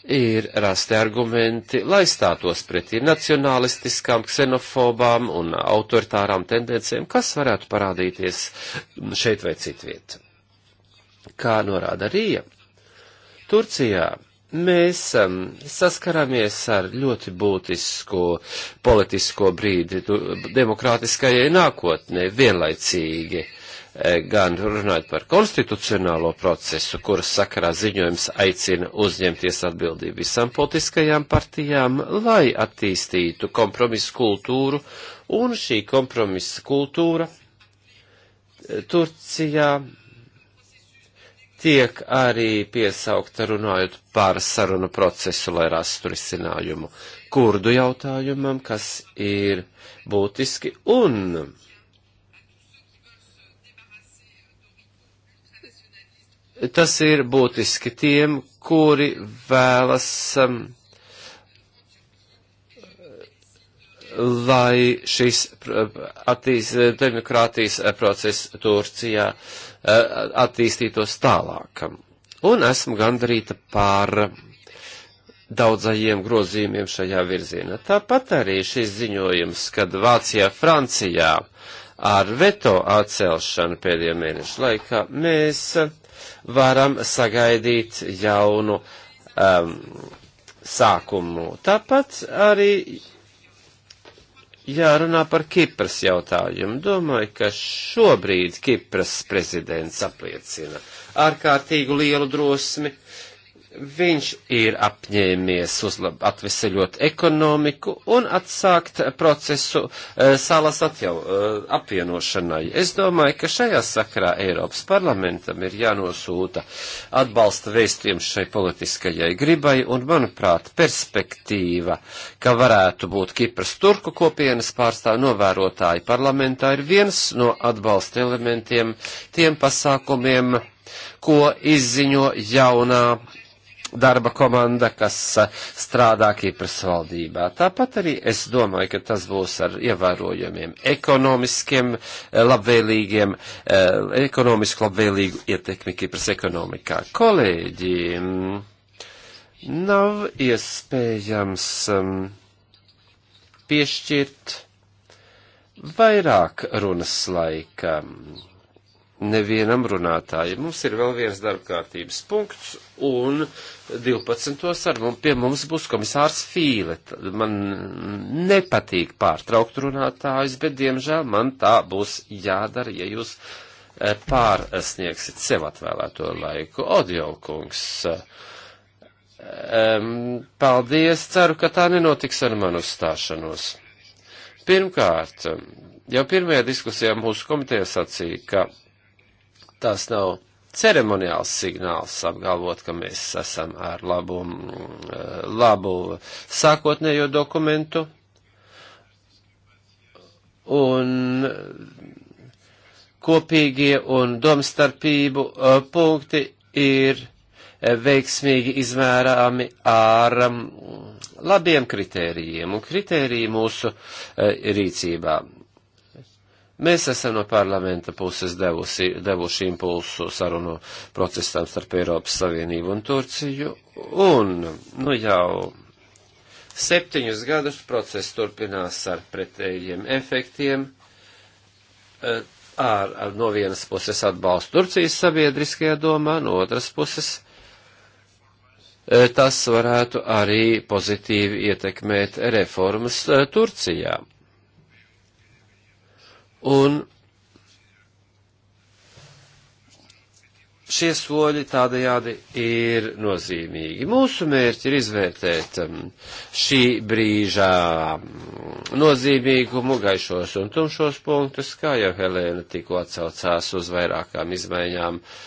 ir rasti argumenti, lai stātos pretī nacionalistiskām, ksenofobām un autoritārām tendencēm, kas varētu parādīties šeit vai citviet. Kā norāda Rija, Turcijā mēs um, saskaramies ar ļoti būtisku politisko brīdi demokrātiskajai nākotnē vienlaicīgi Eh, gan runājot par konstitucionālo procesu, kuras sakarā ziņojums aicina uzņemties atbildību visām politiskajām partijām, lai attīstītu kompromisu kultūru, un šī kompromisa kultūra eh, Turcijā tiek arī piesaukta runājot par sarunu procesu, lai rastu risinājumu kurdu jautājumam, kas ir būtiski un Tas ir būtiski tiem, kuri vēlas, um, lai šis uh, attīs, demokrātijas uh, process Turcijā uh, attīstītos tālāk. Un esmu gandrīta par daudzajiem grozījumiem šajā virzienā. Tāpat arī šis ziņojums, kad Vācijā, Francijā ar veto atcelšanu pēdējā mēneša laikā mēs uh, varam sagaidīt jaunu um, sākumu. Tāpat arī jārunā par Kipras jautājumu. Domāju, ka šobrīd Kipras prezidents apliecina ārkārtīgu lielu drosmi viņš ir apņēmies uzlab, atveseļot ekonomiku un atsākt procesu e, salas atjau, e, apvienošanai. Es domāju, ka šajā sakrā Eiropas parlamentam ir jānosūta atbalsta vēstījums šai politiskajai gribai un, manuprāt, perspektīva, ka varētu būt Kipras turku kopienas pārstāv novērotāji parlamentā ir viens no atbalsta elementiem tiem pasākumiem, ko izziņo jaunā darba komanda, kas eh, strādā Kipras valdībā. Tāpat arī es domāju, ka tas būs ar ievērojumiem ekonomiskiem, eh, labvēlīgiem, eh, ekonomiski labvēlīgu ietekmi Kipras ekonomikā. Kolēģi, mm, nav iespējams mm, piešķirt vairāk runas laikam mm, nevienam runātājam. Mums ir vēl viens darbkārtības punkts, un 12. ar mums pie mums būs komisārs Fīle. Man nepatīk pārtraukt runātājus, bet diemžēl man tā būs jādara, ja jūs eh, pārsniegsit sev atvēlēto laiku. Odio kungs. Um, paldies, ceru, ka tā nenotiks ar manu stāšanos. Pirmkārt, jau pirmajā diskusijā mūsu komiteja sacīja, ka tas nav ceremoniāls signāls apgalvot, ka mēs esam ar labu, mm, eh, labu sākotnējo dokumentu. Un kopīgie un domstarpību eh, punkti ir eh, veiksmīgi izmērāmi ar mm, labiem kritērijiem un kritēriju mūsu rīcībā. Mēs esam no parlamenta puses devusi, devuši impulsu sarunu procesām starp Eiropas Savienību un Turciju, un nu jau septiņus gadus process turpinās ar pretējiem efektiem, eh, ar, ar no vienas puses atbalstu Turcijas sabiedriskajā domā, no otras puses eh, tas varētu arī pozitīvi ietekmēt reformas eh, Turcijā. Un šie soļi tādējādi ir nozīmīgi. Mūsu mērķi ir izvērtēt um, šī brīžā um, nozīmīgumu, gaišos un tumšos punktus, kā jau Helēna tikko atsaucās uz vairākām izmaiņām uh,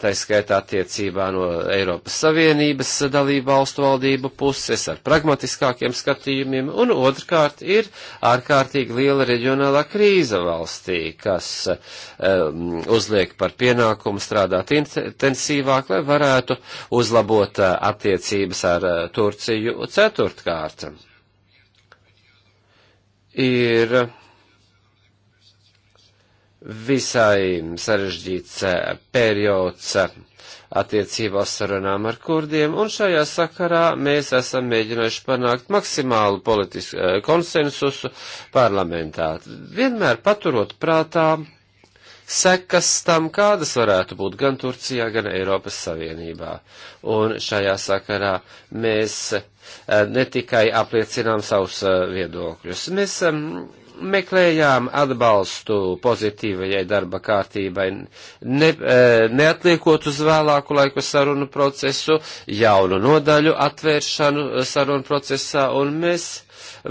taiskaitā attiecībā no Eiropas Savienības dalību valstu valdību puses ar pragmatiskākiem skatījumiem, un otrkārt ir ārkārtīgi liela reģionālā krīze valstī, kas um, uzliek par pienākumu strādāt intensīvāk, lai varētu uzlabot uh, attiecības ar uh, Turciju ceturtkārt. Ir visai sarežģīts eh, periods eh, attiecībās sarunām ar kurdiem, un šajā sakarā mēs esam mēģinājuši panākt maksimālu politisku eh, konsensusu parlamentā, vienmēr paturot prātā sekas tam, kādas varētu būt gan Turcijā, gan Eiropas Savienībā. Un šajā sakarā mēs ne tikai apliecinām savus viedokļus. Mēs ehm, meklējām atbalstu pozitīvajai darba kārtībai, ne, e, neatliekot uz vēlāku laiku sarunu procesu, jaunu nodaļu atvēršanu sarunu procesā, un mēs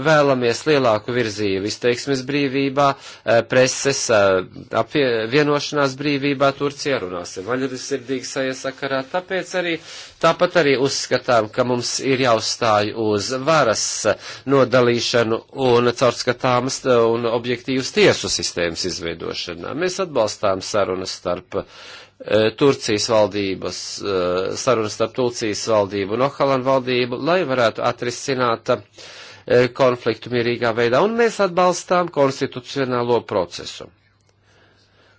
vēlamies lielāku virzību izteiksmes brīvībā, eh, preses eh, apvienošanās brīvībā Turcijā runāsim vaļarisirdīgi sajasakarā, tāpēc arī tāpat arī uzskatām, ka mums ir jāuzstāj uz varas eh, nodalīšanu un caurskatāmas un objektīvas tiesu sistēmas izveidošanā. Mēs atbalstām sarunas starp Turcijas valdības, sarunas starp Turcijas valdību un Ohalan valdību, lai varētu atrisināt uh, E, konfliktu mierīgā veidā, un mēs atbalstām konstitucionālo procesu.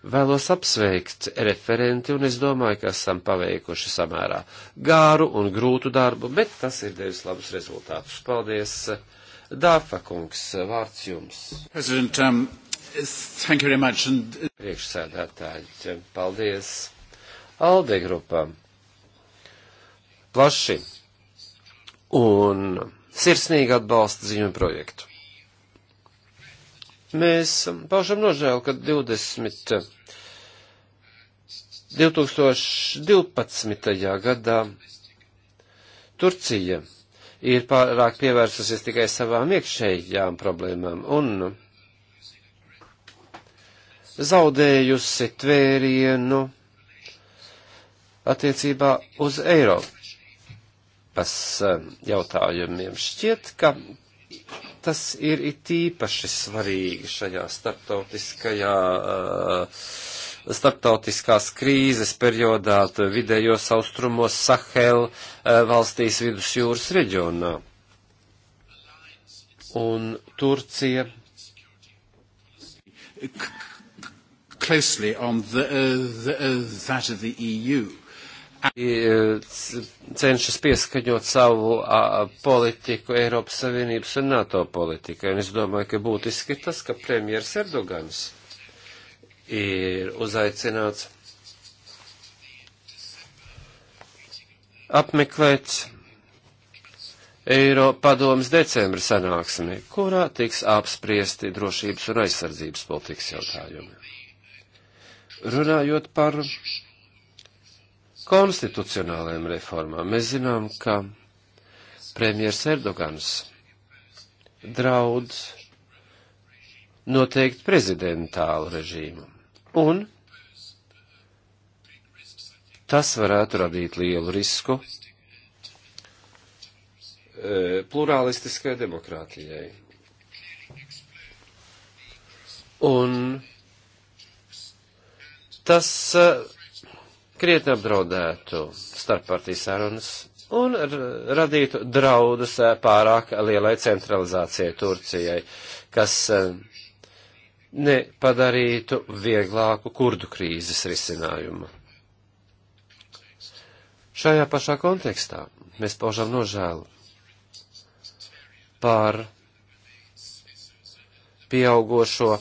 Vēlos apsveikt referenti, un es domāju, ka esam paveikuši samērā gāru un grūtu darbu, bet tas ir devis labus rezultātus. Paldies, Dāfa kungs, vārds jums. Um, and... Uh, Priekšsēdētāji, paldies. Alde grupām. Plaši. Un sirsnīgi atbalsta ziņojumu projektu. Mēs paužam nožēlu, ka 20. 2012. gadā Turcija ir pārāk pievērsusies tikai savām iekšējām problēmām un zaudējusi tvērienu attiecībā uz Eiropu. Eiropas eh, jautājumiem. Šķiet, ka tas ir it īpaši svarīgi šajā starptautiskajā, eh, starptautiskās krīzes periodā, vidējos austrumos, Sahel eh, valstīs vidusjūras reģionā. Un Turcija. Closely on the, uh, the, uh, that of the EU. Eh, cenšas pieskaņot savu a, politiku Eiropas Savienības un NATO politikai. Un es domāju, ka būtiski tas, ka premjers Erdogans ir uzaicināts apmeklēt Eiro padomas decembra sanāksmi, kurā tiks apspriesti drošības un aizsardzības politikas jautājumi. Runājot par konstitucionālajām reformām. Mēs zinām, ka premjers Erdogans draud noteikt prezidentālu režīmu. Un tas varētu radīt lielu risku e, plurālistiskai demokrātijai. Un tas uh, krietni apdraudētu starppartijas sarunas un radītu draudus eh, pārāk lielai centralizācijai Turcijai, kas eh, nepadarītu vieglāku kurdu krīzes risinājumu. Šajā pašā kontekstā mēs paužam nožēlu par pieaugošo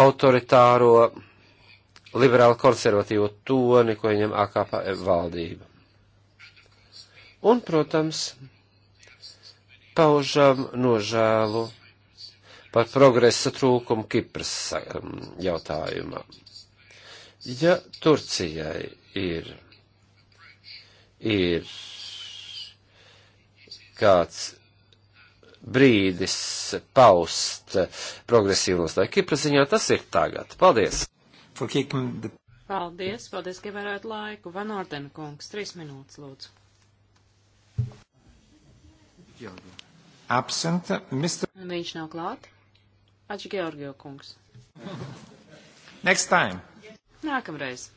autoritāro liberāli konservatīvo toni, ko ņem AKP valdība. Un, protams, paužam nožēlu par progresa trūkumu Kipras um, jautājumā. Ja Turcijai ir, ir kāds brīdis paust progresīvos, lai Kipras ziņā tas ir tagad. Paldies! for keeping the...
Paldies, paldies, ka ievērojat laiku. Van Ordena kungs, trīs minūtes, lūdzu.
Absent, Mr.
Viņš nav klāt. Ači Georgio kungs. Next time. Nākamreiz.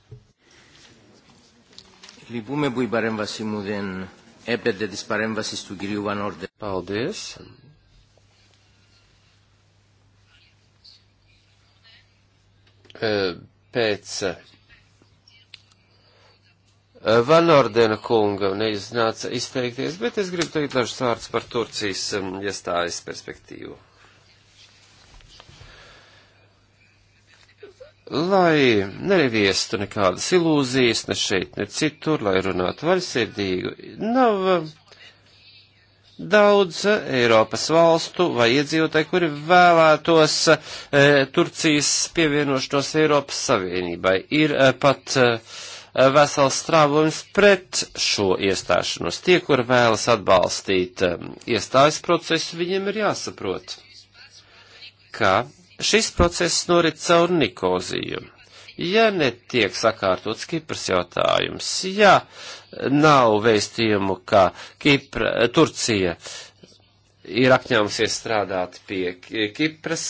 Λυπούμε που η παρέμβασή μου δεν έπεται της παρέμβασης του κυρίου Βανόρντε. Paldies.
Uh, pēc eh, Van Ordena kunga neiznāca izteikties, bet es gribu teikt dažus vārdus par Turcijas mm, iestājas perspektīvu. Lai nereviestu nekādas ilūzijas, ne šeit, ne citur, lai runātu vaļsirdīgu, nav eh, daudz eh, Eiropas valstu vai iedzīvotāji, kuri vēlētos e, Turcijas pievienošanos Eiropas Savienībai. Ir e, pat e, vesels strāvojums pret šo iestāšanos. Tie, kur vēlas atbalstīt e, iestājas procesu, viņiem ir jāsaprot, ka šis process norit caur Nikoziju ja netiek sakārtots Kipras jautājums, ja nav vēstījumu, ka Kipra, Turcija ir apņēmusies strādāt pie Kipras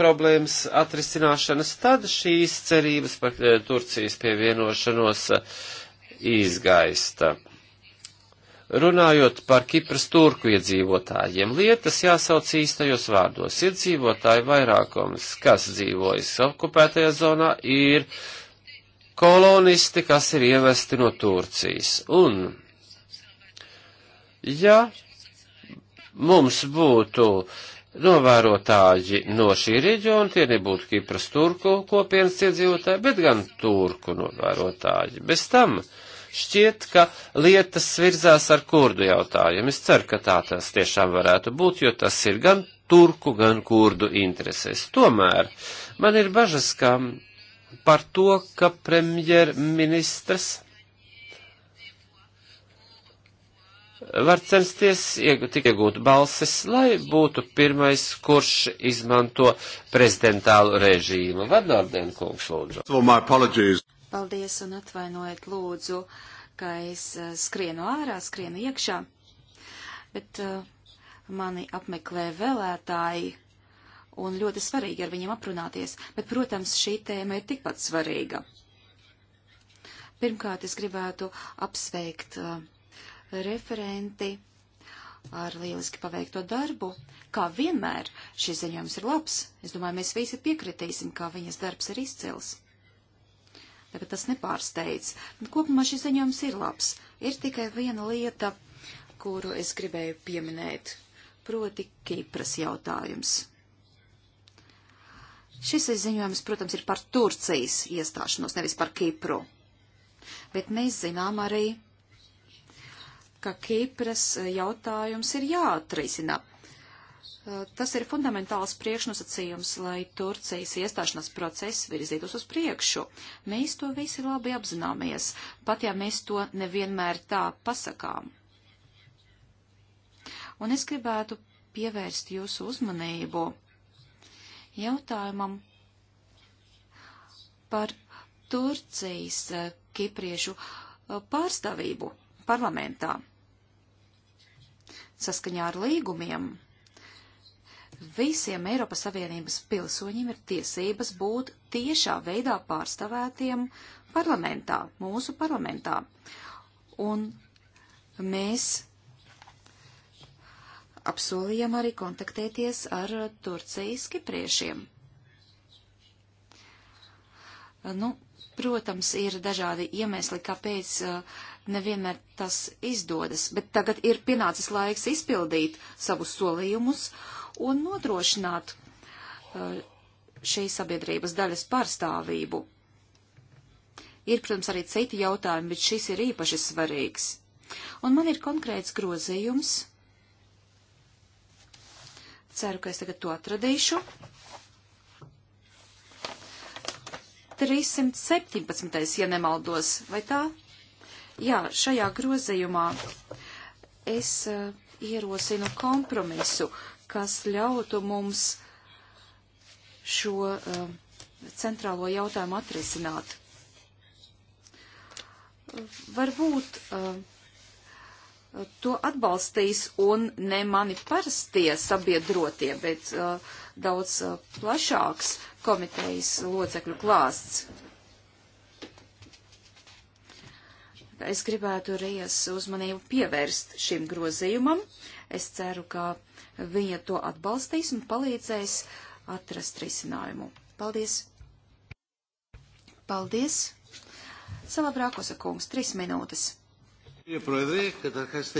problēmas atrisināšanas, tad šīs cerības par eh, Turcijas pievienošanos eh, izgaista. Runājot par Kipras turku iedzīvotājiem, lietas jāsauc īstajos vārdos. Iedzīvotāju vairākums, kas dzīvojas okupētajā zonā, ir kolonisti, kas ir ievesti no Turcijas. Un, ja mums būtu novērotāji no šī reģiona, tie nebūtu Kipras turku kopienas iedzīvotāji, bet gan turku novērotāji. Bez tam, uh, Šķiet, ka lietas virzās ar kurdu jautājumu. Es ceru, ka tā tas tiešām varētu būt, jo tas ir gan turku, gan kurdu interesēs. Tomēr man ir bažas, ka par to, ka premjerministrs var censties iegūt, iegūt balses, lai būtu pirmais, kurš izmanto prezidentālu režīmu. Vadnārdien, kungs, lūdzu. So
Paldies un atvainojiet lūdzu, ka es eh, skrienu ārā, skrienu iekšā, bet uh, mani apmeklē vēlētāji un ļoti svarīgi ar viņiem aprunāties, bet, protams, šī tēma ir tikpat svarīga. Pirmkārt, es gribētu apsveikt uh, referenti ar lieliski paveikto darbu. Kā vienmēr, šis ziņojums ir labs. Es domāju, mēs visi piekritīsim, kā viņas darbs ir izcils tagad tas nepārsteidz. Kopumā šis ziņojums ir labs. Ir tikai viena lieta, kuru es gribēju pieminēt, proti Kīpras jautājums. Šis ziņojums, protams, ir par Turcijas iestāšanos, nevis par Kipru. Bet mēs zinām arī, ka Kīpras jautājums ir jāatrisina Tas ir fundamentāls priekšnosacījums, lai Turcijas iestāšanās process virzītos uz priekšu. Mēs to visi labi apzināmies, pat ja mēs to nevienmēr tā pasakām. Un es gribētu pievērst jūsu uzmanību jautājumam par Turcijas eh, kipriešu eh, pārstāvību parlamentā. Saskaņā ar līgumiem visiem Eiropas Savienības pilsoņiem ir tiesības būt tiešā veidā pārstāvētiem parlamentā, mūsu parlamentā. Un mēs apsolījām arī kontaktēties ar Turcijas kipriešiem. Nu, protams, ir dažādi iemesli, kāpēc uh, nevienmēr tas izdodas, bet tagad ir pienācis laiks izpildīt savus solījumus un nodrošināt uh, šīs sabiedrības daļas pārstāvību. Ir, protams, arī citi jautājumi, bet šis ir īpaši svarīgs. Un man ir konkrēts grozījums. Ceru, ka es tagad to atradīšu. 317, ja nemaldos, vai tā? Jā, šajā grozījumā es uh, ierosinu kompromisu, kas ļautu mums šo uh, centrālo jautājumu atrisināt. Varbūt uh, to atbalstīs un ne mani parastie sabiedrotie, bet uh, daudz uh, plašāks komitejas locekļu klāsts. Es gribētu Rijas uzmanību pievērst šim grozījumam. Es ceru, ka uh, Viņa to atbalstīs un palīdzēs atrast risinājumu. Paldies! Paldies! Savā brākosa kungs, trīs minūtes.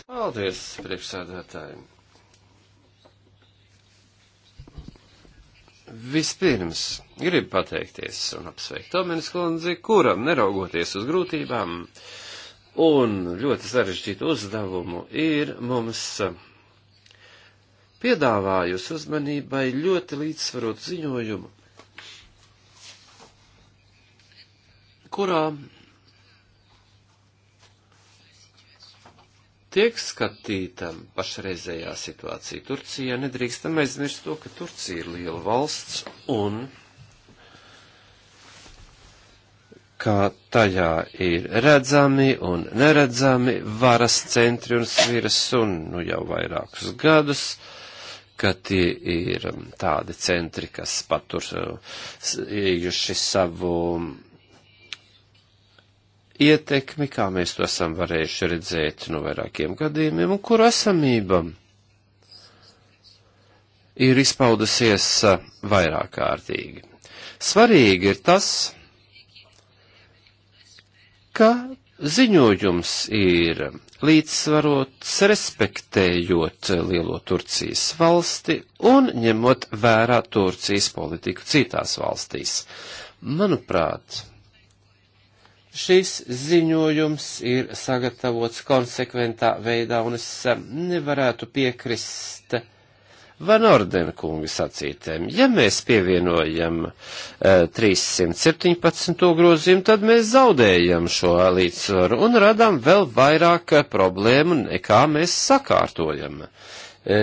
Paldies, priekšsādātājiem! Vispirms gribu pateikties un apsveikt Tomenis kundzi, kuram, neraugoties uz grūtībām un ļoti sarežģītu uzdevumu, ir mums piedāvājusi uzmanībai ļoti līdzsvarot ziņojumu, kurā tiek skatīta pašreizējā situācija Turcijā. Nedrīkstam aizmirst to, ka Turcija ir liela valsts un kā tajā ir redzami un neredzami varas centri un sviras un nu jau vairākus gadus. Uh, ka tie ir um, tādi centri, kas patur uh, iejuši savu um, ietekmi, kā mēs to esam varējuši redzēt no vairākiem gadījumiem, un kuru esamība ir izpaudusies uh, vairāk kārtīgi. Svarīgi ir tas, ka Ziņojums ir līdzsvarots, respektējot lielo Turcijas valsti un ņemot vērā Turcijas politiku citās valstīs. Manuprāt, šis ziņojums ir sagatavots konsekventā veidā, un es eh, nevarētu piekrist uh, Van Ordena kunga sacītēm. Ja mēs pievienojam e, eh, 317. grozījumu, tad mēs zaudējam šo līdzsvaru un radām vēl vairāk eh, problēmu nekā mēs sakārtojam. E,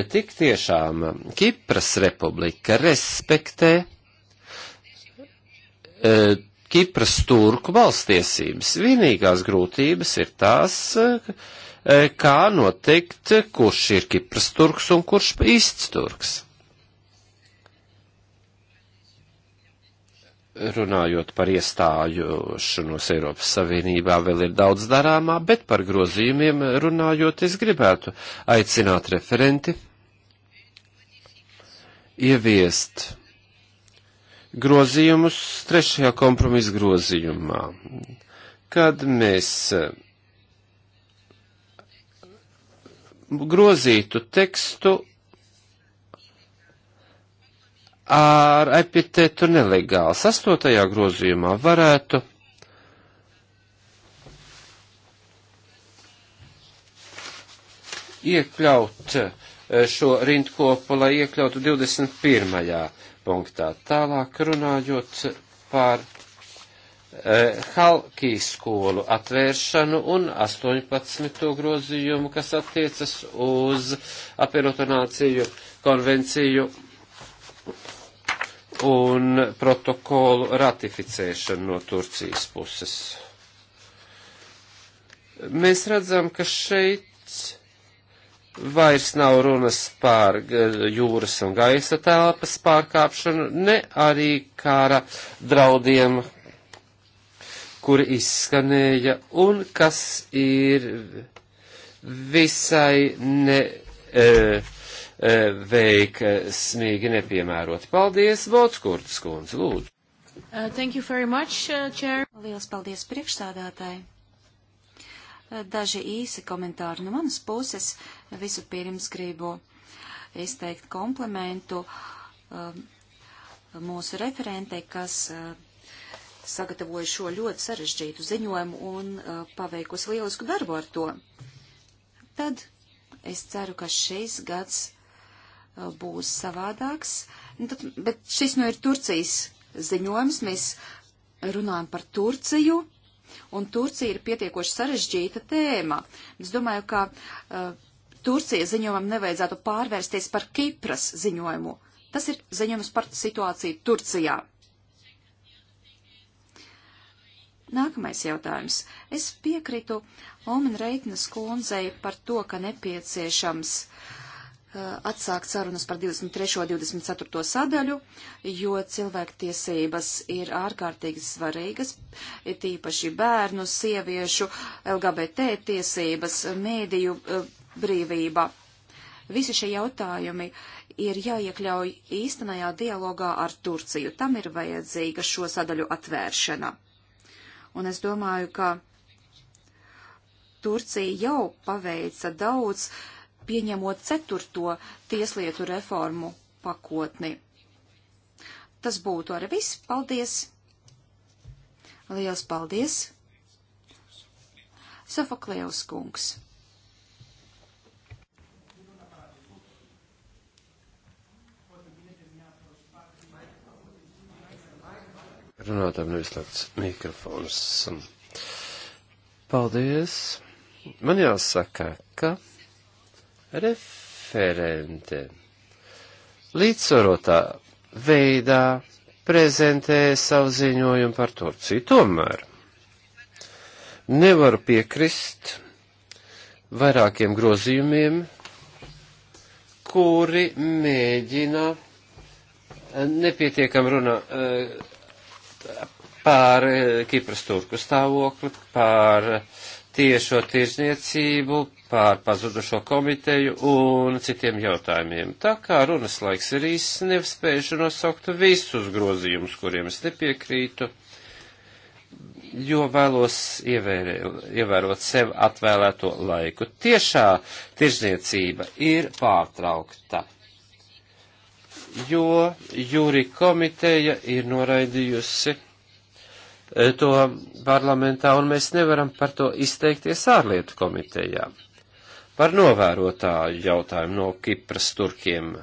tik tiešām Kipras republika respektē e, Kipras turku valstiesības. Vienīgās grūtības ir tās, e, E, kā noteikt, kurš ir Kipras turks un kurš īsts turks. Runājot par iestājušanos Eiropas Savienībā, vēl ir daudz darāmā, bet par grozījumiem runājot, es gribētu aicināt referenti ieviest grozījumus trešajā kompromisa grozījumā, kad mēs grozītu tekstu ar epitetu nelegāli. Sastotajā grozījumā varētu iekļaut eh, šo rindkopu, lai iekļautu 21. punktā. Tālāk runājot par Halkī skolu atvēršanu un 18. grozījumu, kas attiecas uz apvienoto nāciju konvenciju un protokolu ratificēšanu no Turcijas puses. Mēs redzam, ka šeit vairs nav runas pār e, jūras un gaisa telpas pārkāpšanu, ne arī kāra draudiem, kuri izskanēja un kas ir visai ne. E, e veiksmīgi e, nepiemērot. Paldies, Votskurts kundze, lūdzu.
Uh, thank you very much, uh, Chair. Lielas paldies priekšsādātāji.
Uh, daži īsi komentāri no manas puses. Visu pirms gribu izteikt komplementu um, uh, mūsu referentei, kas uh, sagatavoja šo ļoti sarežģītu ziņojumu un uh, paveikusi lielisku darbu ar to. Tad es ceru, ka šis gads uh, būs savādāks, nu, tad, bet šis nu ir Turcijas ziņojums, mēs runājam par Turciju, un Turcija ir pietiekoši sarežģīta tēma. Es domāju, ka uh, Turcijas ziņojumam nevajadzētu pārvērsties par Kipras ziņojumu. Tas ir ziņojums par situāciju Turcijā. Nākamais jautājums. Es piekrītu Omen Reitnes kundzei par to, ka nepieciešams uh, atsākt sarunas par 23. un 24. sadaļu, jo cilvēktiesības ir ārkārtīgi svarīgas, ir tīpaši bērnu, sieviešu, LGBT tiesības, mēdīju uh, brīvība. Visi šie jautājumi ir jāiekļauj īstenajā dialogā ar Turciju. Tam ir vajadzīga šo sadaļu atvēršana. Un es domāju, ka Turcija jau paveica daudz, pieņemot ceturto tieslietu reformu pakotni. Tas būtu arī viss. Paldies! Liels paldies! Sofoklēvs kungs!
runātājiem nav izslēgts mikrofons. Paldies! Man jāsaka, ka referente līdzsvarotā veidā prezentēja savu ziņojumu par Turciju. Tomēr nevaru piekrist vairākiem grozījumiem, kuri mēģina nepietiekam runā, eh, pār eh, Kipras turku stāvokli, pār tiešo tirzniecību, pār pazudušo komiteju un citiem jautājumiem. Tā kā runas laiks ir īss, nevspējuši nosaukt visus grozījumus, kuriem es nepiekrītu, jo vēlos ievērē, ievērot sev atvēlēto laiku. Tiešā tirzniecība ir pārtraukta jo jūri komiteja ir noraidījusi e, to parlamentā, un mēs nevaram par to izteikties ārlietu komitejā. Par novērotāju jautājumu no Kipras turkiem.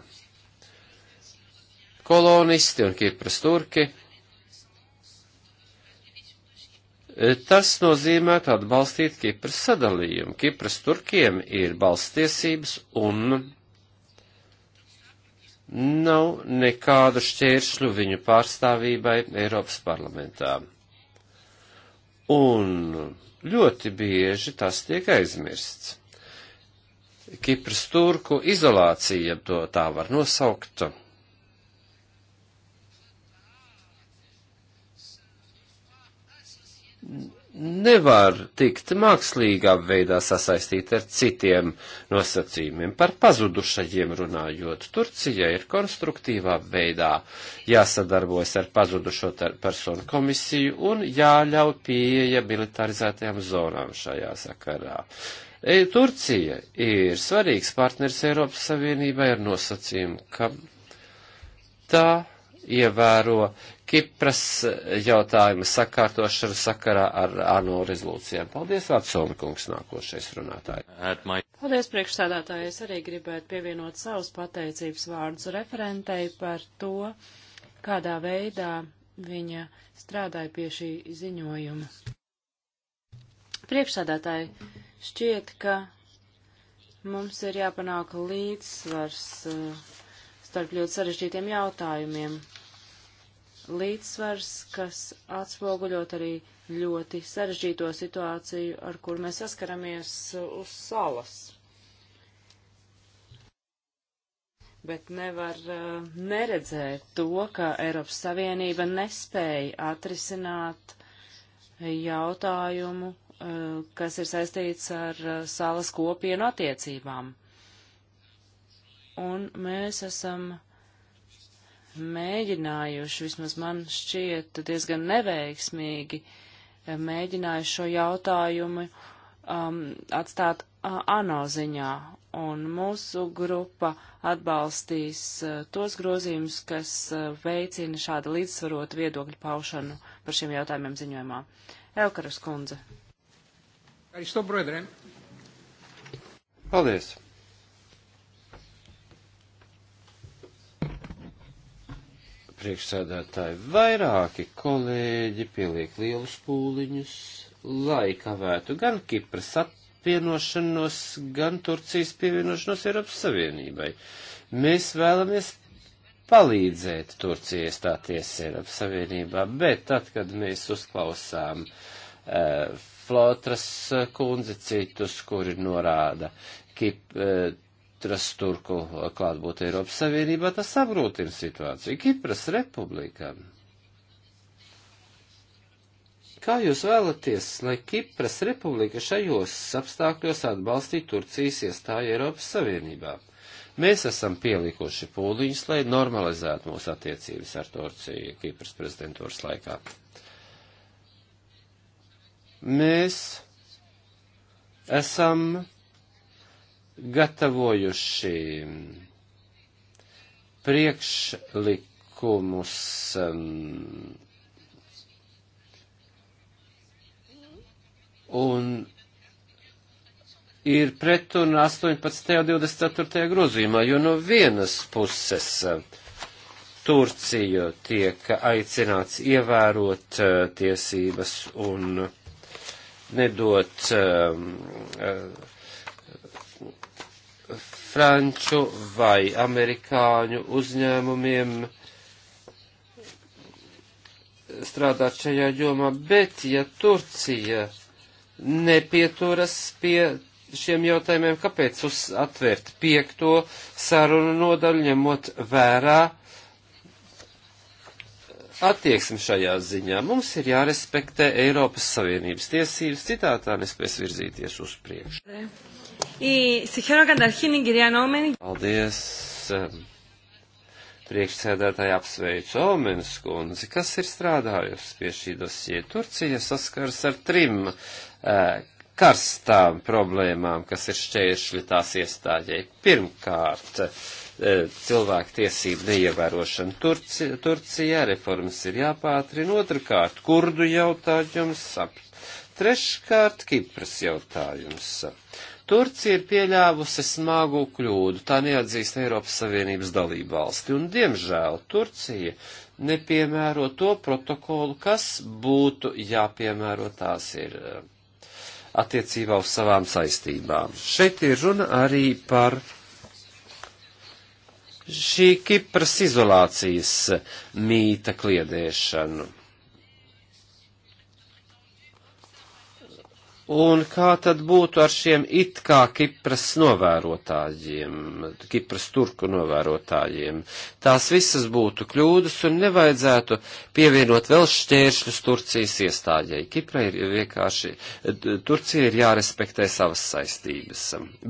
Kolonisti un Kipras turki. E, tas nozīmētu atbalstīt Kipras sadalījumu. Kipras turkiem ir balstiesības un nav nekādu šķēršļu viņu pārstāvībai Eiropas parlamentā. Un ļoti bieži tas tiek aizmirsts. Kipras turku izolācija, ja to tā var nosaukt. N nevar tikt mākslīgā veidā sasaistīt ar citiem nosacījumiem. Par pazudušajiem runājot, Turcija ir konstruktīvā veidā jāsadarbojas ar pazudušo personu komisiju un jāļauj pieeja militarizētajām zonām šajā sakarā. E, Turcija ir svarīgs partners Eiropas Savienībai ar nosacījumu, ka tā ievēro Kipras jautājuma sakārtošanu sakarā ar ANO rezolūcijām. Paldies, Vārtsona kungs, nākošais runātāji.
My... Paldies, priekšsēdētāji. Es arī gribētu pievienot savus pateicības vārdus referentei par to, kādā veidā viņa strādāja pie šī ziņojuma. Priekšsēdētāji, šķiet, ka mums ir jāpanāk līdzsvars. Uh, starp ļoti sarežģītiem jautājumiem. Līdzsvars, kas atspoguļot arī ļoti sarežģīto situāciju, ar kur mēs saskaramies uz salas. bet nevar uh, neredzēt to, ka Eiropas Savienība nespēja atrisināt jautājumu, uh, kas ir saistīts ar uh, salas kopienu attiecībām un mēs esam mēģinājuši, vismaz man šķiet, diezgan neveiksmīgi eh, mēģinājuši šo jautājumu um, atstāt uh, ANO ziņā. Un mūsu grupa atbalstīs uh, tos grozījumus, kas uh, veicina šādu līdzsvarotu viedokļu paušanu par šiem jautājumiem ziņojumā. Elkaras kundze.
Paldies! priekšsēdētāji, vairāki kolēģi pieliek lielus pūliņus, lai kavētu gan Kipras apvienošanos, gan Turcijas pievienošanos Eiropas Savienībai. Mēs vēlamies palīdzēt Turcijai stāties Eiropas Savienībā, bet tad, kad mēs uzklausām uh, Flotras eh, kundzi citus, kuri norāda Kip, uh, Kipras turku klātbūt Eiropas Savienībā, tas apgrūtina situāciju. Kipras republikā. Kā jūs vēlaties, lai Kipras republika šajos apstākļos atbalstītu Turcijas iestāju Eiropas Savienībā? Mēs esam pielikuši pūliņus, lai normalizētu mūsu attiecības ar Turciju Kipras prezidentūras laikā. Mēs esam gatavojuši priekšlikumus um, un ir pretruna 18. un 24. grozījumā, jo no vienas puses uh, Turcija tiek aicināts ievērot uh, tiesības un nedot um, uh, uh, franču vai amerikāņu uzņēmumiem strādāt šajā jomā, bet ja Turcija nepieturas pie šiem jautājumiem, kāpēc uz atvērt piekto sarunu nodaļu, ņemot vērā attieksmi šajā ziņā. Mums ir jārespektē Eiropas Savienības tiesības, citātā nespēs virzīties uz priekšu.
Η... Συγχαίρω καταρχήν την κυρία Νόμενη.
Paldies. Priekšsēdētāji apsveicu Omenas kundzi, kas ir strādājusi pie šī dosie. Turcija saskars ar trim eh, karstām problēmām, kas ir šķēršļi tās iestādēji. Pirmkārt, eh, cilvēku tiesību neievērošana Turci, Turcijā, reformas ir jāpātrina. Otrakārt, kurdu jautājums, ap, treškārt, Kipras jautājums. Ap. Turcija ir pieļāvusi smagu kļūdu, tā neatzīst Eiropas Savienības dalību valsti, un diemžēl Turcija nepiemēro to protokolu, kas būtu jāpiemēro tās ir eh, attiecībā uz savām saistībām. Šeit ir runa arī par šī Kipras izolācijas eh, mīta kliedēšanu. Un kā tad būtu ar šiem it kā Kipras novērotājiem, Kipras turku novērotājiem? Tās visas būtu kļūdas un nevajadzētu pievienot vēl šķēršļus Turcijas iestādēji. Kipra ir vienkārši, Turcija ir jārespektē savas saistības.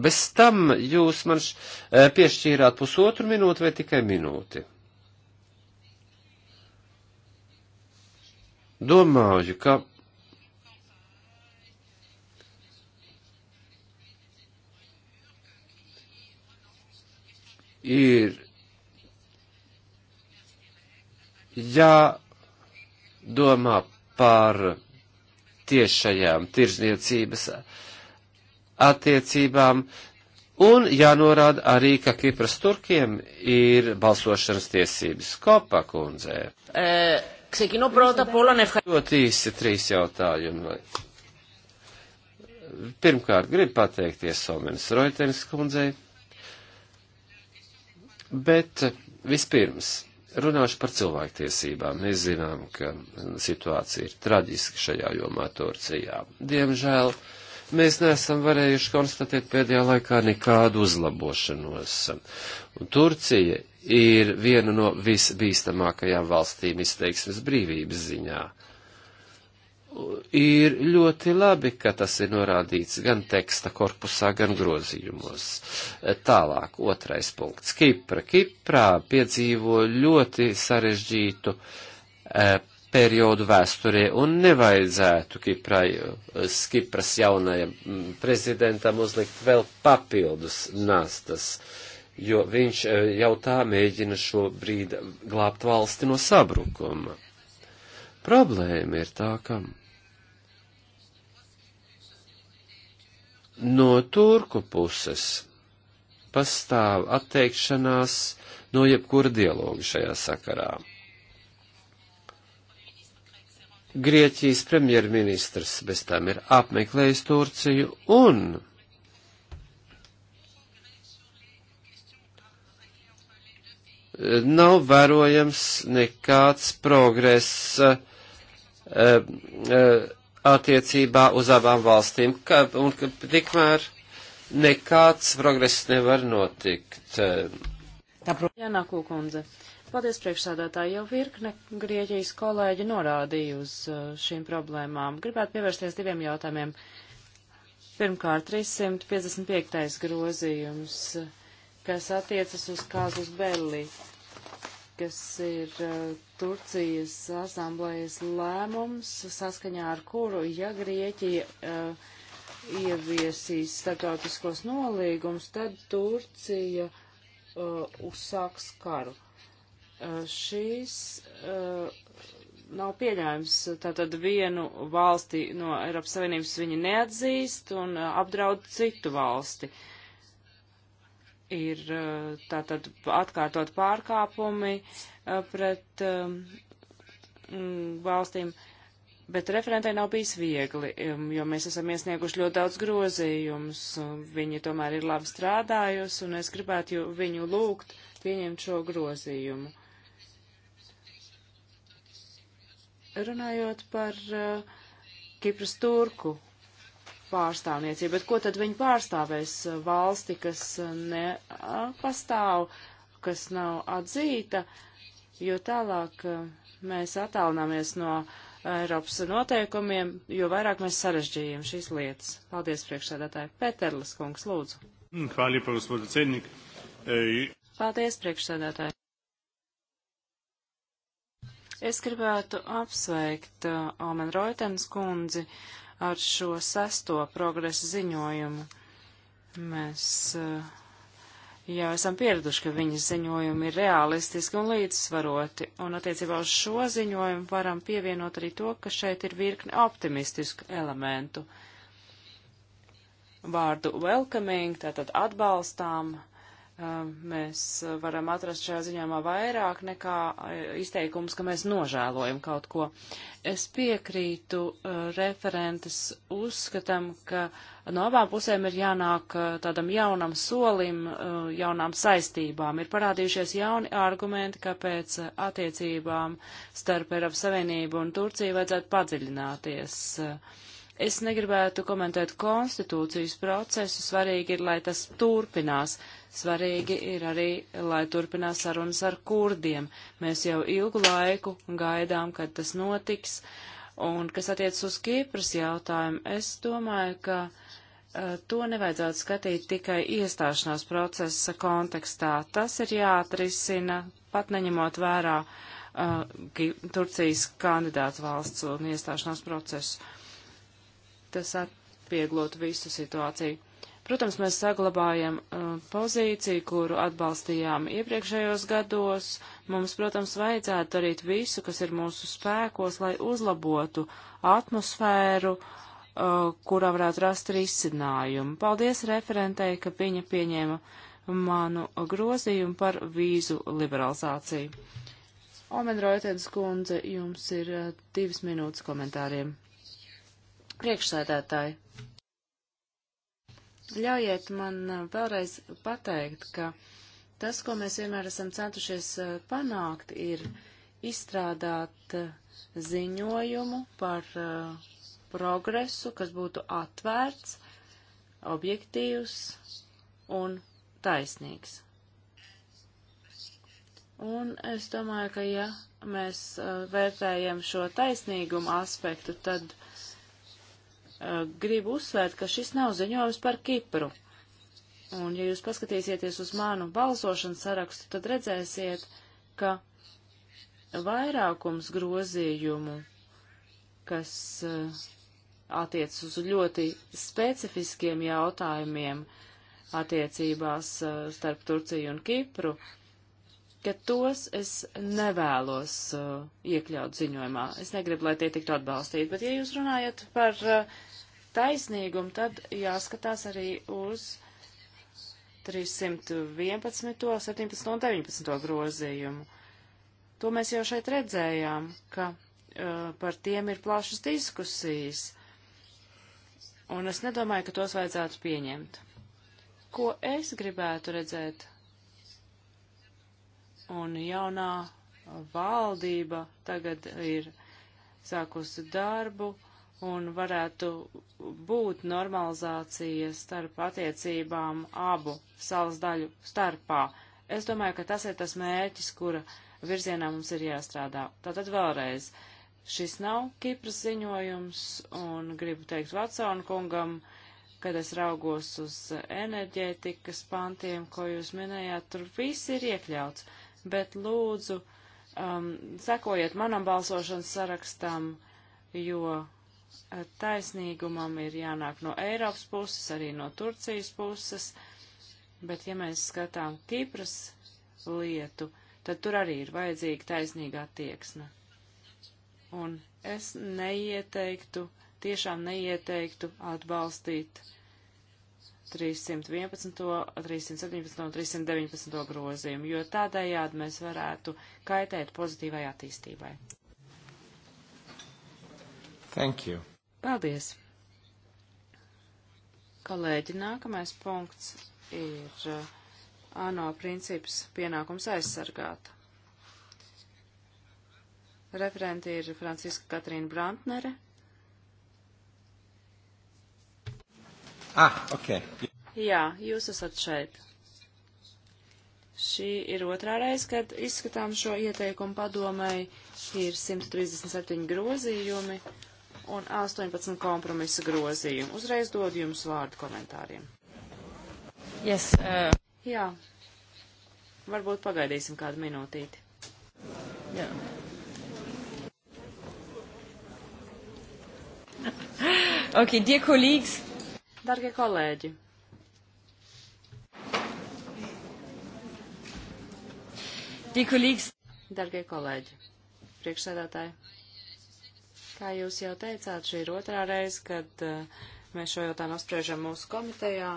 Bez tam jūs man e, piešķīrāt pusotru minūti vai tikai minūti? Domāju, ka ir jādomā par tiešajām tirzniecības attiecībām, un jānorāda arī, ka Kipras turkiem ir balsošanas tiesības kopa kundzē. Ļoti īsi trīs jautājumi. Pirmkārt, gribu pateikties Somenas Roitenes kundzei Bet vispirms runāšu par cilvēktiesībām. Mēs zinām, ka situācija ir traģiska šajā jomā Turcijā. Diemžēl mēs neesam varējuši konstatēt pēdējā laikā nekādu uzlabošanos. Un Turcija ir viena no visbīstamākajām valstīm izteiksmes brīvības ziņā. Uh, ir ļoti labi, ka tas ir norādīts gan teksta korpusā, gan grozījumos. Tālāk, otrais punkts. Kipra. Kiprā piedzīvo ļoti sarežģītu eh, periodu vēsturē un nevajadzētu Kiprai, eh, Kipras jaunajam mm, prezidentam uzlikt vēl papildus nastas, jo viņš eh, jau tā mēģina šobrīd glābt valsti no sabrukuma. Problēma ir tā, ka No turku puses pastāv atteikšanās no jebkura dialoga šajā sakarā. Grieķijas premjerministrs bez tam ir apmeklējis Turciju un nav vērojams nekāds progress. Uh, uh, attiecībā uz abām valstīm, ka, un ka tikmēr nekāds progress nevar notikt.
Jānā Kūkundze. Paldies priekšsādātāji, jau virkne Grieķijas kolēģi norādīja uz uh, šīm problēmām. Gribētu pievērsties diviem jautājumiem. Pirmkārt, 355. grozījums, uh, kas attiecas uz kāzus belli. Uh, kas ir eh, Turcijas asamblējas lēmums, saskaņā ar kuru, ja Grieķija uh, ieviesīs starptautiskos nolīgumus, tad Turcija uh, uzsāks karu. Uh, šīs nav pieļājums. Tātad vienu valsti no Eiropas Savienības viņi neatzīst un apdraud citu valsti. Uh, ir eh, tātad atkārtot pārkāpumi eh, pret eh, mm, valstīm, bet referentai nav bijis viegli, jo mēs esam iesnieguši ļoti daudz grozījumus. Viņi tomēr ir labi strādājusi, un es gribētu viņu lūgt pieņemt šo grozījumu. Runājot par uh, Kipras turku pārstāvniecību. Bet ko tad viņi pārstāvēs? Valsti, kas uh, nepastāv, uh, kas nav atzīta, jo tālāk uh, mēs attālināmies no Eiropas noteikumiem, jo vairāk mēs sarežģījām šīs lietas. Paldies, priekšsēdētāji. Peterlis kungs, lūdzu.
Mm, hvala, gospod predsednik. E,
Paldies, priekšsēdētāji. Es gribētu apsveikt uh, Omen Roitens kundzi ar šo sesto progresa ziņojumu. Mēs eh, jau esam pieraduši, ka viņas ziņojumi ir realistiski un līdzsvaroti, un attiecībā uz šo ziņojumu varam pievienot arī to, ka šeit ir virkne optimistisku elementu. Vārdu welcoming, tātad atbalstām, uh, mēs varam atrast šajā ziņāmā vairāk nekā izteikums, ka mēs nožēlojam kaut ko. Es piekrītu referentes uzskatam, ka no abām pusēm ir jānāk tādam jaunam solim, jaunām saistībām. Ir parādījušies jauni argumenti, kāpēc attiecībām starp Eiropas Savienību un Turciju vajadzētu padziļināties. Es negribētu komentēt konstitūcijas procesu, svarīgi ir, lai tas turpinās. Svarīgi ir arī, lai turpinās sarunas ar kurdiem. Mēs jau ilgu laiku gaidām, kad tas notiks. Un kas attiec uz Kīpras jautājumu, es domāju, ka uh, to nevajadzētu skatīt tikai iestāšanās procesa kontekstā. Tas ir jāatrisina, pat neņemot vērā uh, Turcijas kandidātu valsts un iestāšanās procesu. Tas atvieglotu visu situāciju. Protams, mēs saglabājam uh, pozīciju, kuru atbalstījām iepriekšējos gados. Mums, protams, vajadzētu darīt visu, kas ir mūsu spēkos, lai uzlabotu atmosfēru, uh, kurā varētu rast risinājumu. Paldies referentei, ka viņa pieņēma manu grozījumu par vīzu liberalizāciju. Omen Roitēns kundze, jums ir uh, divas minūtes komentāriem. Priekšsēdētāji, Ļaujiet man uh, vēlreiz pateikt, ka tas, ko mēs vienmēr esam centušies uh, panākt, ir izstrādāt uh, ziņojumu par progresu, kas būtu atvērts, objektīvs un taisnīgs. Un es domāju, ka ja mēs vērtējam šo taisnīgumu aspektu, tad Eh, gribu uzsvērt, ka šis nav ziņojums par Kipru. Un, ja jūs paskatīsieties uz manu balsošanas sarakstu, tad redzēsiet, ka vairākums grozījumu, kas eh, attiec uz ļoti specifiskiem jautājumiem attiecībās eh, starp Turciju un Kipru, ka tos es nevēlos uh, iekļaut ziņojumā. Es negribu, lai tie tiktu atbalstīti, bet ja jūs runājat par uh, taisnīgumu, tad jāskatās arī uz 311, 17 un 19 grozījumu. To mēs jau šeit redzējām, ka uh, par tiem ir plašas diskusijas, un es nedomāju, ka tos vajadzētu pieņemt. Ko es gribētu redzēt? Un jaunā valdība tagad ir sākusi darbu, uh, un varētu būt normalizācija starp attiecībām abu salas daļu starpā. Es domāju, ka tas ir tas mērķis, kura virzienā mums ir jāstrādā. Tātad vēlreiz, šis nav Kipras ziņojums, un gribu teikt Vatsonu kungam, kad es raugos uz enerģētikas pantiem, ko jūs minējāt, tur viss ir iekļauts, bet lūdzu, um, sekojiet manam balsošanas sarakstam, jo taisnīgumam ir jānāk no Eiropas puses, arī no Turcijas puses, bet ja mēs skatām Kipras lietu, tad tur arī ir vajadzīga taisnīga attieksme. Un es neieteiktu, tiešām neieteiktu atbalstīt 311, 317 un 319 grozījumu, jo tādējādi mēs varētu kaitēt pozitīvai attīstībai. Thank you. Paldies. Kolēģi, nākamais punkts ir uh, ANO princips pienākums aizsargāt. Referenti ir Franciska Katrīna Brantnere. Ah, ok. Jā, jūs esat šeit. Šī ir otrā reize, kad izskatām šo ieteikumu padomēji. Ir 137 grozījumi, un 18 kompromisa grozījumu. Uzreiz dodu jums vārdu komentāriem. Yes, uh... Jā, varbūt pagaidīsim kādu minūtīti. Jā. Yeah. ok, dear colleagues. Dargie kolēģi. Dear colleagues. Dargie kolēģi. Priekšsēdētāji. Kā jūs jau teicāt, šī ir otrā reize, kad uh, mēs šo jautājumu apspriežam mūsu komitejā,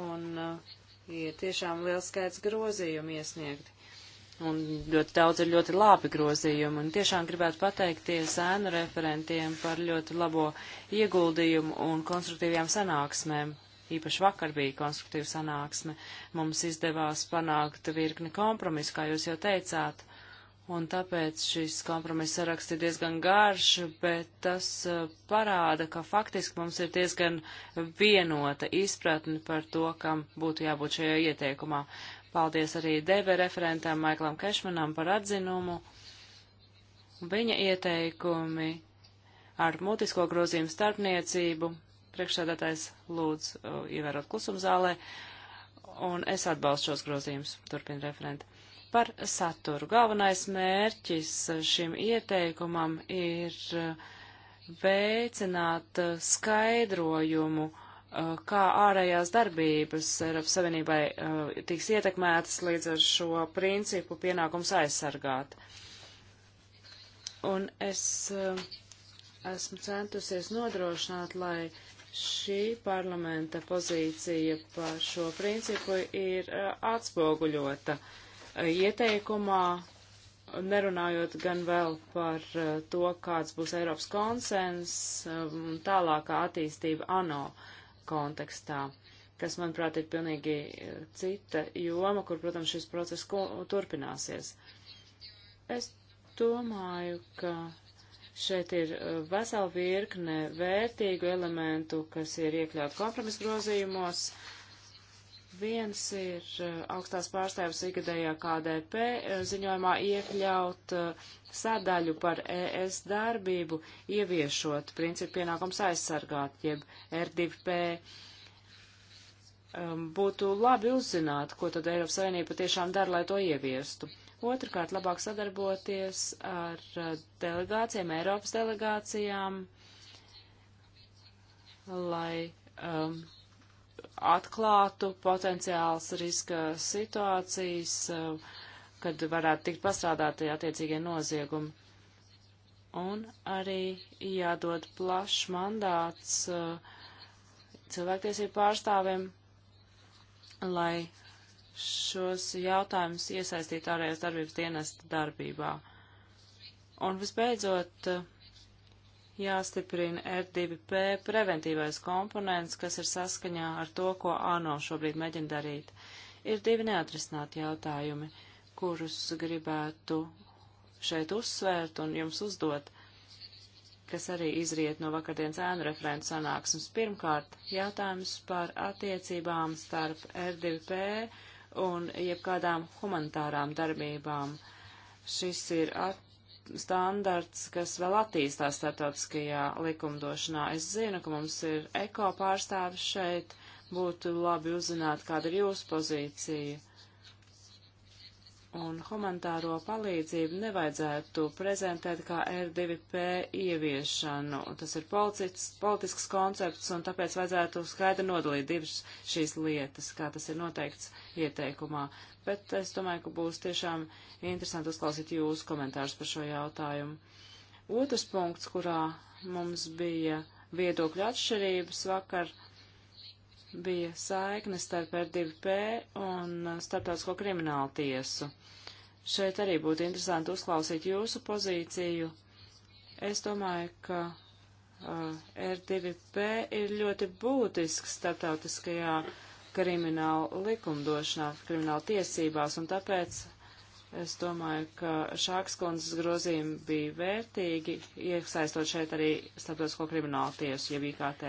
un uh, ir tiešām liels skaits grozījumu iesniegti. Un ļoti daudz ir ļoti labi grozījumi, un tiešām gribētu pateikties ēnu referentiem par ļoti labo ieguldījumu un konstruktīvajām sanāksmēm. Īpaši vakar bija konstruktīva sanāksme. Mums izdevās panākt virkni kompromisu, kā jūs jau teicāt un tāpēc šis kompromiss saraksts ir diezgan garš, bet tas uh, parāda, ka faktiski mums ir diezgan vienota izpratne par to, kam būtu jābūt šajā ieteikumā. Paldies arī DB referentam Maiklam Kešmanam par atzinumu. Viņa ieteikumi ar mutisko grozījumu starpniecību priekšsēdētājs lūdz uh, ievērot klusumzālē, un es atbalstu šos grozījumus, turpina referenta. Par saturu. Galvenais mērķis uh, šim ieteikumam ir uh, veicināt uh, skaidrojumu, kā ārējās darbības Eiropas Savienībai tiks ietekmētas līdz ar šo principu pienākums aizsargāt. Un es esmu centusies nodrošināt, lai šī parlamenta pozīcija par šo principu ir atspoguļota ieteikumā, nerunājot gan vēl par uh, to, kāds būs Eiropas konsens um, un tālākā attīstība ANO kontekstā, kas, manuprāt, ir pilnīgi uh, cita joma, kur, protams, šis process turpināsies. Es domāju, ka šeit ir uh, vesela virkne vērtīgu elementu, kas ir iekļaut kompromisgrozījumos. grozījumos Viens ir eh, augstās pārstāvis ikgadējā KDP eh, ziņojumā iekļaut eh, sadaļu par ES darbību, ieviešot principu pienākums aizsargāt, jeb R2P. Ehm, būtu labi uzzināt, ko tad Eiropas Savienība tiešām dara, lai to ieviestu. Otrakārt, labāk sadarboties ar delegācijām, Eiropas delegācijām, lai um, atklātu potenciāls riska situācijas, eh, kad varētu tikt pastrādāti attiecīgie noziegumi. Un arī jādod plašs mandāts eh, cilvēktiesību pārstāvim, lai šos jautājumus iesaistītu ārējās darbības dienesta darbībā. Un visbeidzot, uh, jāstiprina R2P preventīvais komponents, kas ir saskaņā ar to, ko ANO šobrīd mēģina darīt. Ir divi neatrisināti jautājumi, kurus gribētu šeit uzsvērt un jums uzdot kas arī izriet no vakardienas ēnu referentu sanāksmes. Pirmkārt, jautājums par attiecībām starp R2P un jebkādām humanitārām darbībām. Šis ir at, standarts, kas vēl attīstās starptautiskajā likumdošanā. Es zinu, ka mums ir eko pārstāvis šeit. Būtu labi uzzināt, kāda ir jūsu pozīcija. Un humanitāro palīdzību nevajadzētu prezentēt kā R2P ieviešanu. Tas ir politisks, politisks koncepts, un tāpēc vajadzētu skaidri nodalīt divas šīs lietas, kā tas ir noteikts ieteikumā bet es domāju, ka būs tiešām interesanti uzklausīt jūsu komentārus par šo jautājumu. Otrs punkts, kurā mums bija viedokļu atšķirības vakar, bija saikne starp R2P un Startautisko kriminālu tiesu. Šeit arī būtu interesanti uzklausīt jūsu pozīciju. Es domāju, ka uh, R2P ir ļoti būtisks starptautiskajā uh, kriminālu likumdošanā, kriminālu tiesībās, un tāpēc es domāju, ka šāks kundzes grozījumi bija vērtīgi, iesaistot šeit arī starptautisko kriminālu tiesu, jeb IKT,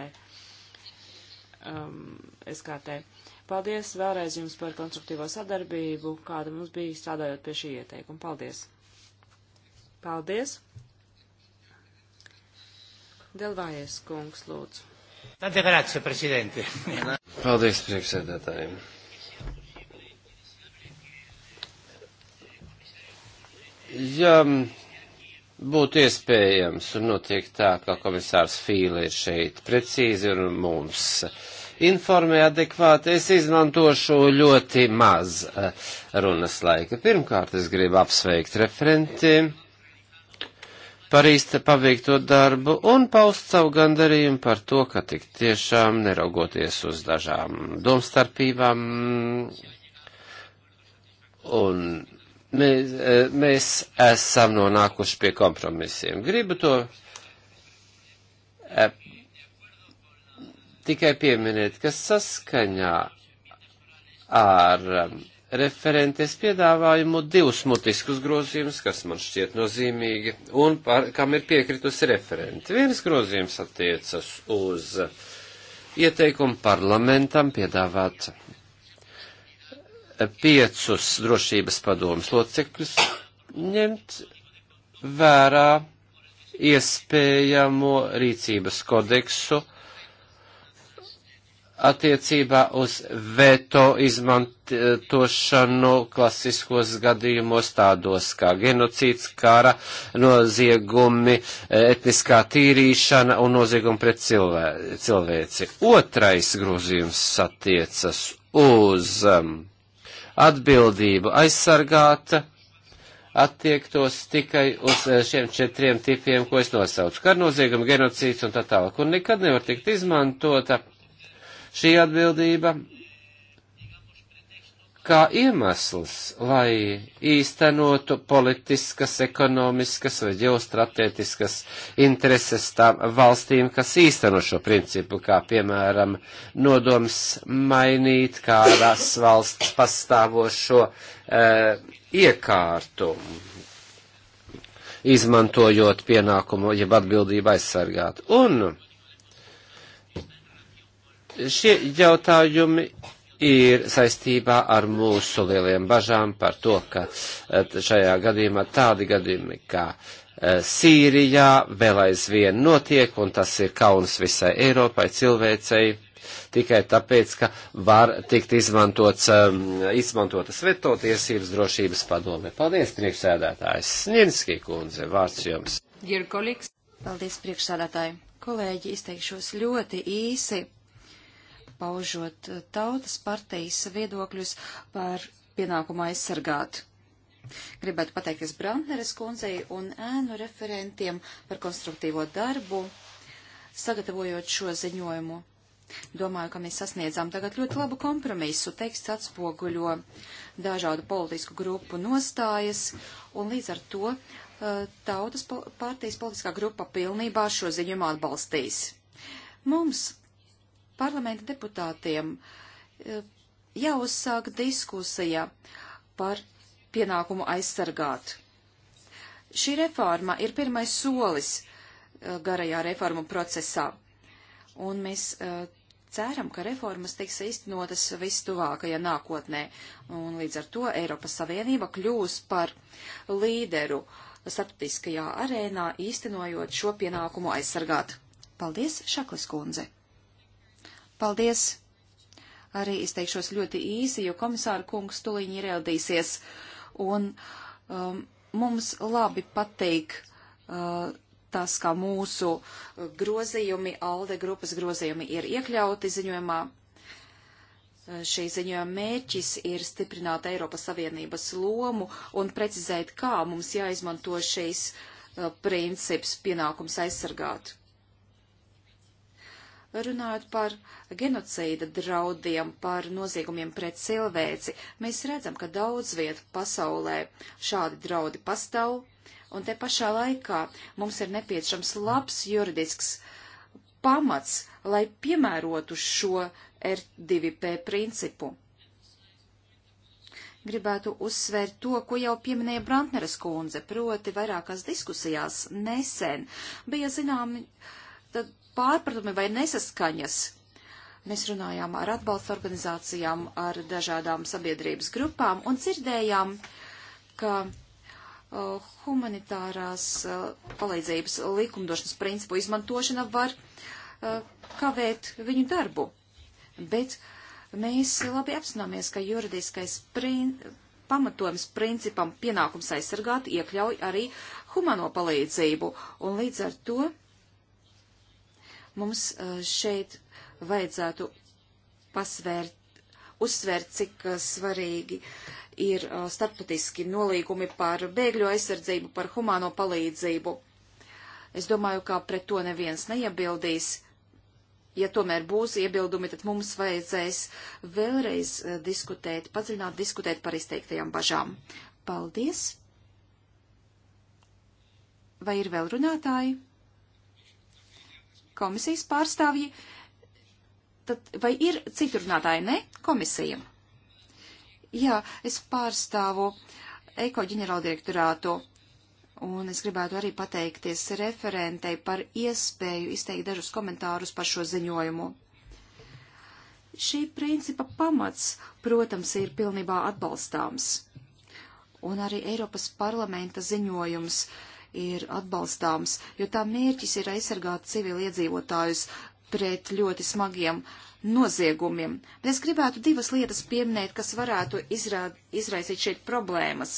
um, SKT. Paldies vēlreiz jums par konstruktīvo sadarbību, kāda mums bija strādājot pie šī ieteikuma. Paldies! Paldies! Delvājies kungs, lūdzu.
Tante grazie, prezidente.
Paldies, priekšsēdētājiem. Ja būtu iespējams un notiek tā, ka komisārs Fīle ir šeit precīzi un mums informē adekvāti, es izmantošu ļoti maz eh, runas laika. Pirmkārt, es gribu apsveikt referenti par īsta paveikto darbu un paust savu gandarījumu par to, ka tik tiešām neraugoties uz dažām domstarpībām un mēs, e, mēs esam nonākuši pie kompromisiem. Gribu to e, tikai pieminēt, ka saskaņā ar referentes piedāvājumu divus mutiskus grozījumus, kas man šķiet nozīmīgi, un par, kam ir piekritusi referenti. Viens grozījums attiecas uz ieteikumu parlamentam piedāvāt piecus drošības padomus locekļus ņemt vērā iespējamo rīcības kodeksu attiecībā uz veto izmantošanu klasiskos gadījumos tādos kā genocīds, kara, noziegumi, etniskā tīrīšana un noziegumi pret cilvē, cilvēci. Otrais grozījums attiecas uz um, atbildību aizsargāt attiektos tikai uz uh, šiem četriem tipiem, ko es nosaucu. Karnozieguma, genocīds un tā tālāk. Un nekad nevar tikt izmantota šī atbildība kā iemesls, lai īstenotu politiskas, ekonomiskas vai ģeostrateģiskas intereses tām valstīm, kas īsteno šo principu, kā piemēram nodoms mainīt kādās valsts pastāvošo e, eh, iekārtumu izmantojot pienākumu, jeb atbildību aizsargāt. Un Šie jautājumi ir saistībā ar mūsu lieliem bažām par to, ka e, šajā gadījumā tādi gadījumi kā e, Sīrijā vēl aizvien notiek, un tas ir kauns visai Eiropai, cilvēcei, tikai tāpēc, ka var tikt izmantots, e, izmantotas veto tiesības drošības padome. Paldies, priekšsēdētājs Snienskī kundze, vārds jums.
Paldies, priekšsēdētāji. Kolēģi, izteikšos ļoti īsi paužot tautas partijas viedokļus par pienākumu aizsargāt. Gribētu pateikties Brandneres kundzei un ēnu referentiem par konstruktīvo darbu, sagatavojot šo ziņojumu. Domāju, ka mēs sasniedzām tagad ļoti labu kompromisu. Teksts atspoguļo dažādu politisku grupu nostājas, un līdz ar to eh, tautas partijas politiskā grupa pilnībā šo ziņojumu atbalstīs. Mums parlamenta deputātiem eh, jāuzsāk diskusija par pienākumu aizsargāt. Šī reforma ir pirmais solis eh, garajā reformu procesā, un mēs eh, ceram, ka reformas tiks īstenotas vistuvākajā nākotnē, un līdz ar to Eiropas Savienība kļūs par līderu starptiskajā arēnā īstenojot šo pienākumu aizsargāt. Paldies, Šaklis kundze! Paldies! Arī izteikšos ļoti īsi, jo komisāra kungs tuliņi ieradīsies. Un um, mums labi patīk uh, tas, kā mūsu uh, grozījumi, ALDE grupas grozījumi ir iekļauti ziņojumā. Uh, šī ziņojuma mērķis ir stiprināt Eiropas Savienības lomu un precizēt, kā mums jāizmanto šīs uh, princips pienākums aizsargāt. Runājot par genocīda draudiem, par noziegumiem pret cilvēci, mēs redzam, ka daudz viet pasaulē šādi draudi pastāv, un te pašā laikā mums ir nepieciešams labs juridisks pamats, lai piemērotu šo R2P principu. Gribētu uzsvērt to, ko jau pieminēja Brantneres kundze, proti vairākās diskusijās nesen bija zināmi tad pārpratumi vai nesaskaņas. Mēs runājām ar atbalsta organizācijām, ar dažādām sabiedrības grupām un dzirdējām, ka uh, humanitārās uh, palīdzības likumdošanas principu izmantošana var uh, kavēt viņu darbu. Bet mēs labi apzināmies, ka juridiskais prin pamatojums principam pienākums aizsargāt iekļauj arī humano palīdzību, un līdz ar to Mums eh, šeit vajadzētu pasvērt, uzsvērt, cik eh, svarīgi ir eh, starptautiski nolīgumi par bēgļu aizsardzību, par humāno palīdzību. Es domāju, ka pret to neviens neiebildīs. Ja tomēr būs iebildumi, tad mums vajadzēs vēlreiz diskutēt, padziļināt diskutēt par izteiktajām bažām. Paldies! Vai ir vēl runātāji? komisijas pārstāvji, tad vai ir citu runātāji? Ne, komisija. Jā, es pārstāvu Eko ģenerāldirektorātu, un es gribētu arī pateikties referentei par iespēju izteikt dažus komentārus par šo ziņojumu. Šī principa pamats, protams, ir pilnībā atbalstāms. Un arī Eiropas parlamenta ziņojums uh, ir atbalstāms, jo tā mērķis ir aizsargāt civiliedzīvotājus pret ļoti smagiem noziegumiem. Bet es gribētu divas lietas pieminēt, kas varētu izrā, izraisīt šeit problēmas.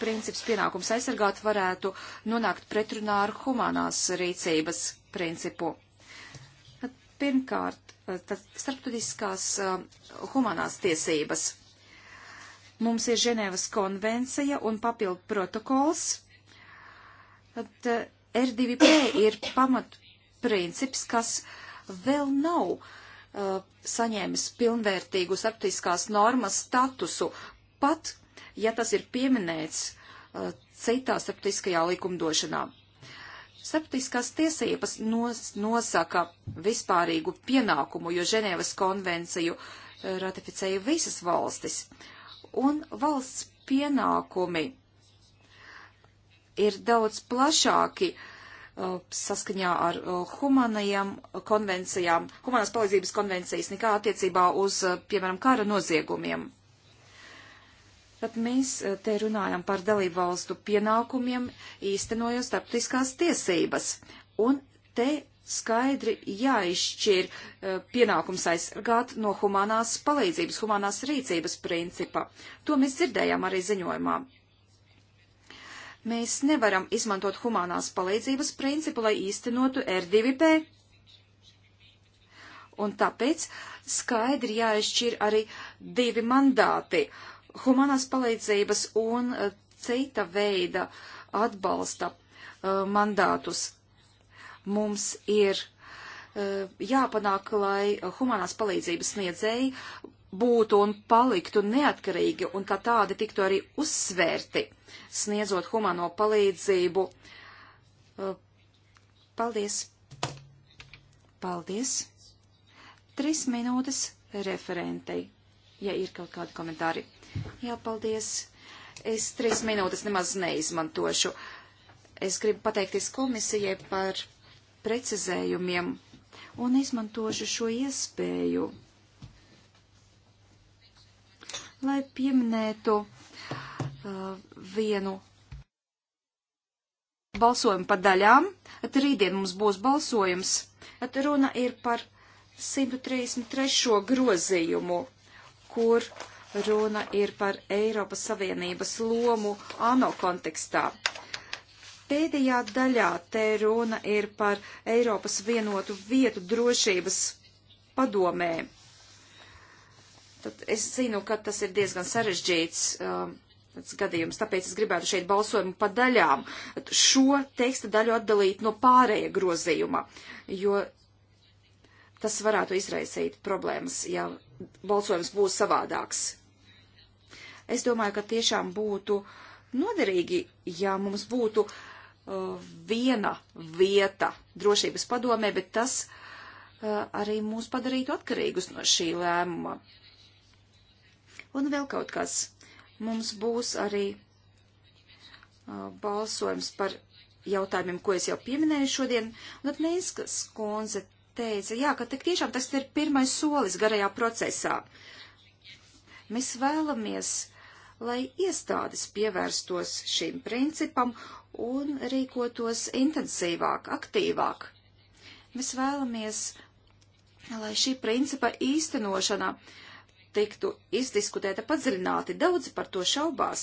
Princips pienākums aizsargāt varētu nonākt pretrunā ar humanās rīcības principu. Pirmkārt, starptautiskās uh, humanās tiesības. Mums ir Ženēvas konvencija un papildu protokols Tad eh, R2P ir pamatprincips, kas vēl nav uh, saņēmis pilnvērtīgu starptiskās normas statusu, pat ja tas ir pieminēts uh, citā starptiskajā likumdošanā. Starptiskās tiesības nos, nosaka vispārīgu pienākumu, jo Ženēvas konvenciju ratificēja visas valstis, un valsts pienākumi ir daudz plašāki uh, saskaņā ar uh, humanajām konvencijām, humanās palīdzības konvencijas nekā attiecībā uz, uh, piemēram, kara noziegumiem. Tad mēs uh, te runājam par dalību valstu pienākumiem, īstenojot starptiskās tiesības. Un te skaidri jāizšķir uh, pienākums aizsargāt no humanās palīdzības, humanās rīcības principa. To mēs dzirdējām arī ziņojumā. Mēs nevaram izmantot humanās palīdzības principu, lai īstenotu R2P. Un tāpēc skaidri jāizšķir arī divi mandāti - humanās palīdzības un uh, cita veida atbalsta uh, mandātus. Mums ir uh, jāpanāk, lai humanās palīdzības sniedzēji būtu un paliktu neatkarīgi un kā tādi tiktu arī uzsvērti, sniedzot humano palīdzību. Uh, paldies! Paldies! Tris minūtes referentei, ja ir kaut kādi komentāri. Jā, paldies! Es trīs minūtes nemaz neizmantošu. Es gribu pateikties komisijai par precizējumiem un izmantošu šo iespēju lai pieminētu uh, vienu balsojumu pa daļām. At rītdien mums būs balsojums. At runa ir par 133. grozījumu, kur runa ir par Eiropas Savienības lomu ANO kontekstā. Pēdējā daļā te runa ir par Eiropas vienotu vietu drošības padomē Tad es zinu, ka tas ir diezgan sarežģīts um, gadījums, tāpēc es gribētu šeit balsojumu pa daļām. Šo teksta daļu atdalīt no pārējā grozījuma, jo tas varētu izraisīt problēmas, ja balsojums būs savādāks. Es domāju, ka tiešām būtu noderīgi, ja mums būtu uh, viena vieta drošības padomē, bet tas uh, arī mūs padarītu atkarīgus no šī lēmuma. Un vēl kaut kas. Mums būs arī uh, balsojums par jautājumiem, ko es jau pieminēju šodien. Un tad Nīskas kundze teica, jā, ka tik tiešām tas ir pirmais solis garajā procesā. Mēs vēlamies, lai iestādes pievērstos šim principam un rīkotos intensīvāk, aktīvāk. Mēs vēlamies, lai šī principa īstenošana uh, tiktu izdiskutēta padziļināti. Daudzi par to šaubās.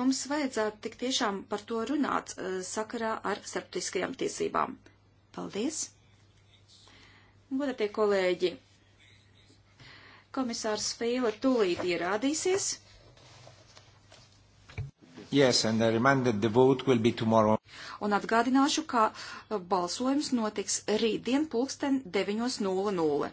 Mums vajadzētu tik tiešām par to runāt eh, sakarā ar starptautiskajām tiesībām. Paldies! Godatie kolēģi! Komisārs Fīle tūlīt ierādīsies.
Yes, and I remind that the vote will be tomorrow.
Un atgādināšu, ka balsojums notiks rītdien pulksten 9.00.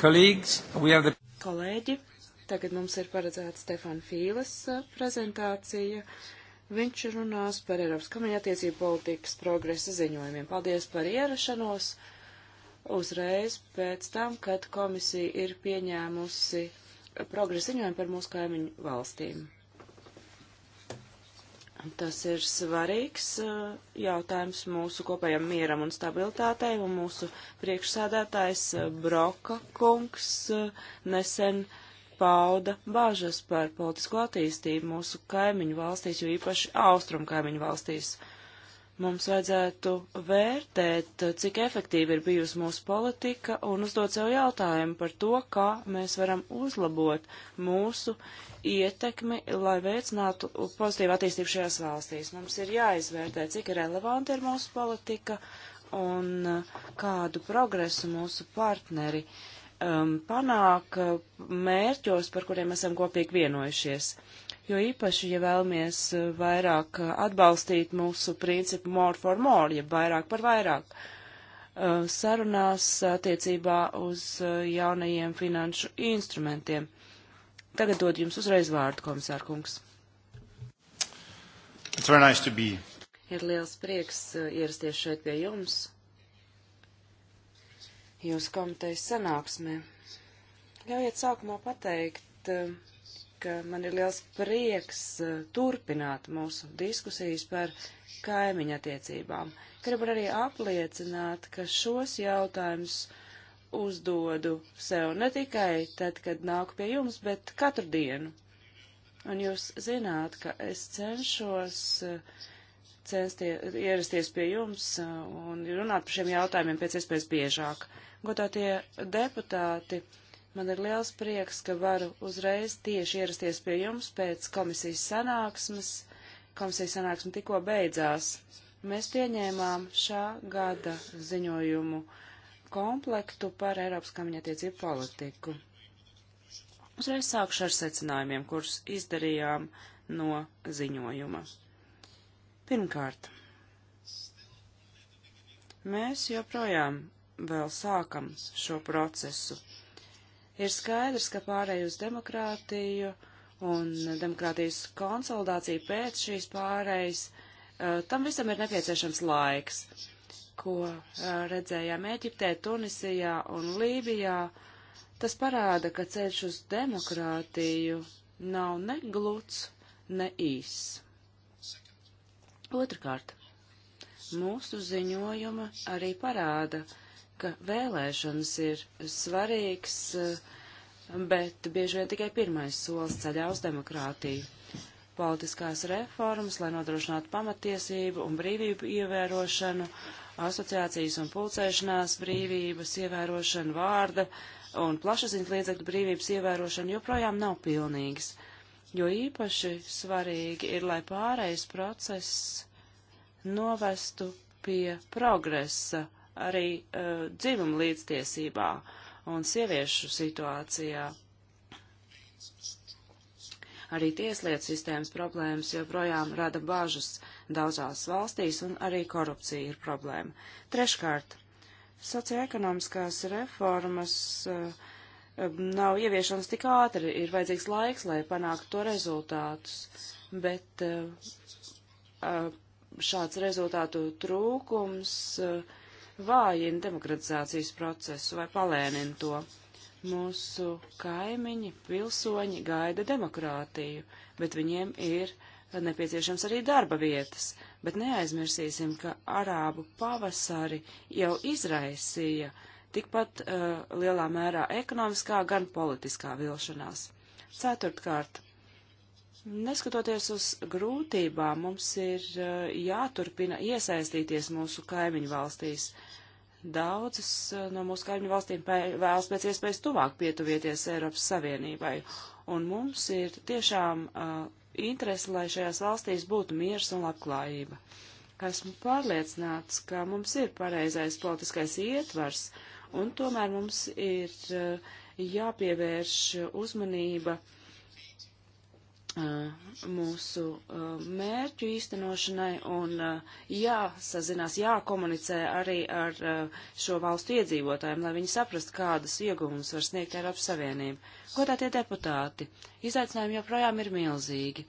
The...
Kolēģi, tagad mums ir paredzēta Stefana Fīles uh, prezentācija. Viņš runās par Eiropas kamiņa attiecību politikas progresa ziņojumiem. Paldies par ierašanos uzreiz pēc tam, kad komisija ir pieņēmusi progresa ziņojumu par mūsu kaimiņu valstīm. Tas ir svarīgs uh, jautājums mūsu kopējam mieram un stabilitātei, un mūsu priekšsēdētājs uh, Broka kungs uh, nesen pauda bažas par politisko attīstību mūsu kaimiņu valstīs, jo īpaši austrumu kaimiņu valstīs. Mums vajadzētu vērtēt, cik efektīvi ir bijusi mūsu politika un uzdot sev jautājumu par to, kā mēs varam uzlabot mūsu ietekmi, lai veicinātu pozitīvu attīstību šajās valstīs. Mums ir jāizvērtē, cik relevanti ir mūsu politika un kādu progresu mūsu partneri uh, um, panāk uh, mērķos, par kuriem esam kopīgi vienojušies. Jo īpaši, ja vēlamies uh, vairāk uh, atbalstīt mūsu principu more for more, ja vairāk par vairāk, uh, sarunās attiecībā uz jaunajiem finanšu instrumentiem. Tagad dod jums uzreiz vārdu, komisārkungs. Nice ir liels prieks ierasties šeit pie jums jūsu komitejas sanāksmē. Ļaujiet sākumā pateikt, eh, ka man ir liels prieks eh, turpināt mūsu diskusijas par kaimiņa attiecībām. Gribu arī apliecināt, ka šos jautājumus uzdodu sev ne tikai tad, kad nāku pie jums, bet katru dienu. Un jūs zināt, ka es cenšos uh, censties ierasties pie jums uh, un runāt par šiem jautājumiem pēc iespējas biežāk. Godātie deputāti, man ir liels prieks, ka varu uzreiz tieši ierasties pie jums pēc komisijas sanāksmes. Komisijas sanāksme tikko beidzās. Mēs pieņēmām šā gada ziņojumu komplektu par Eiropas kaimiņattiecību politiku. Uzreiz sākšu ar secinājumiem, kurus izdarījām no ziņojuma. Pirmkārt, mēs joprojām vēl sākam šo procesu. Ir skaidrs, ka pārēj uz demokrātiju un demokrātijas konsolidāciju pēc šīs pārējas, eh, tam visam ir nepieciešams laiks, ko eh, redzējām Eģiptē, Tunisijā un Lībijā. Tas parāda, ka ceļš uz demokrātiju nav ne gluds, ne īss. Otrakārt, mūsu ziņojuma arī parāda, ka vēlēšanas ir svarīgs, bet bieži vien tikai pirmais solis ceļā uz demokrātiju. Politiskās reformas, lai nodrošinātu pamatiesību un brīvību ievērošanu, asociācijas un pulcēšanās brīvības ievērošana, vārda un plašsaziņas līdzekļu brīvības ievērošana joprojām nav pilnīgas jo īpaši svarīgi ir, lai pārējais process novestu pie progresa arī uh, eh, dzimuma līdztiesībā un sieviešu situācijā. Arī tieslietu sistēmas problēmas joprojām rada bāžas daudzās valstīs, un arī korupcija ir problēma. Treškārt, socioekonomiskās reformas uh, nav ieviešanas tik ātri, ir vajadzīgs laiks, lai panāktu to rezultātus. Bet eh, eh, šāds rezultātu trūkums eh, vājina demokratizācijas procesu vai palēnina to. Mūsu kaimiņi, pilsoņi gaida demokrātiju, bet viņiem ir nepieciešams arī darba vietas, bet neaizmirsīsim, ka arābu pavasari jau izraisīja uh, tikpat uh, lielā mērā ekonomiskā, gan politiskā vilšanās. Ceturtkārt, neskatoties uz grūtībām, mums ir uh, jāturpina iesaistīties mūsu kaimiņu valstīs. Daudzas uh, no mūsu kaimiņu valstīm vēlas pēc iespējas tuvāk pietuvieties Eiropas Savienībai, un mums ir tiešām interesi, lai šajās valstīs būtu miers un labklājība. Esmu pārliecināts, ka mums ir pareizais politiskais ietvars, uh, un tomēr mums ir eh, jāpievērš uzmanība eh, mūsu eh, mērķu īstenošanai un jāsazinās, jākomunicē arī ar šo valstu iedzīvotājiem, lai viņi saprast, kādas ieguvumus var sniegt Eiropas Savienība. Godātie deputāti, izaicinājumi joprojām ir milzīgi,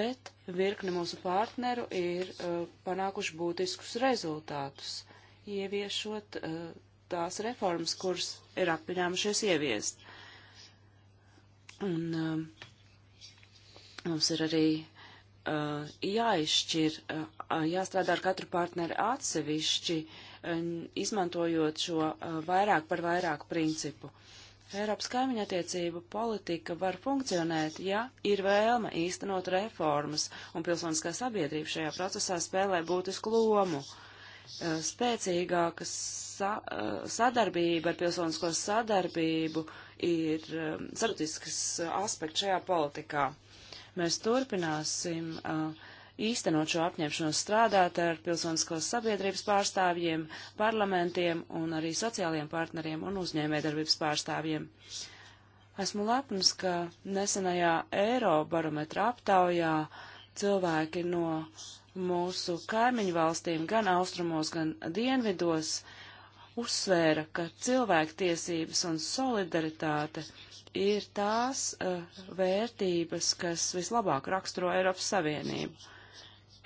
bet virkne mūsu partneru ir panākuši būtiskus rezultātus, ieviešot tās reformas, kuras ir apņēmušies ieviest. Un um, mums ir arī uh, jāizšķir, uh, jāstrādā ar katru partneri atsevišķi, uh, izmantojot šo uh, vairāk par vairāk principu. Eiropas kaimiņattiecību politika var funkcionēt, ja ir vēlme īstenot reformas, un pilsoniskā sabiedrība šajā procesā spēlē būtisku lomu. Uh, Eh, spēcīgāka sa eh, sadarbība ar pilsonisko sadarbību ir eh, starptautisks aspekts šajā politikā. Mēs turpināsim īstenot šo apņemšanos strādāt ar pilsoniskos sabiedrības pārstāvjiem, parlamentiem un arī sociālajiem partneriem un uzņēmējdarbības pārstāvjiem. Esmu lepns, ka nesenajā Eirobarometra aptaujā cilvēki no uh, mūsu kaimiņu valstīm, gan austrumos, gan dienvidos, uzsvēra, ka cilvēktiesības un solidaritāte ir tās uh, vērtības, kas vislabāk raksturo Eiropas Savienību.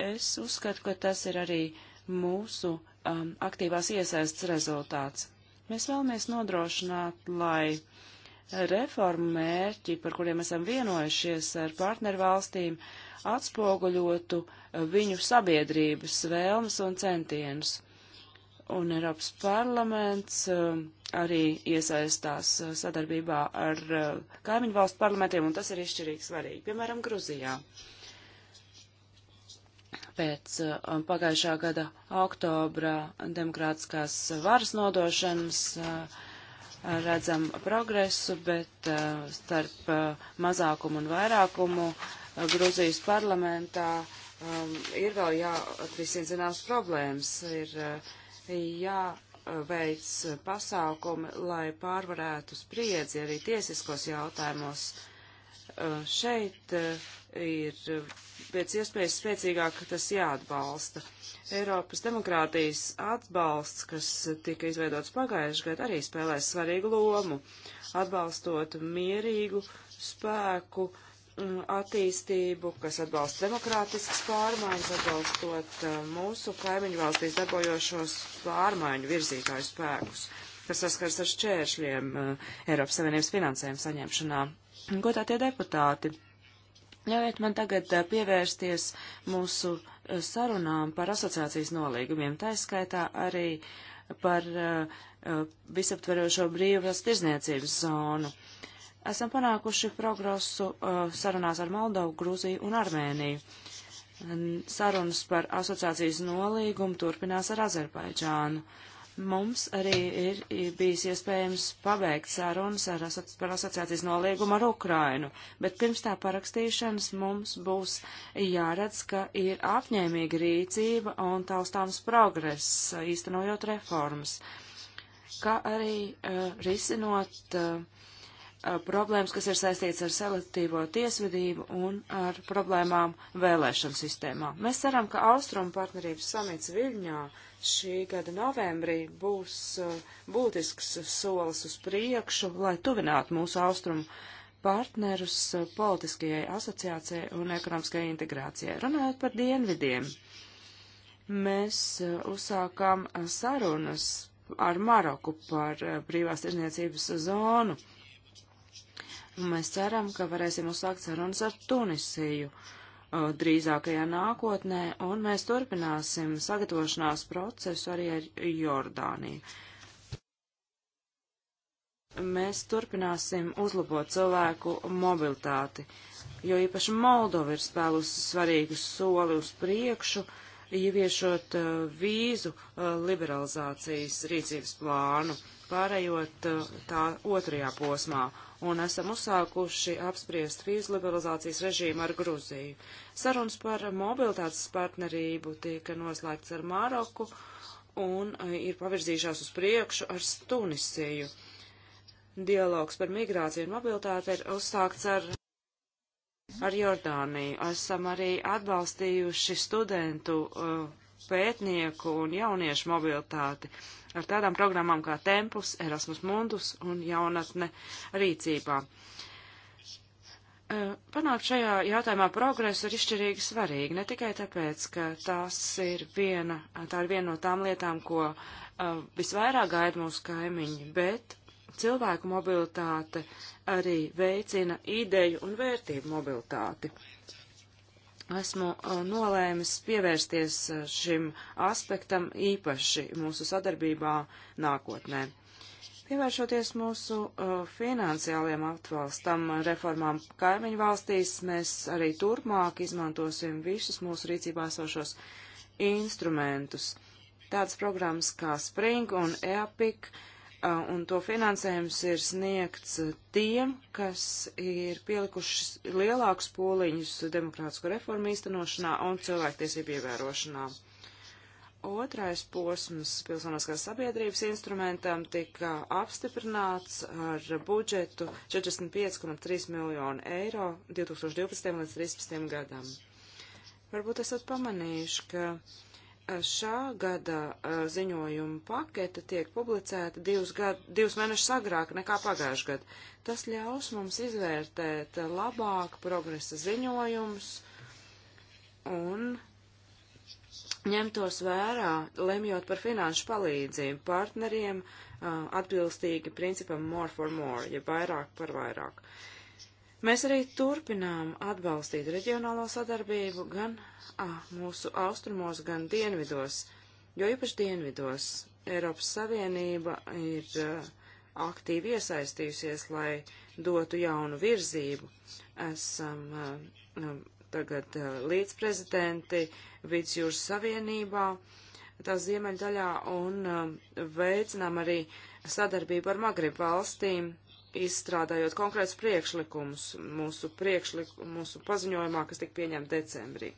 Es uzskatu, ka tas ir arī mūsu um, aktīvās iesaists rezultāts. Mēs vēlamies nodrošināt, lai uh, reformu mērķi, par kuriem esam vienojušies ar partnervalstīm, atspoguļotu eh, viņu sabiedrības vēlmes un centienus. Un Eiropas parlaments eh, arī iesaistās eh, sadarbībā ar kaimiņu valstu parlamentiem, un tas ir izšķirīgi svarīgi, piemēram, Gruzijā. Pēc pagājušā gada oktobra demokrātiskās varas nodošanas uh, redzam progresu, bet uh, starp uh, mazākumu un vairākumu uh, Gruzijas parlamentā um, ir vēl jāatrisina zināmas problēmas, ir jāveic pasākumi, lai pārvarētu spriedzi arī tiesiskos jautājumos. Šeit ir pēc iespējas spēcīgāk tas jāatbalsta. Eiropas demokrātijas atbalsts, kas tika izveidots pagājušajā gadā, arī spēlēs svarīgu lomu, atbalstot mierīgu spēku mm, attīstību, kas atbalsta demokrātiskas pārmaiņas, atbalstot eh, mūsu kaimiņu valstīs darbojošos pārmaiņu virzītāju spēkus, kas saskars ar šķēršļiem eh, Eiropas Savienības finansējuma saņemšanā. Godātie deputāti! Ļaujiet man tagad pievērsties mūsu sarunām par asociācijas nolīgumiem, tā skaitā arī par visaptverošo brīvās tirzniecības zonu. Esam panākuši progresu sarunās ar Moldovu, Grūziju un Armēniju. Sarunas par asociācijas nolīgumu turpinās ar Azerbaidžānu. Mums arī ir bijis iespējams pabeigt sarunas ar asoci par asociācijas noliegumu ar Ukrainu, bet pirms tā parakstīšanas mums būs jāredz, ka ir apņēmīga rīcība un taustāms progress, īstenojot reformas, kā arī uh, risinot uh, problēmas, kas ir saistīts ar selektīvo tiesvedību un ar problēmām vēlēšanu sistēmā. Mēs ceram, ka Austrum partnerības samits Viļņā uh, šī gada novembrī būs eh, būtisks solis uz priekšu, lai tuvinātu mūsu austrumu partnerus eh, politiskajai asociācijai un ekonomiskajai integrācijai. Runājot par dienvidiem, mēs eh, uzsākām sarunas ar Maroku par brīvās tirzniecības zonu. Mēs ceram, ka varēsim uzsākt sarunas ar Tunisiju. Uh, Uh, drīzākajā nākotnē, un mēs turpināsim sagatavošanās procesu arī ar Jordāniju. Mēs turpināsim uzlabot cilvēku mobilitāti, jo īpaši Moldova ir spēlusi svarīgu soli uz priekšu, uh, ieviešot uh, vīzu uh, liberalizācijas rīcības plānu, pārējot uh, tā otrajā posmā, un esam uzsākuši apspriest vīzu liberalizācijas režīmu ar Gruziju. Sarunas par mobilitātes partnerību tika noslēgts ar Maroku un ir pavirzījušās uz priekšu ar Tunisiju. Dialogs par migrāciju un mobilitāti ir uzsākts ar ar Jordāniju. Esam arī atbalstījuši studentu uh, pētnieku un jauniešu mobilitāti ar tādām programmām kā Tempus, Erasmus Mundus un jaunatne rīcībā. Uh, panākt šajā jautājumā progresu ir izšķirīgi svarīgi, ne tikai tāpēc, ka tās ir viena, tā ir viena no tām lietām, ko uh, visvairāk gaida mūsu kaimiņi, bet Cilvēku mobilitāte arī veicina ideju un vērtību mobilitāti. Esmu uh, nolēmis pievērsties uh, šim aspektam īpaši mūsu sadarbībā nākotnē. Pievēršoties mūsu uh, finansiāliem atbalstam reformām kaimiņu valstīs, mēs arī turpmāk izmantosim visus mūsu rīcībā sošos instrumentus. Tāds programmas kā Spring un EAPIC Uh, un to finansējums ir sniegts tiem, kas ir pielikuši lielākus poliņus demokrātisko reformu īstenošanā un cilvēktiesību ievērošanā. Otrais posms pilsoniskās sabiedrības instrumentam tika apstiprināts ar budžetu 45,3 miljonu eiro 2012. līdz 2013. gadam. Varbūt esat pamanījuši, ka šā gada ziņojuma pakete tiek publicēta divus, gad, divus mēnešus agrāk nekā pagājušajā gadā. Tas ļaus mums izvērtēt labāk progresa ziņojumus un ņemtos vērā, lemjot par finanšu palīdzību partneriem atbilstīgi principam more for more, ja vairāk par vairāk. Uh, Mēs arī turpinām atbalstīt reģionālo sadarbību gan ah, mūsu austrumos, gan dienvidos, jo īpaši dienvidos Eiropas Savienība ir uh, aktīvi iesaistījusies, lai dotu jaunu virzību. Esam uh, tagad uh, līdzprezidenti Vidusjūras Savienībā, tās ziemeļdaļā, un veicinām arī sadarbību ar Magrib valstīm izstrādājot konkrēts priekšlikums mūsu, priekšlik, mūsu paziņojumā, kas tika pieņemta decembrī.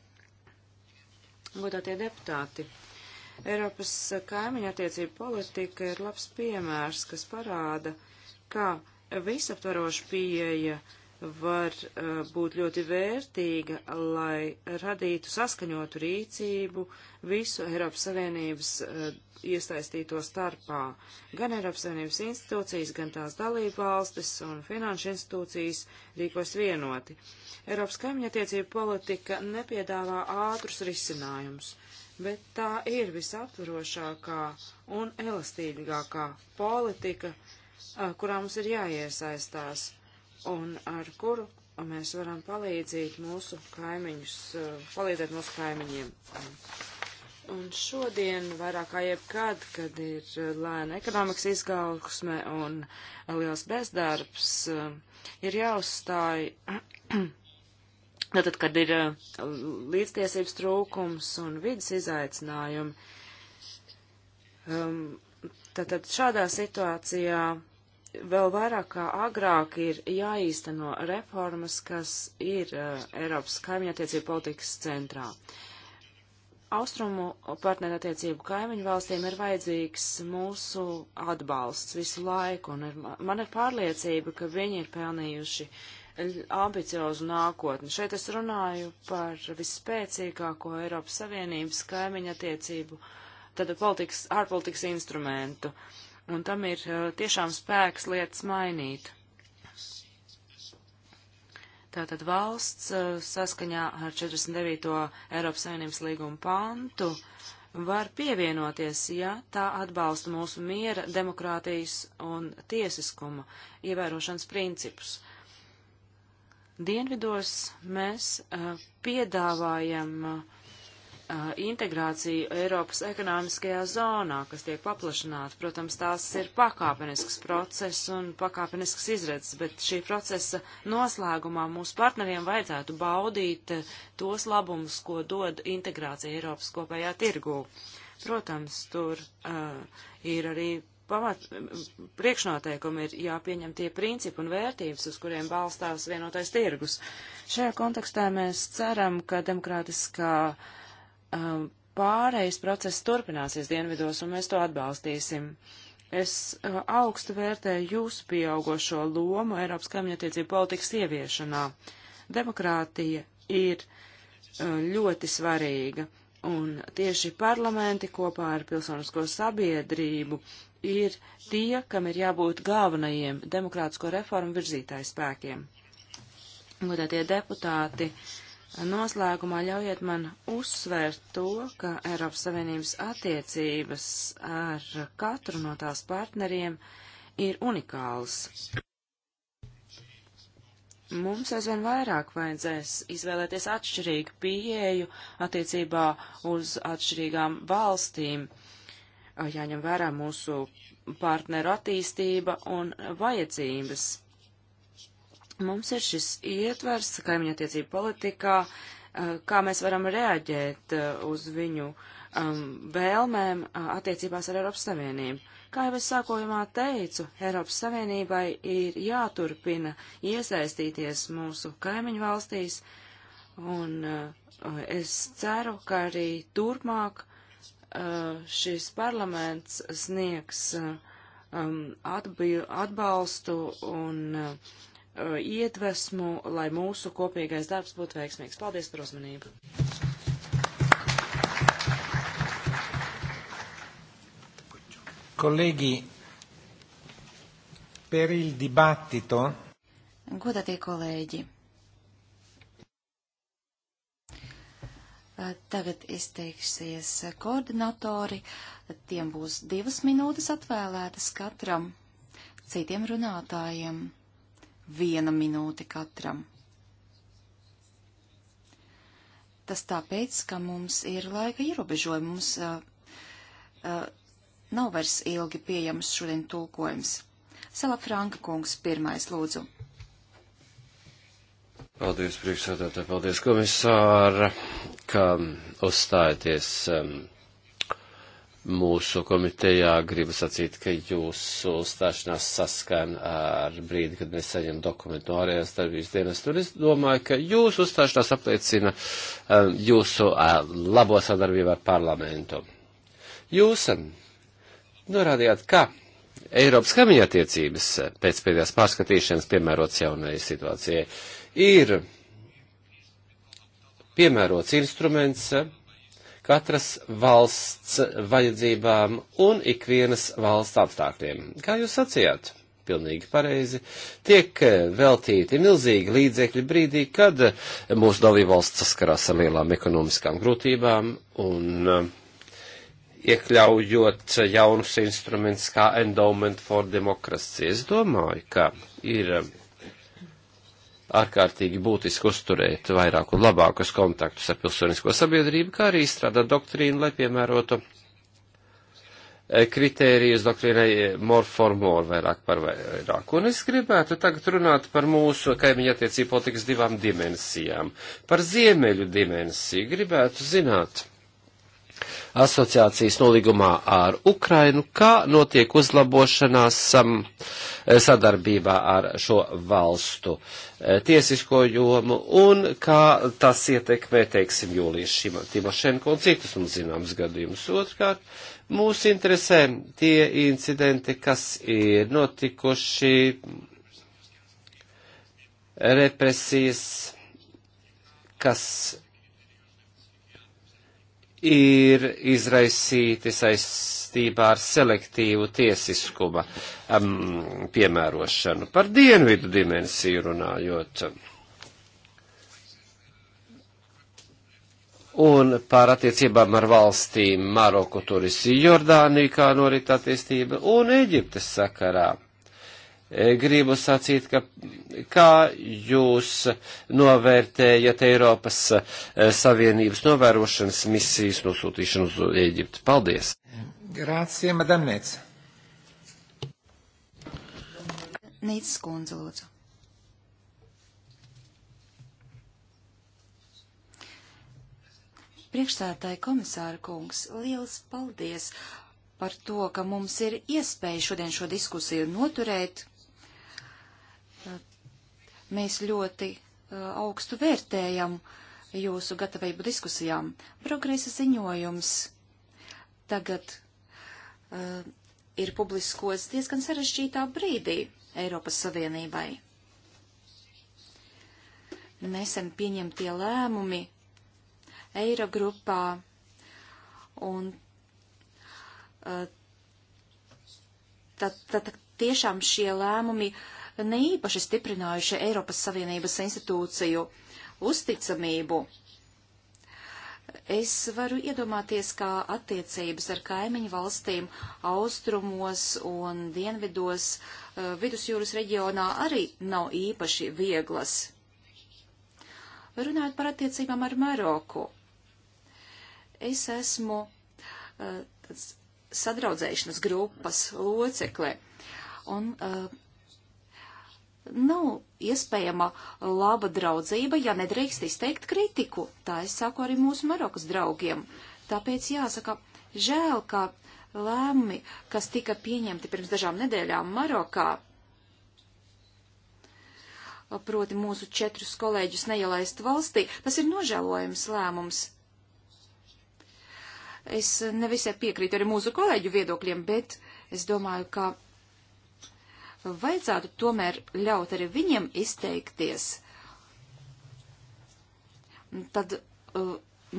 Godātie deputāti, Eiropas kaimiņa attiecība politika ir labs piemērs, kas parāda, kā visaptvaroša pieeja uh, var uh, būt ļoti vērtīga, lai radītu saskaņotu rīcību visu Eiropas Savienības uh, iesaistīto starpā. Gan Eiropas Savienības institūcijas, gan tās dalībvalstis un finanšu institūcijas rīkos vienoti. Eiropas kaimiņattiecību politika nepiedāvā ātrus risinājumus, bet tā ir visaptvarošākā un elastīgākā politika, uh, kurā mums ir jāiesaistās un ar kuru mēs varam palīdzīt mūsu kaimiņus, eh, palīdzēt mūsu kaimiņiem. Un šodien vairāk kā jebkad, kad ir eh, lēna ekonomikas izgauksme un eh, liels bezdarbs, ir jāuzstāj, tad, kad ir līdztiesības trūkums un vidas izaicinājumi. Um, tātad šādā situācijā vēl vairāk kā agrāk ir jāīsteno reformas, kas ir uh, Eiropas kaimiņattiecību politikas centrā. Austrumu partnerattiecību kaimiņu valstīm ir vajadzīgs mūsu atbalsts visu laiku, un ir, man ir pārliecība, ka viņi ir pelnījuši ambiciozu nākotni. Šeit es runāju par visspēcīgāko Eiropas Savienības kaimiņattiecību, tad politikas, ārpolitikas instrumentu. Uh, un tam ir eh, tiešām spēks lietas mainīt. Tātad valsts eh, saskaņā ar 49. Eiropas Savienības līguma pantu var pievienoties, ja tā atbalsta mūsu miera, demokrātijas un tiesiskuma ievērošanas principus. Dienvidos mēs eh, piedāvājam uh, uh, integrāciju Eiropas ekonomiskajā zonā, kas tiek paplašināta. Protams, tās ir pakāpenisks process un pakāpenisks izredzes, bet šī procesa noslēgumā mūsu partneriem vajadzētu baudīt tos labumus, ko dod integrācija Eiropas kopējā tirgū. Protams, tur uh, ir arī pamat, priekšnoteikumi ir jāpieņem tie principi un vērtības, uz kuriem balstās vienotais tirgus. Šajā kontekstā mēs ceram, ka demokrātiskā uh, um, pārējais process turpināsies dienvidos, un mēs to atbalstīsim. Es uh, augstu vērtēju jūsu pieaugošo lomu Eiropas kaimiņattiecību politikas ieviešanā. Demokrātija ir uh, ļoti svarīga, un tieši parlamenti kopā ar pilsonisko sabiedrību ir tie, kam ir jābūt galvenajiem demokrātisko reformu virzītāju spēkiem. Godātie deputāti, uh, Noslēgumā ļaujiet man uzsvērt to, ka Eiropas Savienības attiecības ar katru no tās partneriem ir unikāls. Mums aizvien vairāk vajadzēs izvēlēties atšķirīgu pieeju attiecībā uz atšķirīgām valstīm, jāņem vērā mūsu partneru attīstība un vajadzības. Mums ir šis ietvers kaimiņattiecību politikā, eh, kā mēs varam reaģēt eh, uz viņu um, vēlmēm eh, attiecībās ar Eiropas Savienību. Kā jau es sākojumā teicu, Eiropas Savienībai ir jāturpina iesaistīties mūsu kaimiņu valstīs, un es ceru, ka arī turpmāk šis parlaments sniegs um, atbalstu un uh, Uh, iedvesmu, lai mūsu kopīgais darbs būtu veiksmīgs. Paldies par uzmanību!
Kolēģi, per il dibattito.
Godātie kolēģi, uh, Tagad izteiksies koordinatori. Tiem būs divas minūtes atvēlētas katram citiem runātājiem viena minūte katram. Tas tāpēc, ka mums ir laika ierobežojumi, mums uh, uh, nav vairs ilgi pieejams šodien tulkojums. Sala Franka kungs pirmais lūdzu.
Paldies, priekšsēdētāji, paldies komisāra, ka uzstājieties. Um, mūsu komitejā gribu sacīt, ka jūsu stāšanās saskan ar brīdi, kad mēs saņem dokumentu no ārējās darbības dienas. Un es domāju, ka jūsu uzstāšanās apliecina um, jūsu uh, labo sadarbību ar parlamentu. Jūs um, norādījāt, ka Eiropas kamiņattiecības pēc pēdējās pārskatīšanas piemērots jaunai situācijai ir piemērots instruments. Uh, katras valsts vajadzībām un ikvienas valsts apstākļiem. Kā jūs sacījāt? Pilnīgi pareizi. Tiek eh, veltīti milzīgi līdzekļi brīdī, kad eh, mūsu dalībvalsts saskarās ar lielām ekonomiskām grūtībām un uh, iekļaujot jaunus instrumentus kā Endowment for Democracy. Es domāju, ka ir ārkārtīgi būtiski uzturēt vairāk un labākus kontaktus ar pilsonisko sabiedrību, kā arī izstrādāt doktrīnu, lai piemērotu eh, kritērijas doktrīnai more for more, vairāk par vairāk. Un es gribētu tagad runāt par mūsu kaimiņa attiecību politikas divām dimensijām. Par ziemeļu dimensiju gribētu zināt asociācijas nolīgumā ar Ukrainu, kā notiek uzlabošanās sam, um, eh, sadarbībā ar šo valstu eh, tiesisko jomu un kā tas ietekmē, teiksim, Jūlijas Timošenko un citus mums zināms gadījumus. Otrkārt, mūs interesē tie incidenti, kas ir notikuši represijas, kas ir izraisīti saistībā ar selektīvu tiesiskuma um, piemērošanu. Par dienvidu dimensiju runājot. Un par attiecībām ar valstīm Maroku, Turisi, Jordāniju, kā norit attīstība, un Eģiptes sakarā E, gribu sacīt, ka kā jūs novērtējat Eiropas e, Savienības novērošanas misijas nosūtīšanu uz Eģiptu? Paldies!
Grācie, madam Nēc.
Nīcis Kundze, lūdzu. Priekšsētāji komisāra kungs, liels paldies par to, ka mums ir iespēja šodien šo diskusiju noturēt, Mēs ļoti uh, augstu vērtējam jūsu gatavību diskusijām. Progresa ziņojums tagad uh, ir publiskots diezgan sarežģītā brīdī Eiropas Savienībai. Nesen pieņemtie lēmumi Eirogrupā un uh, tad, tad tiešām šie lēmumi uh, neīpaši stiprinājuši Eiropas Savienības institūciju uzticamību. Es varu iedomāties, kā attiecības ar kaimiņu valstīm austrumos un dienvidos eh, vidusjūras reģionā arī nav īpaši vieglas. Runājot par attiecībām ar Maroku, es esmu eh, sadraudzēšanas grupas locekle, un eh, nav iespējama laba draudzība, ja nedrīkst izteikt kritiku. Tā es saku arī mūsu Marokas draugiem. Tāpēc jāsaka, žēl, ka lēmumi, kas tika pieņemti pirms dažām nedēļām Marokā, proti mūsu četrus kolēģus neielaist valstī, tas ir nožēlojams lēmums. Es nevisai piekrītu arī mūsu kolēģu viedokļiem, bet es domāju, ka vajadzētu tomēr ļaut arī viņiem izteikties. Tad uh,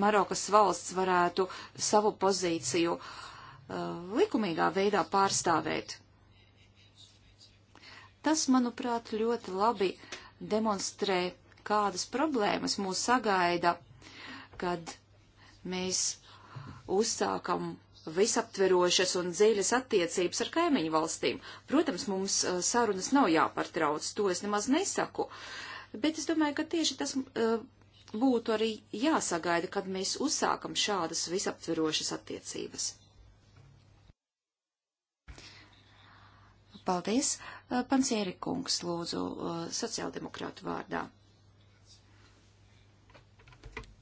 Marokas valsts varētu savu pozīciju uh, likumīgā veidā pārstāvēt. Tas, manuprāt, ļoti labi demonstrē, kādas problēmas mūs sagaida, kad mēs uzsākam visaptverošas un dziļas attiecības ar kaimiņu valstīm. Protams, mums uh, sarunas nav jāpārtrauc, to es nemaz nesaku, bet es domāju, ka tieši tas uh, būtu arī jāsagaida, kad mēs uzsākam šādas visaptverošas attiecības. Paldies, uh, Pansieri kungs, lūdzu, sociāldemokrātu vārdā.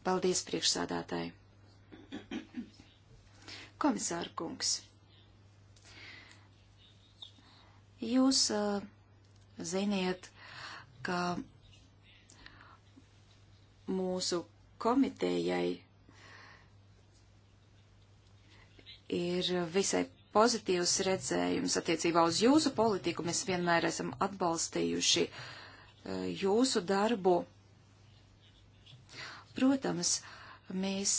Paldies priekšsādātāji. Komisāra kungs, jūs uh, ziniet, ka mūsu komitejai ir visai pozitīvs redzējums attiecībā uz jūsu politiku. Mēs vienmēr esam atbalstījuši eh, jūsu darbu. Protams, mēs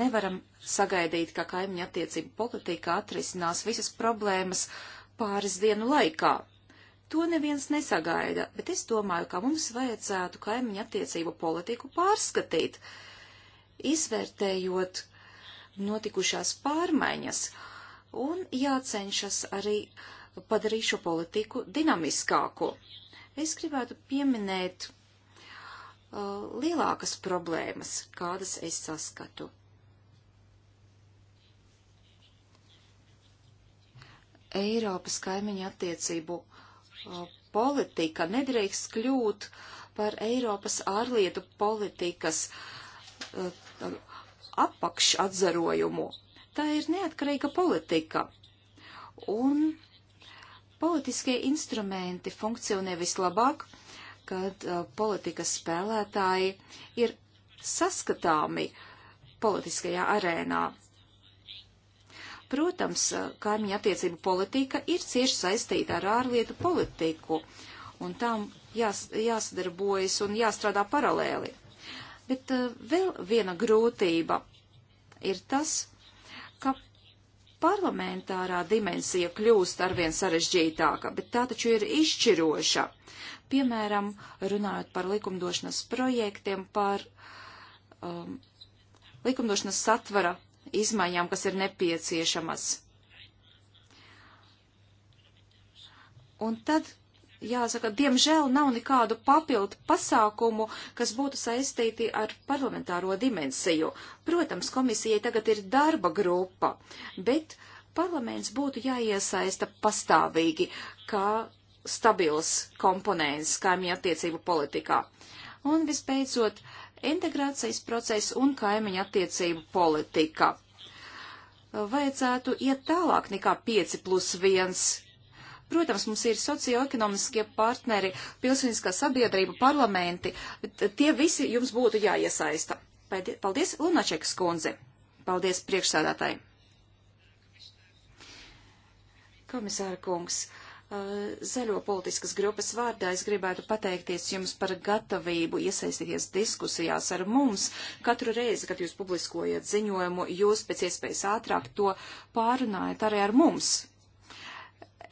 nevaram sagaidīt, ka kaimiņa attiecība politika atrisinās visas problēmas pāris dienu laikā. To neviens nesagaida, bet es domāju, ka mums vajadzētu kaimiņa attiecību politiku pārskatīt, izvērtējot notikušās pārmaiņas un jācenšas arī padarīt šo politiku dinamiskāku. Es gribētu pieminēt Uh, lielākas problēmas, kādas es saskatu. Eiropas kaimiņa attiecību uh, politika nedrīkst kļūt par Eiropas ārlietu politikas uh, apakšatzarojumu. Tā ir neatkarīga politika. Un politiskie instrumenti funkcionē vislabāk, kad uh, politikas spēlētāji ir saskatāmi politiskajā arēnā. Protams, uh, kaimiņa attiecību politika ir cieši saistīta ar ārlietu politiku, un tām jās, jāsadarbojas un jāstrādā paralēli. Bet uh, vēl viena grūtība ir tas, Parlamentārā dimensija kļūst arvien sarežģītāka, bet tā taču ir izšķiroša. Piemēram, runājot par likumdošanas projektiem, par um, likumdošanas satvara izmaiņām, kas ir nepieciešamas. Un tad jāsaka, diemžēl nav nekādu papildu pasākumu, kas būtu saistīti ar parlamentāro dimensiju. Protams, komisijai tagad ir darba grupa, bet parlaments būtu jāiesaista pastāvīgi kā stabils komponents kaimiņu attiecību politikā. Un visbeidzot, integrācijas process un kaimiņu attiecību politika. Vajadzētu iet tālāk nekā 5 plus 1 Protams, mums ir socioekonomiskie partneri, pilsoniskā sabiedrība, parlamenti. Tie visi jums būtu jāiesaista. Paldies, Lunačekas kundze. Paldies, priekšsādātāji. Komisāra kungs, zaļo politiskas grupas vārdā es gribētu pateikties jums par gatavību iesaistīties diskusijās ar mums. Katru reizi, kad jūs publiskojat ziņojumu, jūs pēc iespējas ātrāk to pārunājat arī ar mums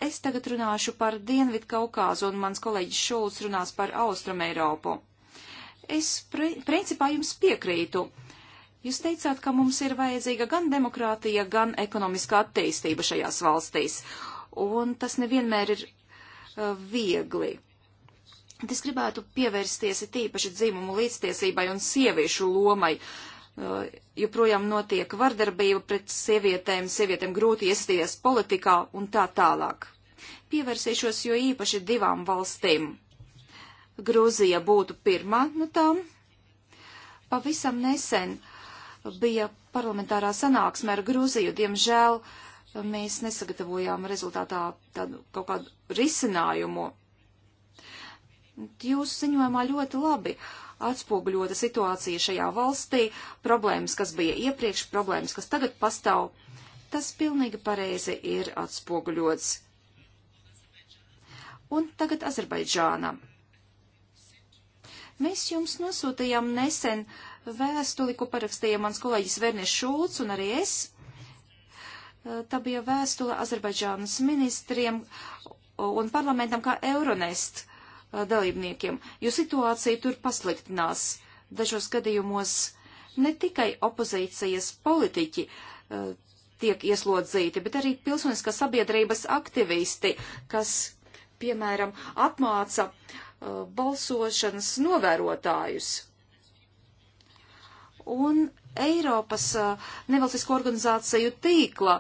Es tagad runāšu par Dienvidu Kaukāzu un mans kolēģis Šulcs runās par Austrum Eiropu. Es pre, principā jums piekrītu. Jūs teicāt, ka mums ir vajadzīga gan demokrātija, gan ekonomiskā attīstība šajās valstīs, un tas nevienmēr ir uh, viegli. Es gribētu pievērsties tīpaši dzimumu līdztiesībai un sieviešu lomai. Uh, Eh, joprojām notiek vardarbība pret sievietēm, sievietēm grūti iesties politikā un tā tālāk. Pievērsīšos jo īpaši divām valstīm. Grūzija būtu pirmā no tām. Pavisam nesen bija parlamentārā sanāksme ar Grūziju, diemžēl eh, mēs nesagatavojām rezultātā tādu kaut kādu risinājumu. Jūsu ziņojumā ļoti labi atspoguļota situācija šajā valstī, problēmas, kas bija iepriekš, problēmas, kas tagad pastāv. Tas pilnīgi pareizi ir atspoguļots. Un tagad Azerbaidžāna. Mēs jums nosūtījām nesen vēstuli, ko parakstīja mans kolēģis Vernies Šulc un arī es. Tā bija vēstule Azerbaidžānas ministriem un parlamentam kā Euronest dalībniekiem, jo situācija tur pasliktinās. Dažos gadījumos ne tikai opozīcijas politiķi uh, tiek ieslodzīti, bet arī pilsoniskās sabiedrības aktivisti, kas, piemēram, apmāca uh, balsošanas novērotājus. Un Eiropas uh, nevalstisko organizāciju tīkla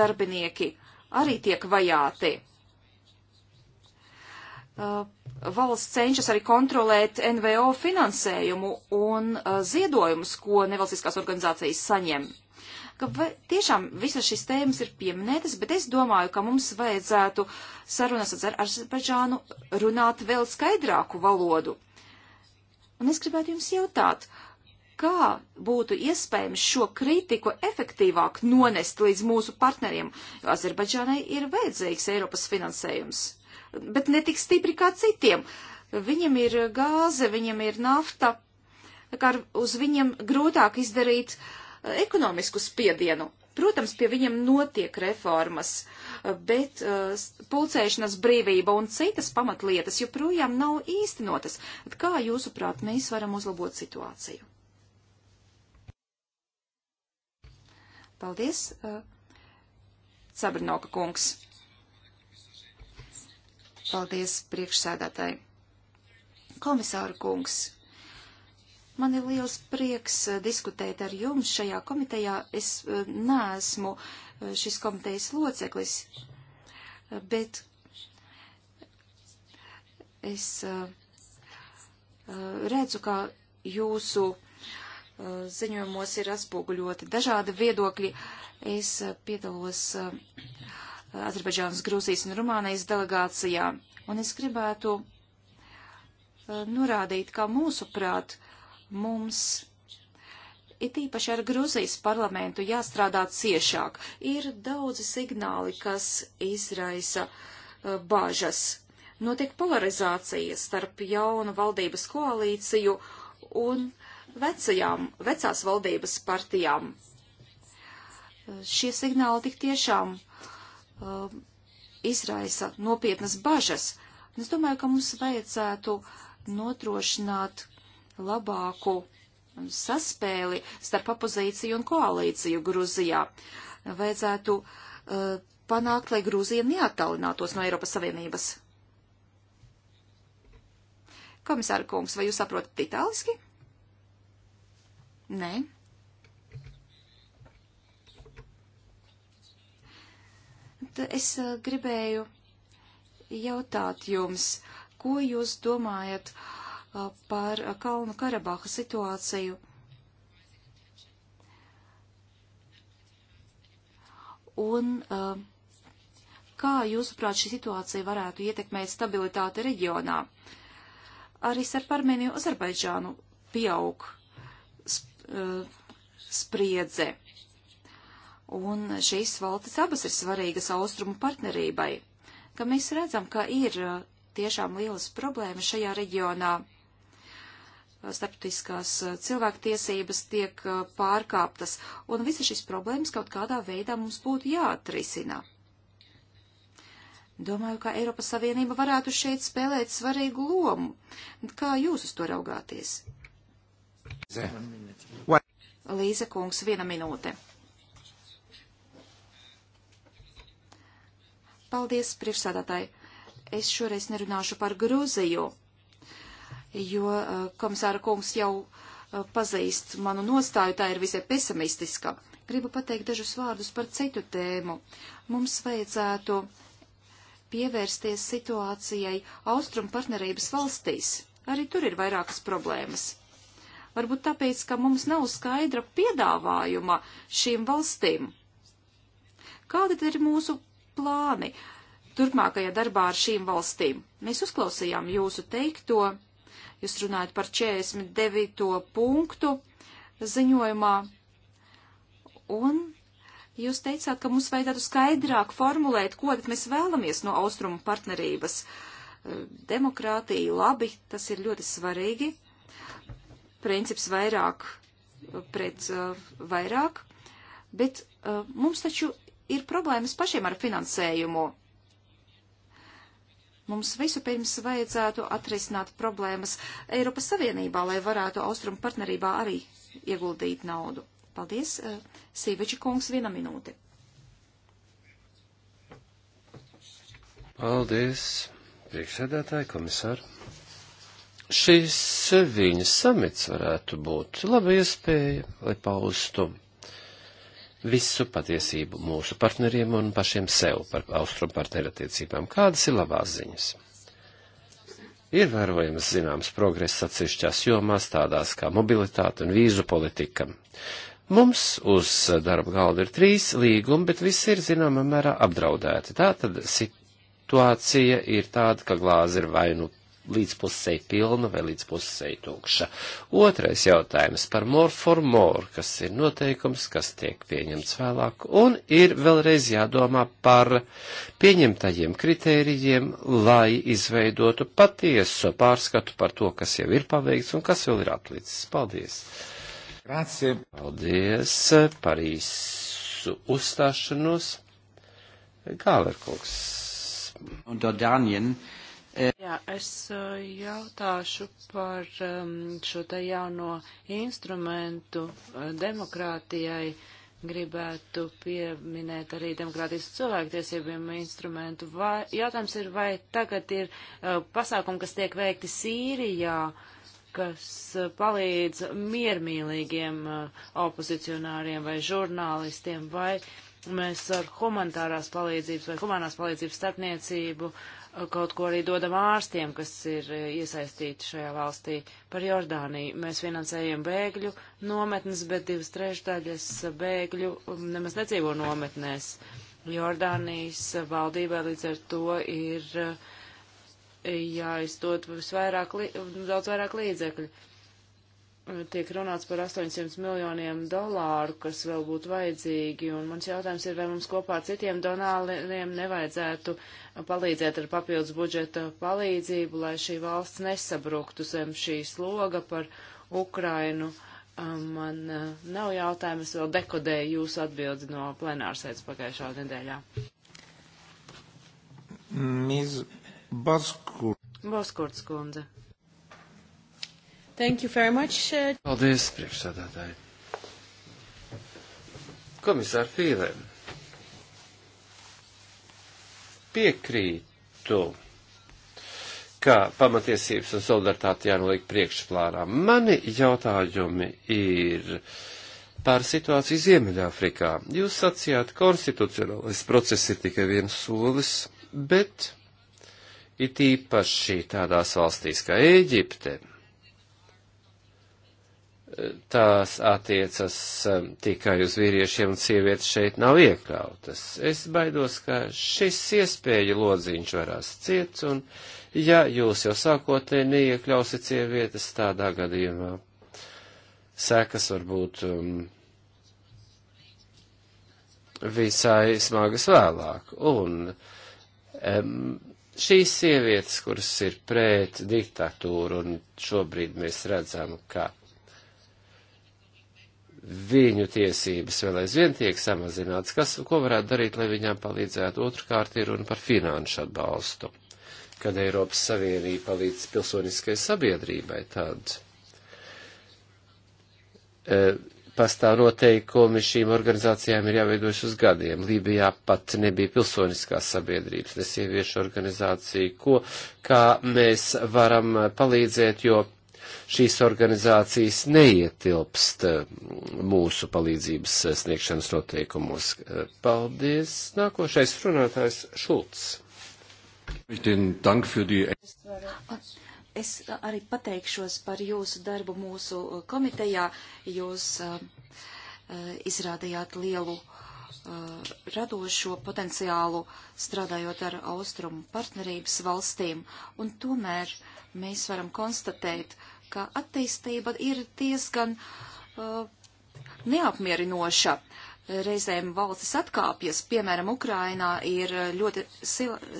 darbinieki arī tiek vajāti. Uh, valsts cenšas arī kontrolēt NVO finansējumu un uh, ziedojumus, ko nevalstiskās organizācijas saņem. Ka vai, tiešām visas šīs tēmas ir pieminētas, bet es domāju, ka mums vajadzētu sarunas ar Azerbaidžānu runāt vēl skaidrāku valodu. Un es gribētu jums jautāt, kā būtu iespējams šo kritiku efektīvāk nonest līdz mūsu partneriem, jo Azerbaidžānai ir vajadzīgs Eiropas finansējums bet ne tik stipri kā citiem. Viņam ir gāze, viņam ir nafta, kā uz viņiem grūtāk izdarīt eh, ekonomisku spiedienu. Protams, pie viņiem notiek reformas, eh, bet uh, pulcēšanas brīvība un citas pamatlietas joprojām nav īstenotas. Bet kā jūsuprāt, mēs varam uzlabot situāciju? Paldies, uh, Sabrinoka kungs. Paldies priekšsēdētāji. Komisāra kungs, man ir liels prieks eh, diskutēt ar jums šajā komitejā. Es eh, neesmu eh, šis komitejas loceklis, bet es redzu, ka jūsu ziņojumos ir atspoguļoti dažādi viedokļi. Es piedalos Azerbaidžānas, Grūzijas un Rumānijas delegācijām. Un es gribētu uh, norādīt, kā mūsuprāt, mums it īpaši ar Gruzijas parlamentu jāstrādā ciešāk. Ir daudzi signāli, kas izraisa uh, bāžas. Notiek polarizācija starp jaunu valdības koalīciju un vecajām, vecās valdības partijām. Uh, šie signāli tik tiešām uh, izraisa nopietnas bažas. Un es domāju, ka mums vajadzētu notrošināt labāku saspēli starp opozīciju un koalīciju Gruzijā. Vajadzētu uh, panākt, lai Grūzija neattālinātos no Eiropas Savienības. Komisāra kungs, vai jūs saprotat itāliski? Nē. bet es eh, gribēju jautāt jums, ko jūs domājat eh, par Kalnu Karabaha situāciju? Un eh, kā jūsuprāt šī situācija varētu ietekmēt stabilitāti reģionā? Arī starp Armēniju un Azerbaidžānu pieaug sp spriedze. Un šīs valstis abas ir svarīgas austrumu partnerībai, ka mēs redzam, ka ir uh, tiešām lielas problēmas šajā reģionā. Uh, Starptautiskās uh, cilvēktiesības tiek pārkāptas, un visas šīs problēmas kaut kādā veidā mums būtu jāatrisina. Domāju, ka Eiropas Savienība varētu šeit spēlēt svarīgu lomu. Kā jūs uz to raugāties? Līze kungs, viena minūte. Paldies, priekšsādātāji. Es šoreiz nerunāšu par Grūziju, jo komisāra kungs jau pazīst manu nostāju, tā ir visai pesimistiska. Gribu pateikt dažus vārdus par citu tēmu. Mums vajadzētu pievērsties situācijai Austrum partnerības valstīs. Arī tur ir vairākas problēmas. Varbūt tāpēc, ka mums nav skaidra piedāvājuma šīm valstīm. Kāda tad ir mūsu plāni turpmākajā darbā ar šīm valstīm. Mēs uzklausījām jūsu teikto, jūs runājat par 49. punktu ziņojumā, un jūs teicāt, ka mums vajadzētu skaidrāk formulēt, ko tad mēs vēlamies no austrumu partnerības. Eh, demokrātija, labi, tas ir ļoti svarīgi. Princips vairāk eh, pret eh, vairāk, bet mums taču ir problēmas pašiem ar finansējumu. Mums vispirms vajadzētu atrisināt problēmas Eiropas Savienībā, lai varētu austrumu partnerībā arī ieguldīt naudu. Paldies, eh, Sīveči kungs, viena minūte.
Paldies, priekšsēdētāji komisāri. Šis viņa samits varētu būt laba iespēja, lai paustu visu patiesību mūsu partneriem un pašiem sev par austrumu partneru attiecībām. Kādas ir labās ziņas? Ir vērojams zināms progress atsevišķās jomās, tādās kā mobilitāte un vīzu politika. Mums uz darba galda ir trīs līgumi, bet visi ir zināmā mērā apdraudēti. Tā tad situācija ir tāda, ka glāze ir vai nu līdz pusē pilna vai līdz pusē tukša. Otrais jautājums par more for more, kas ir noteikums, kas tiek pieņemts vēlāk, un ir vēlreiz jādomā par pieņemtajiem kritērijiem, lai izveidotu patiesu pārskatu par to, kas jau ir paveikts un kas vēl ir atlicis. Paldies! Grazie. Paldies par īsu uzstāšanos. Gāverkungs. Un Jordanien. Uh, Jā,
es eh, jautāšu par ehm, šo te jauno instrumentu eh, demokrātijai. Gribētu pieminēt arī demokrātijas cilvēktiesībiem instrumentu. Vai, jautājums ir, vai tagad ir eh, pasākumi, kas tiek veikti Sīrijā, kas palīdz miermīlīgiem opozicionāriem vai žurnālistiem, vai mēs ar humanitārās palīdzības vai humanās palīdzības starpniecību uh, kaut ko arī dodam ārstiem, kas ir eh, iesaistīti šajā valstī. Par Jordāniju mēs finansējam bēgļu nometnes, bet divas trešdaļas bēgļu um, nemaz nedzīvo nometnēs. Jordānijas valdībai līdz ar to ir eh, jāizdod vairāk, daudz vairāk līdzekļu tiek runāts par 800 miljoniem dolāru, kas vēl būtu vajadzīgi, un mans jautājums ir, vai mums kopā ar citiem donāliem nevajadzētu palīdzēt ar papildus budžeta palīdzību, lai šī valsts nesabruktu zem šī sloga par Ukrainu. Um, man uh, nav jautājumu, es vēl dekodēju jūsu atbildi no plenārsēdes pagājušā nedēļā.
Ms. Baskur.
Baskurts kundze. Thank you very much. Uh,
Paldies, priekšsādātāji.
Komisār Fīlē. Piekrītu, ka pamatiesības un solidaritāte jānoliek priekšplānā. Mani jautājumi ir par situāciju Ziemeļāfrikā. Jūs sacījāt, konstitucionālais process ir tikai viens solis, bet it īpaši tādās valstīs kā Ēģipte tās attiecas um, tikai uz vīriešiem un sievietes šeit nav iekļautas. Es baidos, ka šis iespēja lodziņš varās ciet, un ja jūs jau sākotnē neiekļausiet sievietes tādā gadījumā, sekas var būt um, visai smagas vēlāk. Un um, šīs sievietes, kuras ir pret diktatūru, un šobrīd mēs redzam, ka viņu tiesības vēl aizvien tiek samazinātas. Kas, ko varētu darīt, lai viņām palīdzētu? Otrkārt ir runa par finanšu atbalstu. Kad Eiropas Savienība palīdz pilsoniskai sabiedrībai, tad e, pastāv noteikumi šīm organizācijām ir jāveidoši uz gadiem. Lībijā pat nebija pilsoniskās sabiedrības, ne sieviešu organizācija, ko, kā mēs varam palīdzēt, jo šīs organizācijas neietilpst eh, mūsu palīdzības eh, sniegšanas noteikumos. Eh, paldies. Nākošais runātājs Šulcs.
Es arī pateikšos par jūsu darbu mūsu komitejā. Jūs izrādījāt lielu radošo potenciālu strādājot ar austrumu partnerības valstīm, un tomēr mēs varam konstatēt, ka attīstība ir diezgan uh, neapmierinoša. Reizēm valstis atkāpjas, piemēram, Ukrainā ir ļoti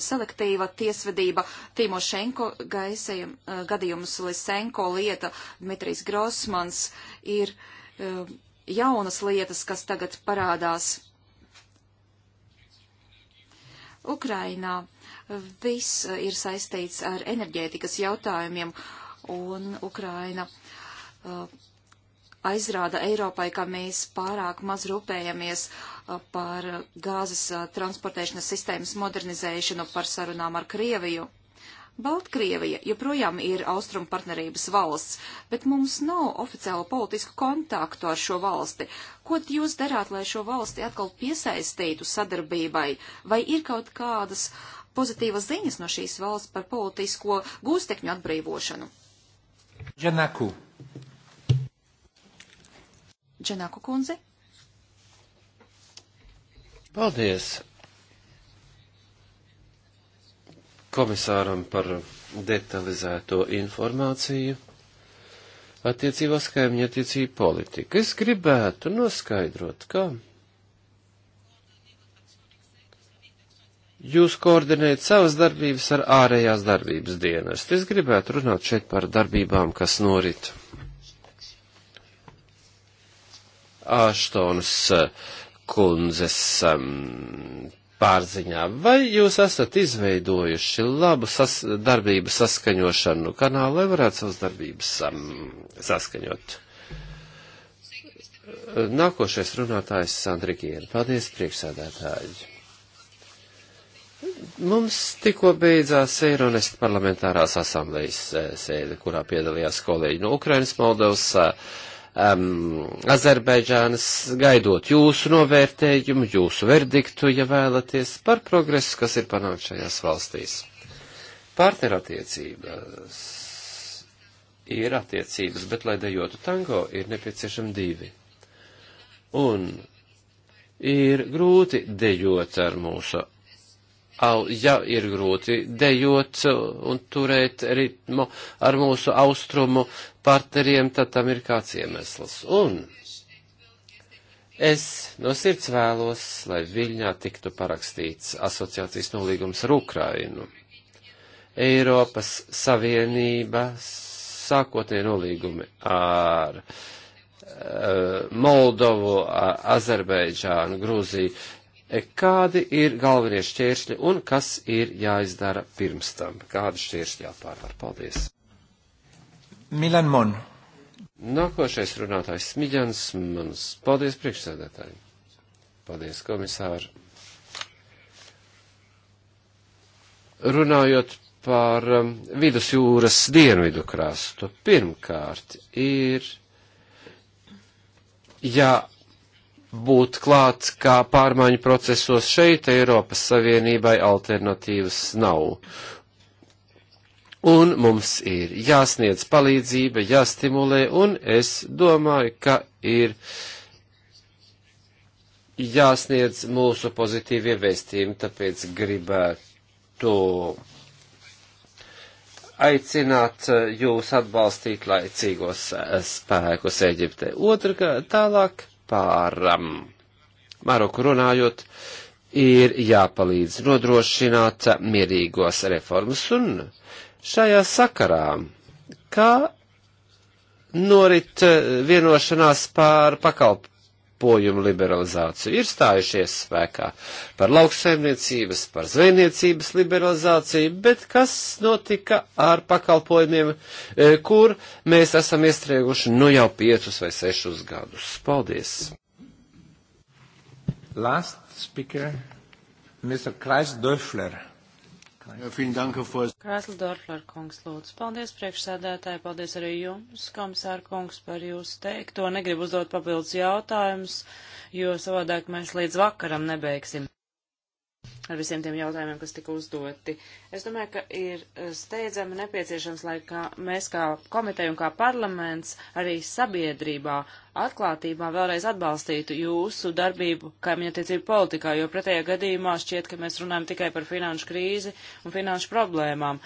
selektīva tiesvedība Timošenko gaisajam uh, gadījums, Lisenko lieta, Dmitrijs Grosmans ir uh, jaunas lietas, kas tagad parādās. Ukrainā viss uh, ir saistīts ar enerģētikas jautājumiem. Uh, un Ukraina uh, aizrāda Eiropai, ka mēs pārāk maz rūpējamies uh, par gāzes uh, transportēšanas sistēmas modernizēšanu, par sarunām ar Krieviju. Baltkrievija joprojām ir austrumu partnerības valsts, bet mums nav oficiālu politisku kontaktu ar šo valsti. Ko jūs darāt, lai šo valsti atkal piesaistītu sadarbībai? Vai ir kaut kādas pozitīvas ziņas no šīs valsts par politisko gūstekņu atbrīvošanu? Džanaku. Džanaku kundze.
Paldies
komisāram par detalizēto informāciju attiecībā skaimņa attiecību politika. Es gribētu noskaidrot, ka. Kā... jūs koordinējat savas darbības ar ārējās darbības dienas. Es gribētu runāt šeit par darbībām, kas norit Āštonas eh, kundzes um, pārziņā. Vai jūs esat izveidojuši labu sas darbību saskaņošanu kanālu, lai varētu savas darbības um, saskaņot? Nākošais runātājs Sandrikiena. Paldies, priekšsēdētāji! Mums tikko beidzās Eironest parlamentārās asamblejas eh, sēde, kurā piedalījās kolēģi no Ukrainas, Moldovas, um, Azerbaidžānas, gaidot jūsu novērtējumu, jūsu verdiktu, ja vēlaties, par progresu, kas ir panākt šajās valstīs. Partnerattiecības ir attiecības, bet, lai dejotu tango, ir nepieciešami divi. Un ir grūti dejot ar mūsu ja ir grūti dejot un turēt ritmu ar mūsu austrumu partneriem, tad tam ir kāds iemesls. Un es no sirds vēlos, lai Viļņā tiktu parakstīts asociācijas nolīgums ar Ukrainu. Eiropas Savienība sākotnēji nolīgumi ar uh, Moldovu, Azerbaidžānu, Grūziju kādi ir galvenie šķēršļi un kas ir jāizdara pirms tam, kādi šķēršļi jāpārvar. Paldies!
Milan Mon.
Nākošais runātājs Smiģans Mons. Paldies priekšsēdētāji. Paldies komisāri. Runājot par um, vidusjūras dienvidu krastu, pirmkārt ir jā. Ja būt klāt kā pārmaiņu procesos šeit, Eiropas Savienībai alternatīvas nav. Un mums ir jāsniedz palīdzība, jāstimulē, un es domāju, ka ir jāsniedz mūsu pozitīvie vēstījumi, tāpēc gribētu aicināt eh, jūs atbalstīt laicīgos eh, spēkus Eģiptē. Otrkārt, tālāk Par um, Maroku runājot, ir jāpalīdz nodrošināt mierīgos reformas un šajā sakarā, kā norit uh, vienošanās pār pakalp, pakalpojumu liberalizāciju. Ir stājušies spēkā par lauksaimniecības, par zvejniecības liberalizāciju, bet kas notika ar pakalpojumiem, e, kur mēs esam iestrieguši nu jau piecus vai sešus gadus? Paldies!
Last speaker, Mr. Kreis Döfler.
Krēsla Dorfler kungs, lūdzu. Paldies priekšsēdētāji, paldies arī jums, komisāra kungs, par jūsu teikto. Negribu uzdot papildus jautājumus, jo savādāk mēs līdz vakaram nebeigsim ar visiem tiem jautājumiem, kas tika uzdoti. Es domāju, ka ir steidzami nepieciešams, lai kā mēs kā komiteja un kā parlaments arī sabiedrībā atklātībā vēlreiz atbalstītu jūsu darbību kaimiņattiecību politikā, jo pretējā gadījumā šķiet, ka mēs runājam tikai par finanšu krīzi un finanšu problēmām.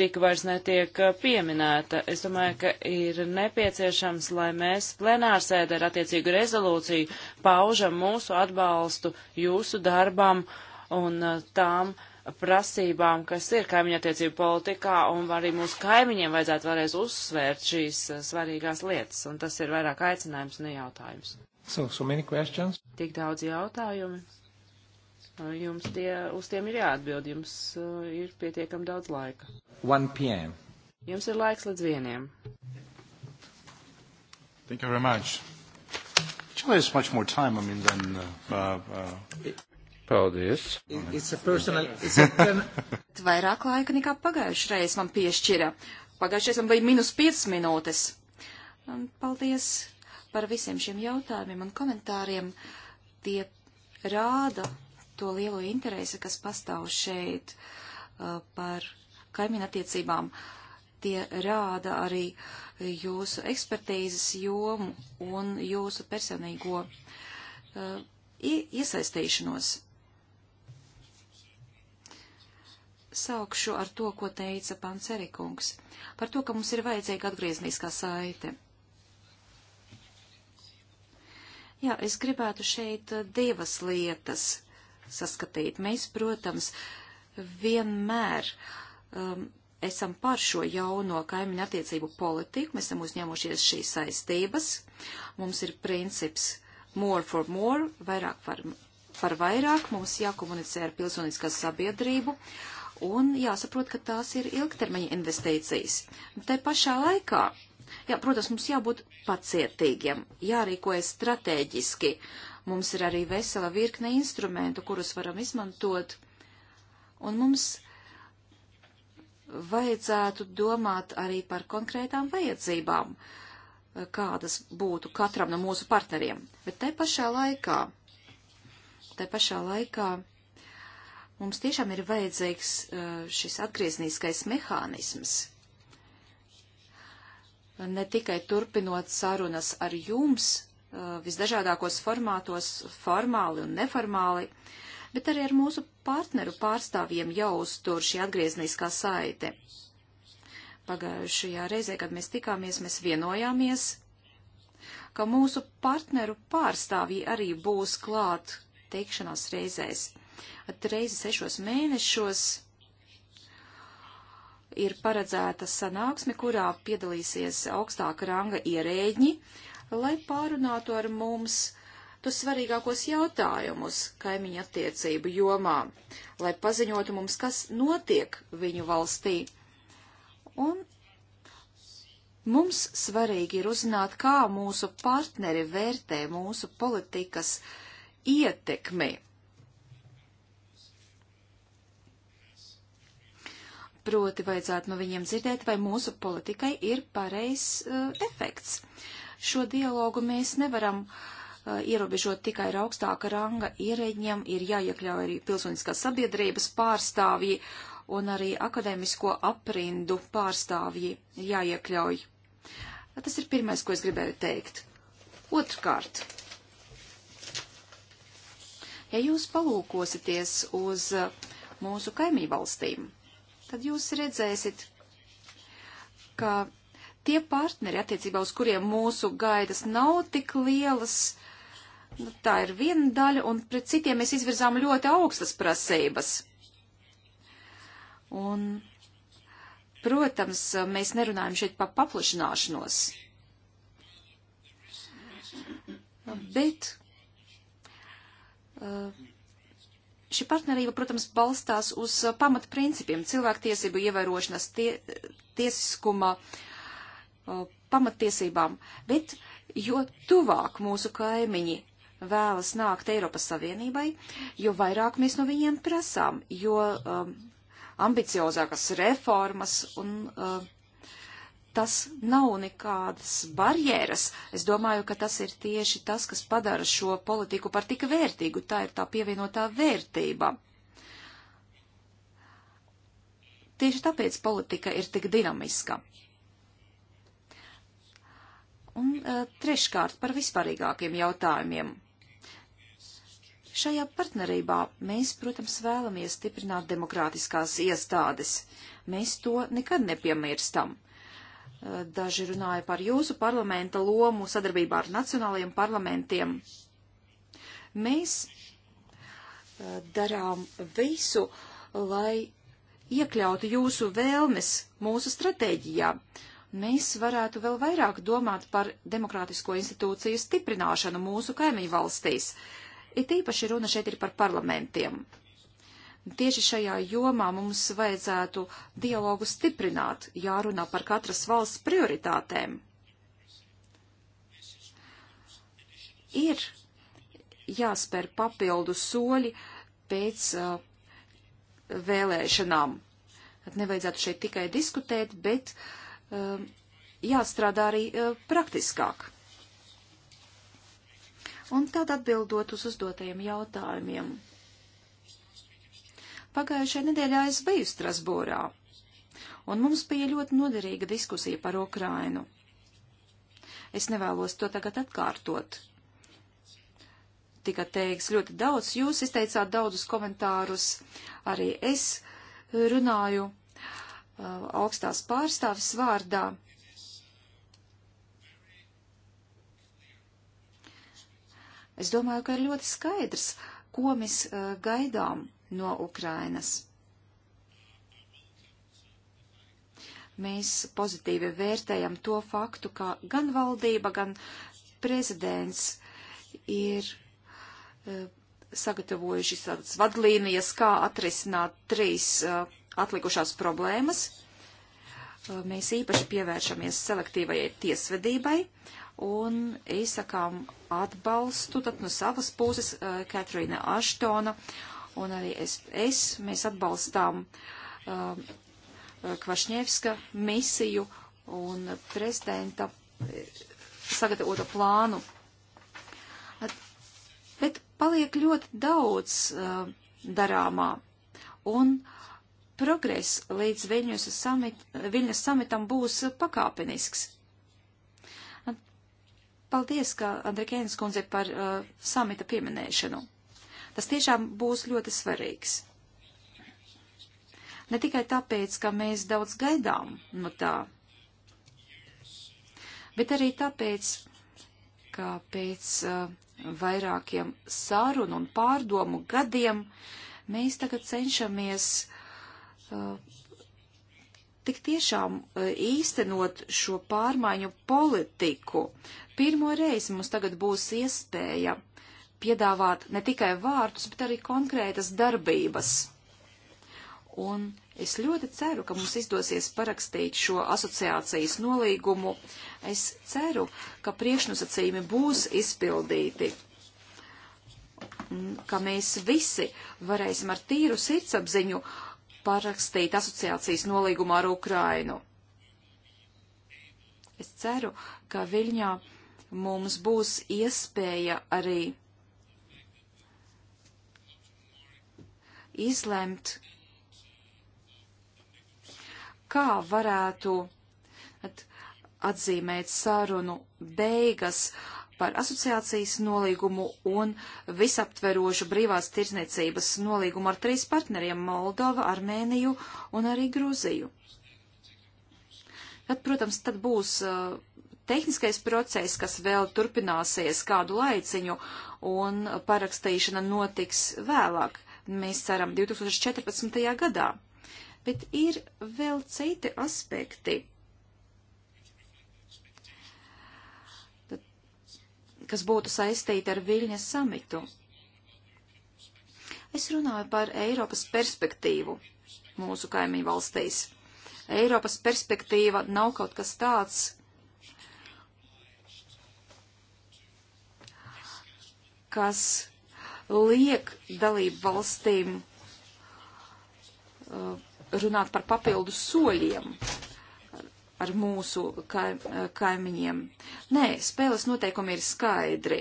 Tik vairs netiek eh, pieminēta. Es domāju, ka ir nepieciešams, lai mēs plenārsēdē ar attiecīgu rezolūciju paužam mūsu atbalstu jūsu darbam uh, un uh, tām prasībām, kas ir kaimiņattiecību politikā, un arī mūsu kaimiņiem vajadzētu vēlreiz uzsvērt šīs uh, svarīgās lietas, un tas ir vairāk aicinājums, ne jautājums.
So, so many questions.
Tik daudz jautājumi. Jums tie, uz tiem ir jāatbild, jums uh, ir pietiekam daudz laika.
1 p.m.
Jums ir laiks līdz vieniem.
Thank you very much. Actually, it's much more time, I mean, than... Uh, uh, Paldies.
It's a personal, it's
a ten...
Vairāk laika nekā pagājušajā reizē man piešķira. Pagājušajā reizē man bija minus 5 minūtes. Un paldies par visiem šiem jautājumiem un komentāriem. Tie rāda to lielo interesi, kas pastāv šeit uh, par kaimiņu attiecībām. Tie rāda arī jūsu ekspertīzes jomu un jūsu personīgo uh, iesaistīšanos. Sākšu ar to, ko teica Pancerikungs, par to, ka mums ir vajadzīga atgriezniskā saite. Jā, es gribētu šeit eh, divas lietas saskatīt. Mēs, protams, vienmēr um, esam par šo jauno kaimiņu attiecību politiku, mēs esam uzņēmušies šīs saistības, mums ir princips more for more, vairāk par, par vairāk, mums jākomunicē ar pilsoniskās sabiedrību, uh, un jāsaprot, ka tās ir ilgtermiņa investīcijas. Te pašā laikā, jā, protams, mums jābūt pacietīgiem, jārīkojas strateģiski. Mums ir arī vesela virkne instrumentu, kurus varam izmantot, un mums vajadzētu domāt arī par konkrētām vajadzībām, kādas būtu katram no mūsu partneriem. Bet te pašā laikā, te pašā laikā Mums tiešām ir vajadzīgs eh, šis atgriezniskais mehānisms. Ne tikai turpinot sarunas ar jums eh, visdažādākos formātos, formāli un neformāli, bet arī ar mūsu partneru pārstāvjiem jau uztur šī atgriezniskā saite. Pagājušajā reizē, kad mēs tikāmies, mēs vienojāmies, ka mūsu partneru pārstāvji arī būs klāt teikšanās reizēs pat reizi sešos mēnešos ir paredzēta sanāksme, kurā piedalīsies augstāka ranga ierēģi, lai pārunātu ar mums tos svarīgākos jautājumus kaimiņa attiecību jomā, lai paziņotu mums, kas notiek viņu valstī. Un Mums svarīgi ir uzzināt, kā mūsu partneri vērtē mūsu politikas ietekmi. Proti vajadzētu no viņiem dzirdēt, vai mūsu politikai ir pareizs uh, efekts. Šo dialogu mēs nevaram uh, ierobežot tikai ar augstāka ranga ierēģiem, ir jāiekļauj arī pilsoniskās sabiedrības pārstāvji un arī akadēmisko aprindu pārstāvji ir jāiekļauj. Tas ir pirmais, ko es gribēju teikt. Otrkārt, ja jūs palūkosieties uz uh, mūsu kaimiņu valstīm, tad jūs redzēsiet, ka tie partneri, attiecībā uz kuriem mūsu gaidas nav tik lielas, nu, tā ir viena daļa, un pret citiem mēs izvirzām ļoti augstas prasības. Un, protams, mēs nerunājam šeit par paplašināšanos. Bet uh, Šī partnerība, protams, balstās uz uh, pamatprincipiem cilvēktiesību ievērošanas, tie, tiesiskuma, uh, pamattiesībām, bet jo tuvāk mūsu kaimiņi vēlas nākt Eiropas Savienībai, jo vairāk mēs no viņiem prasām, jo um, ambiciozākas reformas un uh, tas nav nekādas barjeras. Es domāju, ka tas ir tieši tas, kas padara šo politiku par tik vērtīgu. Tā ir tā pievienotā vērtība. Tieši tāpēc politika ir tik dinamiska. Un e, treškārt par vispārīgākiem jautājumiem. Šajā partnerībā mēs, protams, vēlamies stiprināt demokrātiskās iestādes. Mēs to nekad nepiemirstam. Uh, Daži runāja par jūsu parlamenta lomu sadarbībā ar nacionālajiem parlamentiem. Mēs darām visu, lai iekļautu jūsu vēlmes mūsu stratēģijā. Mēs varētu vēl vairāk domāt par demokrātisko institūciju stiprināšanu mūsu kaimiņu valstīs. It īpaši runa šeit ir par parlamentiem. Tieši šajā jomā mums vajadzētu dialogu stiprināt, jārunā par katras valsts prioritātēm. Ir jāspēr papildu soļi pēc uh, vēlēšanām. Tad nevajadzētu šeit tikai diskutēt, bet uh, jāstrādā arī uh, praktiskāk. Un tad atbildot uz uzdotajiem jautājumiem. Pagājušajā nedēļā es biju Strasbūrā, un mums bija ļoti noderīga diskusija par Ukrainu. Es nevēlos to tagad atkārtot. Tika teiks ļoti daudz, jūs izteicāt daudzus komentārus, arī es runāju uh, augstās pārstāvis vārdā. Es domāju, ka ir ļoti skaidrs, ko mēs uh, gaidām no Ukrainas. Mēs pozitīvi vērtējam to faktu, ka gan valdība, gan prezidents ir uh, sagatavojuši tādas vadlīnijas, kā atrisināt trīs uh, atlikušās problēmas. Uh, mēs īpaši pievēršamies selektīvajai tiesvedībai un izsakām atbalstu tad no savas puses Katrīna Aštona un arī es, es mēs atbalstām um, Kvašņevska misiju un prezidenta eh, sagatavoto plānu. At, bet paliek ļoti daudz uh, darāmā, un progress līdz Viļņas, samit, Viļņas samitam būs pakāpenisks. At, paldies, ka Andrikēnas kundze par uh, samita pieminēšanu. Tas tiešām būs ļoti svarīgs. Ne tikai tāpēc, ka mēs daudz gaidām no tā, bet arī tāpēc, ka pēc uh, vairākiem sarunu un pārdomu gadiem mēs tagad cenšamies uh, tik tiešām uh, īstenot šo pārmaiņu politiku. Pirmo reizi mums tagad būs iespēja piedāvāt ne tikai vārdus, bet arī konkrētas darbības. Un es ļoti ceru, ka mums izdosies parakstīt šo asociācijas nolīgumu. Es ceru, ka priekšnosacījumi būs izpildīti, ka mēs visi varēsim ar tīru sirdsapziņu parakstīt asociācijas nolīgumu ar Ukrainu. Es ceru, ka Viļņā mums būs iespēja arī izlemt, kā varētu atzīmēt sarunu beigas par asociācijas nolīgumu un visaptverošu brīvās tirzniecības nolīgumu ar trīs partneriem - Moldova, Armēniju un arī Gruziju. Tad, protams, tad būs uh, tehniskais process, kas vēl turpināsies kādu laiciņu, un parakstīšana notiks vēlāk mēs ceram 2014. gadā. Bet ir vēl citi aspekti, kas būtu saistīti ar Viļņas samitu. Es runāju par Eiropas perspektīvu mūsu kaimiņu valstīs. Eiropas perspektīva nav kaut kas tāds, kas liek dalību valstīm uh, runāt par papildu soļiem ar mūsu kaim, uh, kaimiņiem. Nē, spēles noteikumi ir skaidri.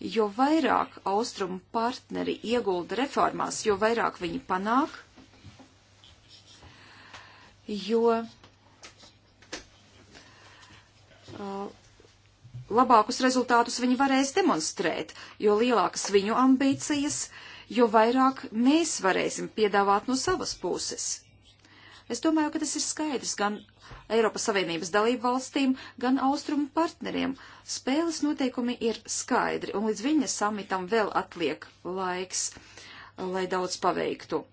Jo vairāk austrumu partneri iegulda reformās, jo vairāk viņi panāk, jo uh, labākus rezultātus viņi varēs demonstrēt, jo lielākas viņu ambīcijas, jo vairāk mēs varēsim piedāvāt no savas puses. Es domāju, ka tas ir skaidrs gan Eiropas Savienības dalību valstīm, gan austrumu partneriem. Spēles noteikumi ir skaidri, un līdz viņa samitam vēl atliek laiks, lai daudz paveiktu.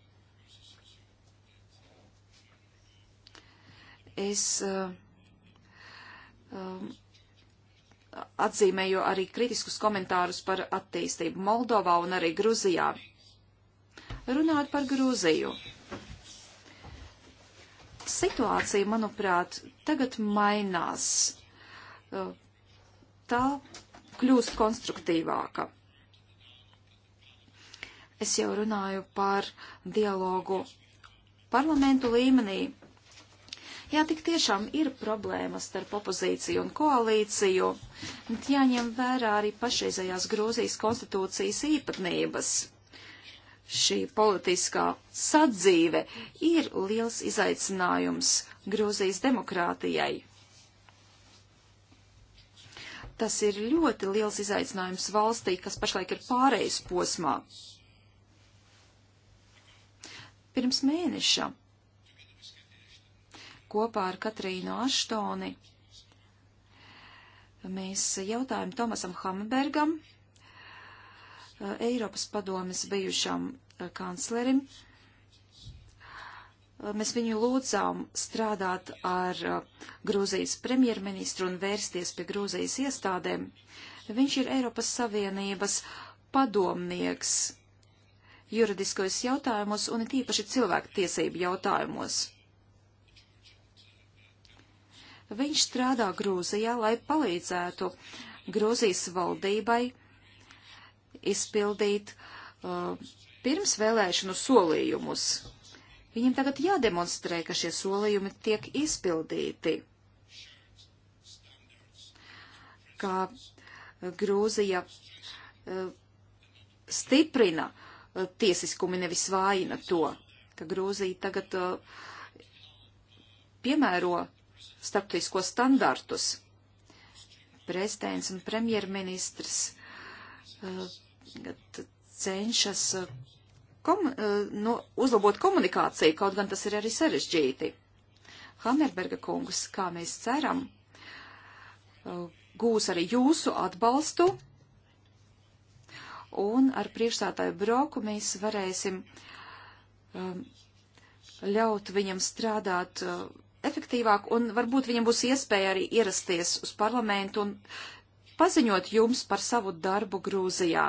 Es uh, um, atzīmēju arī kritiskus komentārus par attīstību Moldovā un arī Gruzijā. Runāt par Gruziju. Situācija, manuprāt, tagad mainās. Uh, tā kļūst konstruktīvāka. Es jau runāju par dialogu parlamentu līmenī Jā, tik tiešām ir problēmas starp opozīciju un koalīciju. Bet jāņem vērā arī pašreizējās Grūzijas konstitūcijas īpatnības. Šī politiskā sadzīve ir liels izaicinājums Grūzijas demokrātijai. Tas ir ļoti liels izaicinājums valstī, kas pašlaik ir pārējais posmā. Pirms mēneša kopā ar Katrīnu Aštoni. Mēs jautājam Tomasam Hambergam, Eiropas padomes bijušam eh, kanclerim. Eh, mēs viņu lūdzām strādāt ar eh, Grūzijas premjerministru un vērsties pie Grūzijas iestādēm. Viņš ir Eiropas Savienības padomnieks juridiskos jautājumos un it īpaši cilvēku tiesību jautājumos. Viņš strādā Grūzijā, lai palīdzētu Grūzijas valdībai izpildīt uh, pirms vēlēšanu solījumus. Viņiem tagad jādemonstrē, ka šie solījumi tiek izpildīti, ka uh, Grūzija uh, stiprina uh, tiesiskumi, nevis vājina to, ka Grūzija tagad uh, piemēro starptautisko standartus. Prezidents un premjerministrs eh, cenšas eh, kom, eh, no, nu, uzlabot komunikāciju, kaut gan tas ir arī sarežģīti. Hamerberga kungs, kā mēs ceram, gūs arī jūsu atbalstu, un ar priekšstātāju broku mēs varēsim um, ļaut viņam strādāt uh, efektīvāk, un varbūt viņam būs iespēja arī ierasties uz parlamentu un paziņot jums par savu darbu Grūzijā.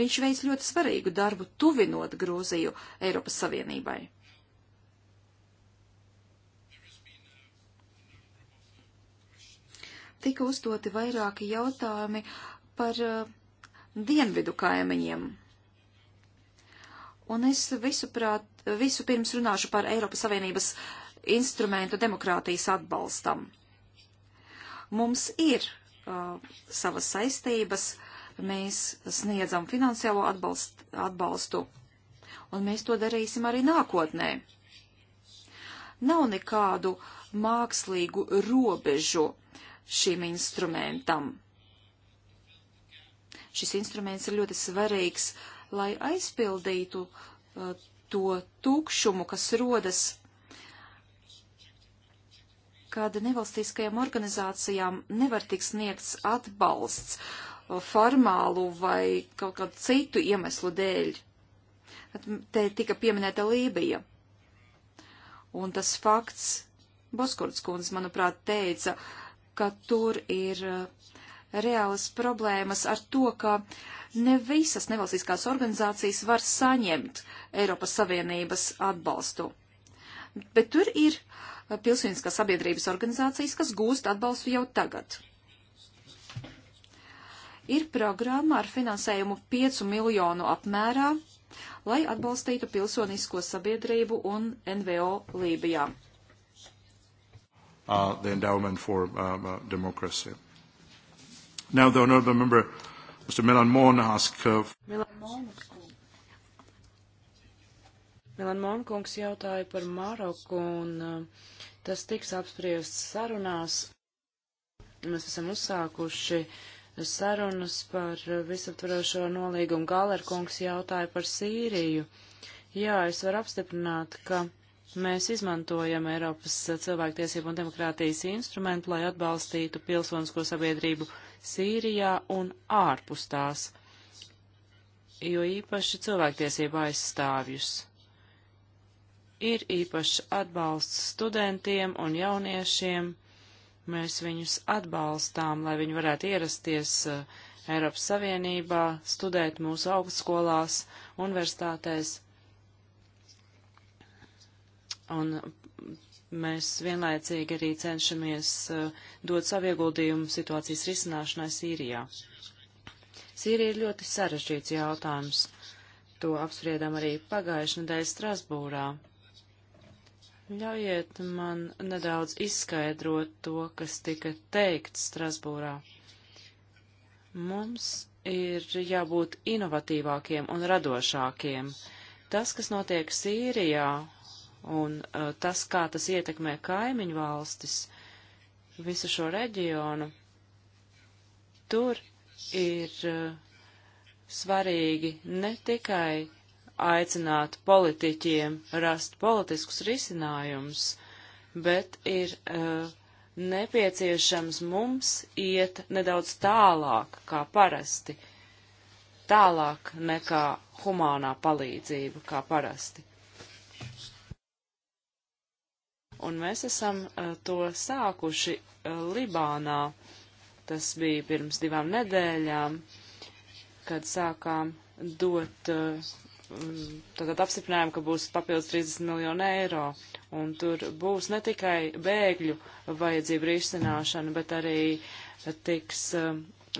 Viņš veic ļoti svarīgu darbu, tuvinot Grūziju Eiropas Savienībai. Tika uzdoti vairāki jautājumi par uh, dienvidu kaimiņiem. Un es visuprāt, visu pirms runāšu par Eiropas Savienības instrumentu demokrātijas atbalstam. Mums ir uh, savas saistības, mēs sniedzam finansiālo atbalst, atbalstu, un mēs to darīsim arī nākotnē. Nav nekādu mākslīgu robežu šim instrumentam. Šis instruments ir ļoti svarīgs uh, lai aizpildītu uh, to tukšumu, kas rodas, kad nevalstiskajām organizācijām nevar tik sniegts atbalsts uh, formālu vai kaut kādu citu iemeslu dēļ. Te tika pieminēta Lībija. Un tas fakts, Boskurts kundze, manuprāt, teica, ka tur ir uh, reālas problēmas ar to, ka ne visas nevalstiskās organizācijas var saņemt Eiropas Savienības atbalstu. Bet tur ir uh, pilsoniskās sabiedrības organizācijas, kas gūst atbalstu jau tagad. Ir programma ar finansējumu 5 miljonu apmērā, lai atbalstītu pilsonisko sabiedrību un NVO Lībijā.
Uh, the endowment for uh, uh democracy. Now the honourable member, Mr. Milan Mon, asked. Uh,
Milan Mon. Milan Monkungs jautāja par Maroku, un uh, tas tiks apspriests sarunās. Mēs esam uzsākuši sarunas par visaptvarošo nolīgumu. Galerkungs jautāja par Sīriju. Jā, es varu apstiprināt, ka mēs izmantojam Eiropas cilvēktiesību un demokrātijas instrumentu, lai atbalstītu pilsonisko sabiedrību Sīrijā un ārpus tās, jo īpaši cilvēktiesību aizstāvjus. Ir īpašs atbalsts studentiem un jauniešiem. Mēs viņus atbalstām, lai viņi varētu ierasties uh, Eiropas Savienībā, studēt mūsu augstskolās, universitātēs un Mēs vienlaicīgi arī cenšamies uh, dot savu ieguldījumu situācijas risināšanai Sīrijā. Sīrija ir ļoti sarežģīts jautājums. To apspriedām arī pagājušajā nedēļā Strasbūrā. Ļaujiet man nedaudz izskaidrot to, kas tika teikts Strasbūrā. Mums ir jābūt inovatīvākiem un radošākiem. Tas, kas notiek Sīrijā, Un uh, tas, kā tas ietekmē kaimiņu valstis, visu šo reģionu, tur ir uh, svarīgi ne tikai aicināt politiķiem rast politiskus risinājumus, bet ir uh, nepieciešams mums iet nedaudz tālāk kā parasti, tālāk nekā humānā palīdzība kā parasti. Un mēs esam eh, to sākuši eh, Libānā. Tas bija pirms divām nedēļām, kad sākām dot, eh, tātad apstiprinājām, ka būs papildus 30 miljonu eiro. Un tur būs ne tikai bēgļu vajadzību risināšana, bet arī tiks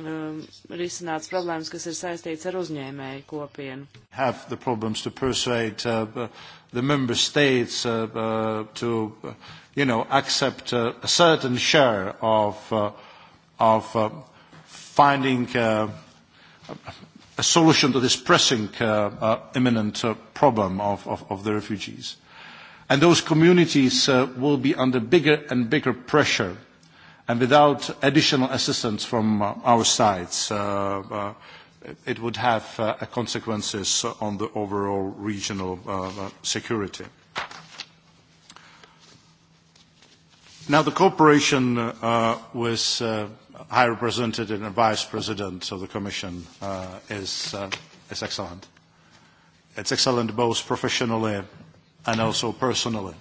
um, risināts problēmas, kas ir saistīts ar uzņēmēju kopienu.
Persuade, uh, uh the states, uh, uh, to, uh, you know, accept uh, a certain share of, uh, of uh, finding uh, a solution to this pressing uh, uh, imminent uh, problem of, of, of the refugees. And those communities uh, will be under bigger and bigger pressure and without additional assistance from uh, our sides, uh, uh, it would have consequences on the overall regional security. Now, the cooperation with High Representative and Vice President of the Commission is excellent. It's excellent both professionally and also personally.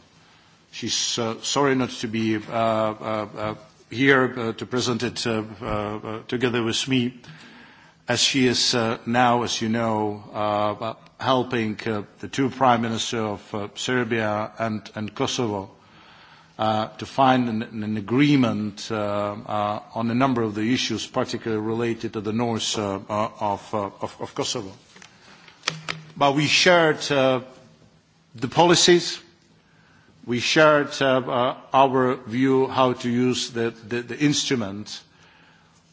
She's sorry not to be here uh, to present it uh, uh, together with me, as she is uh, now, as you know, uh, uh helping uh, the two prime ministers of uh, Serbia and, and Kosovo uh, to find an, an agreement uh, uh, on a number of the issues, particularly related to the north uh, uh, of, uh, of, of Kosovo. But we shared uh, the policies, we shared uh, uh, our view how to use the, the, the instrument.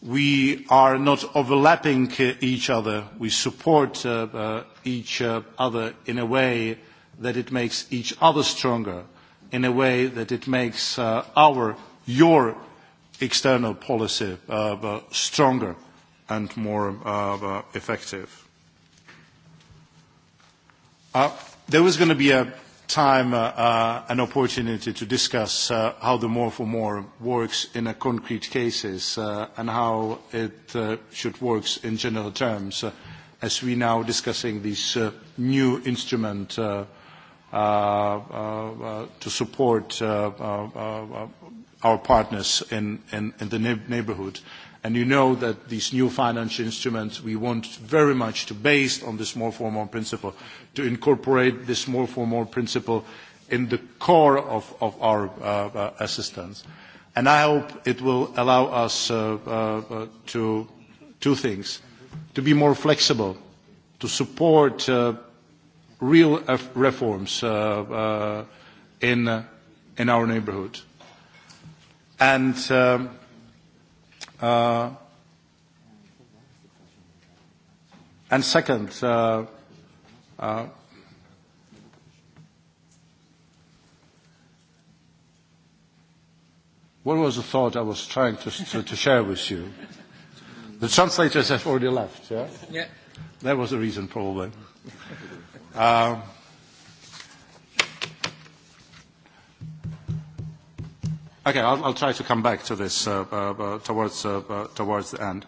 We are not overlapping uh, each other. We support uh, uh, each uh, other in a way that it makes each other stronger, in a way that it makes uh, our, your external policy uh, uh, stronger and more uh, uh, effective. Uh, there was going to be a time uh, uh, an opportunity to discuss uh, how the more for more works in a concrete cases uh, and how it uh, should work in general terms uh, as we now discussing this uh, new instrument uh, uh, uh, uh to support uh, uh, uh, our partners in, in, in the neighborhood. Uh, And you know that these new financial instruments, we want very much to, based on this more for more principle, to incorporate this more for more principle in the core of, of our uh, uh, assistance. And I hope it will allow us uh, uh, uh to two things, to be more flexible, to support uh, real reforms uh, uh, in, uh, in our neighborhood. And... Um, Uh, and second, uh, uh, what was the thought I was trying to, to, to share with you? The translators have already left, yeah? Yeah. That was the reason, probably. Um, Okay, I'll, I'll try to come back to this uh, uh, uh, towards, uh, uh, towards the end.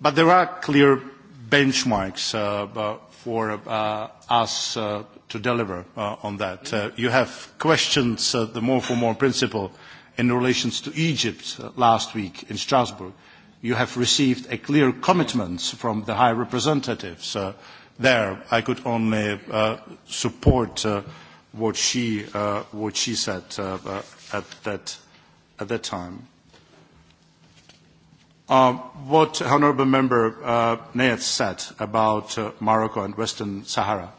But there are clear benchmarks uh, uh, for uh, us uh, to deliver uh, on that. Uh, you have questioned uh, the more for more principle in relation to Egypt uh, last week in Strasbourg. You have received a clear commitment from the high representatives uh, there. I could only uh, support uh, what, she, uh, what she said uh, uh, at that at that time. Uh, what Honourable Member uh, Nayat said about uh, Morocco and Western Sahara,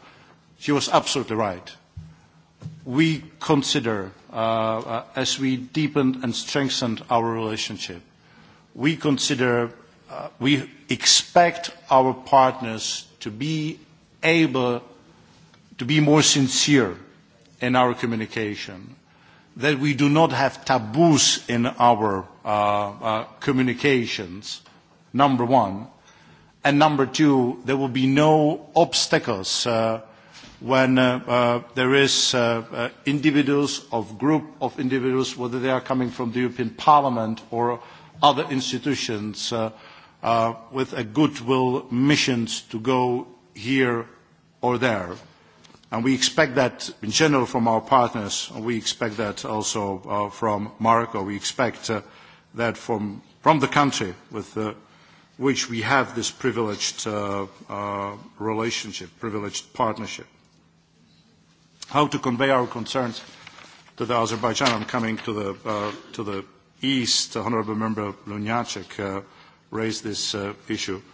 she was absolutely right. We consider, uh, uh, as we deepened and strengthened our relationship, we consider, uh, we expect our partners to be able to be more sincere in our communication that we do not have taboos in our uh, uh, communications, number one. And number two, there will be no obstacles uh, when uh, uh, there is uh, uh, individuals of group of individuals, whether they are coming from the European Parliament or other institutions, uh, uh, with a goodwill missions to go here or there. And we expect that in general from our partners, and we expect that also uh, from Morocco. We expect uh, that from, from the country with uh, which we have this privileged uh, uh, relationship, privileged partnership. How to convey our concerns to the Azerbaijan? I'm coming to the, uh, to the east. Honorable Member Lunacek uh, raised this uh, issue. Uh,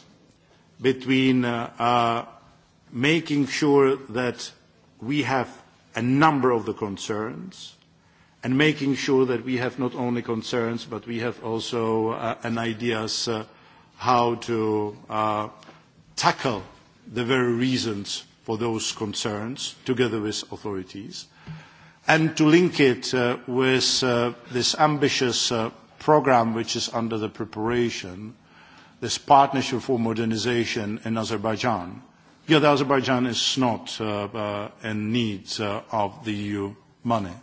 between uh, uh, making sure that we have a number of the concerns and making sure that we have not only concerns, but we have also uh, an ideas uh, how to uh, tackle the very reasons for those concerns together with authorities, and to link it uh, with uh, this ambitious uh, program which is under the preparation this partnership for modernization in Azerbaijan, yet Azerbaijan is not uh, uh, in need uh, of the EU money.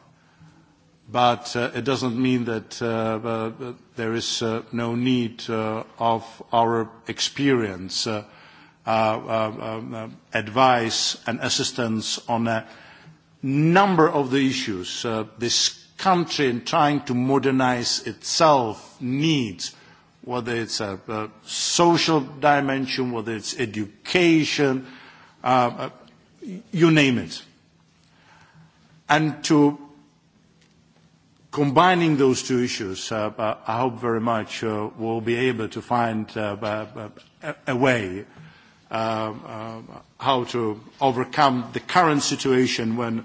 But uh, it doesn't mean that uh, uh, there is uh, no need uh, of our experience, uh, uh, uh, uh, advice and assistance on a number of the issues uh, this country in trying to modernize itself needs whether it's a, a social dimension, whether it's education, uh, uh you name it. And to combining those two issues, uh, uh, I hope very much uh, we'll be able to find uh, a, uh, a way uh, uh, how to overcome the current situation when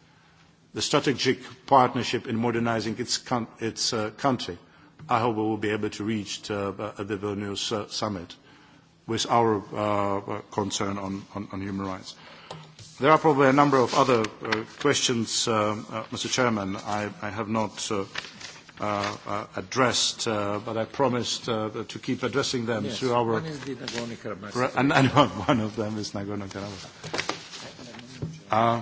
the strategic partnership in modernizing its, con- its uh, country. I hope we will be able to reach to, uh, at the Vilnius uh, summit with our uh, concern on, on, on human rights. There are probably a number of other uh, questions, uh, uh, Mr. Chairman, I, I have not uh, uh, uh, addressed, uh, but I promised uh, to keep addressing them yes, through our... One
is the Nagorno-Karabakh. And, and one
of them is Nagorno-Karabakh. Uh,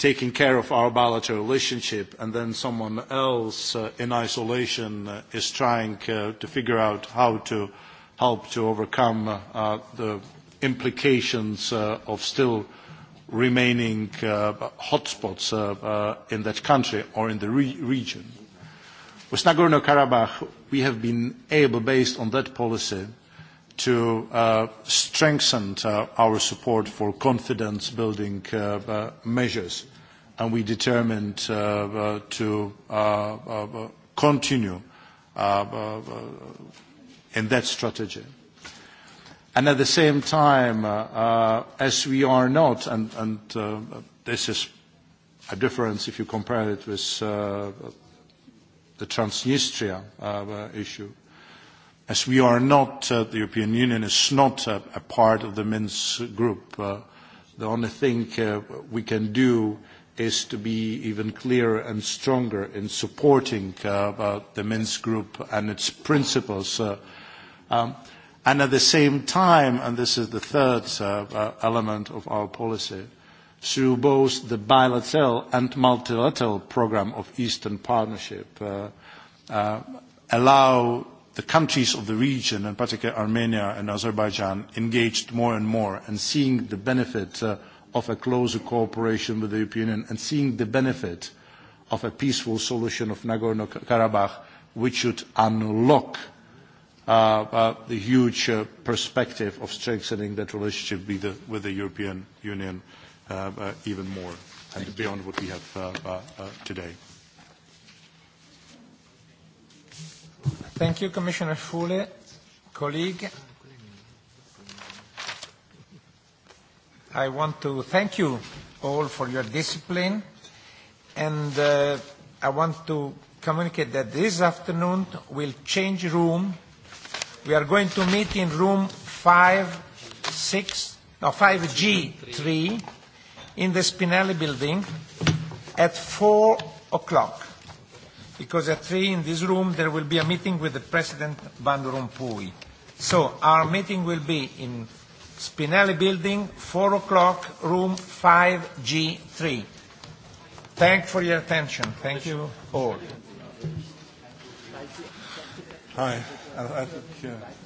taking care of our bilateral relationship and then someone else uh, in isolation uh, is trying uh, to figure out how to help to overcome uh, the implications uh, of still remaining uh, hotspots uh, uh, in that country or in the re region. With Nagorno-Karabakh, we have been able, based on that policy, to uh, strengthen uh, our support for confidence-building uh, uh measures and we determined uh, uh, to uh, uh, uh continue uh, uh, uh, in that strategy. And at the same time, uh, uh, as we are not, and, and uh, this is a difference if you compare it with uh, the Transnistria uh, uh issue, as we are not, uh, the European Union is not a, a part of the Minsk group, uh, the only thing uh, we can do uh, is to be even clearer and stronger in supporting uh, about uh, the Minsk group and its principles. Uh, um, and at the same time, and this is the third uh, uh, element of our policy, through both the bilateral and multilateral program of Eastern Partnership, uh, uh, allow the countries of the region, in particular Armenia and Azerbaijan, engaged more and more and seeing the benefit uh, of a closer cooperation with the European Union and seeing the benefit of a peaceful solution of Nagorno-Karabakh, which should unlock uh, uh, the huge uh, perspective of strengthening that relationship with the, with the European Union uh, uh, even more and Thank beyond you. what we have uh, uh, uh, today.
Thank you, Commissioner Fule. Colleague, I want to thank you all for your discipline, and uh, I want to communicate that this afternoon we'll change room. We are going to meet in room 5, 6, no, 5G3 in the Spinelli building at 4 o'clock, because at 3 in this room there will be a meeting with the President Van Rompuy. So our meeting will be in Spinelli Building, 4 o'clock, room 5G3. Thank for your attention. Thank you all. Hi.
I, I think, uh,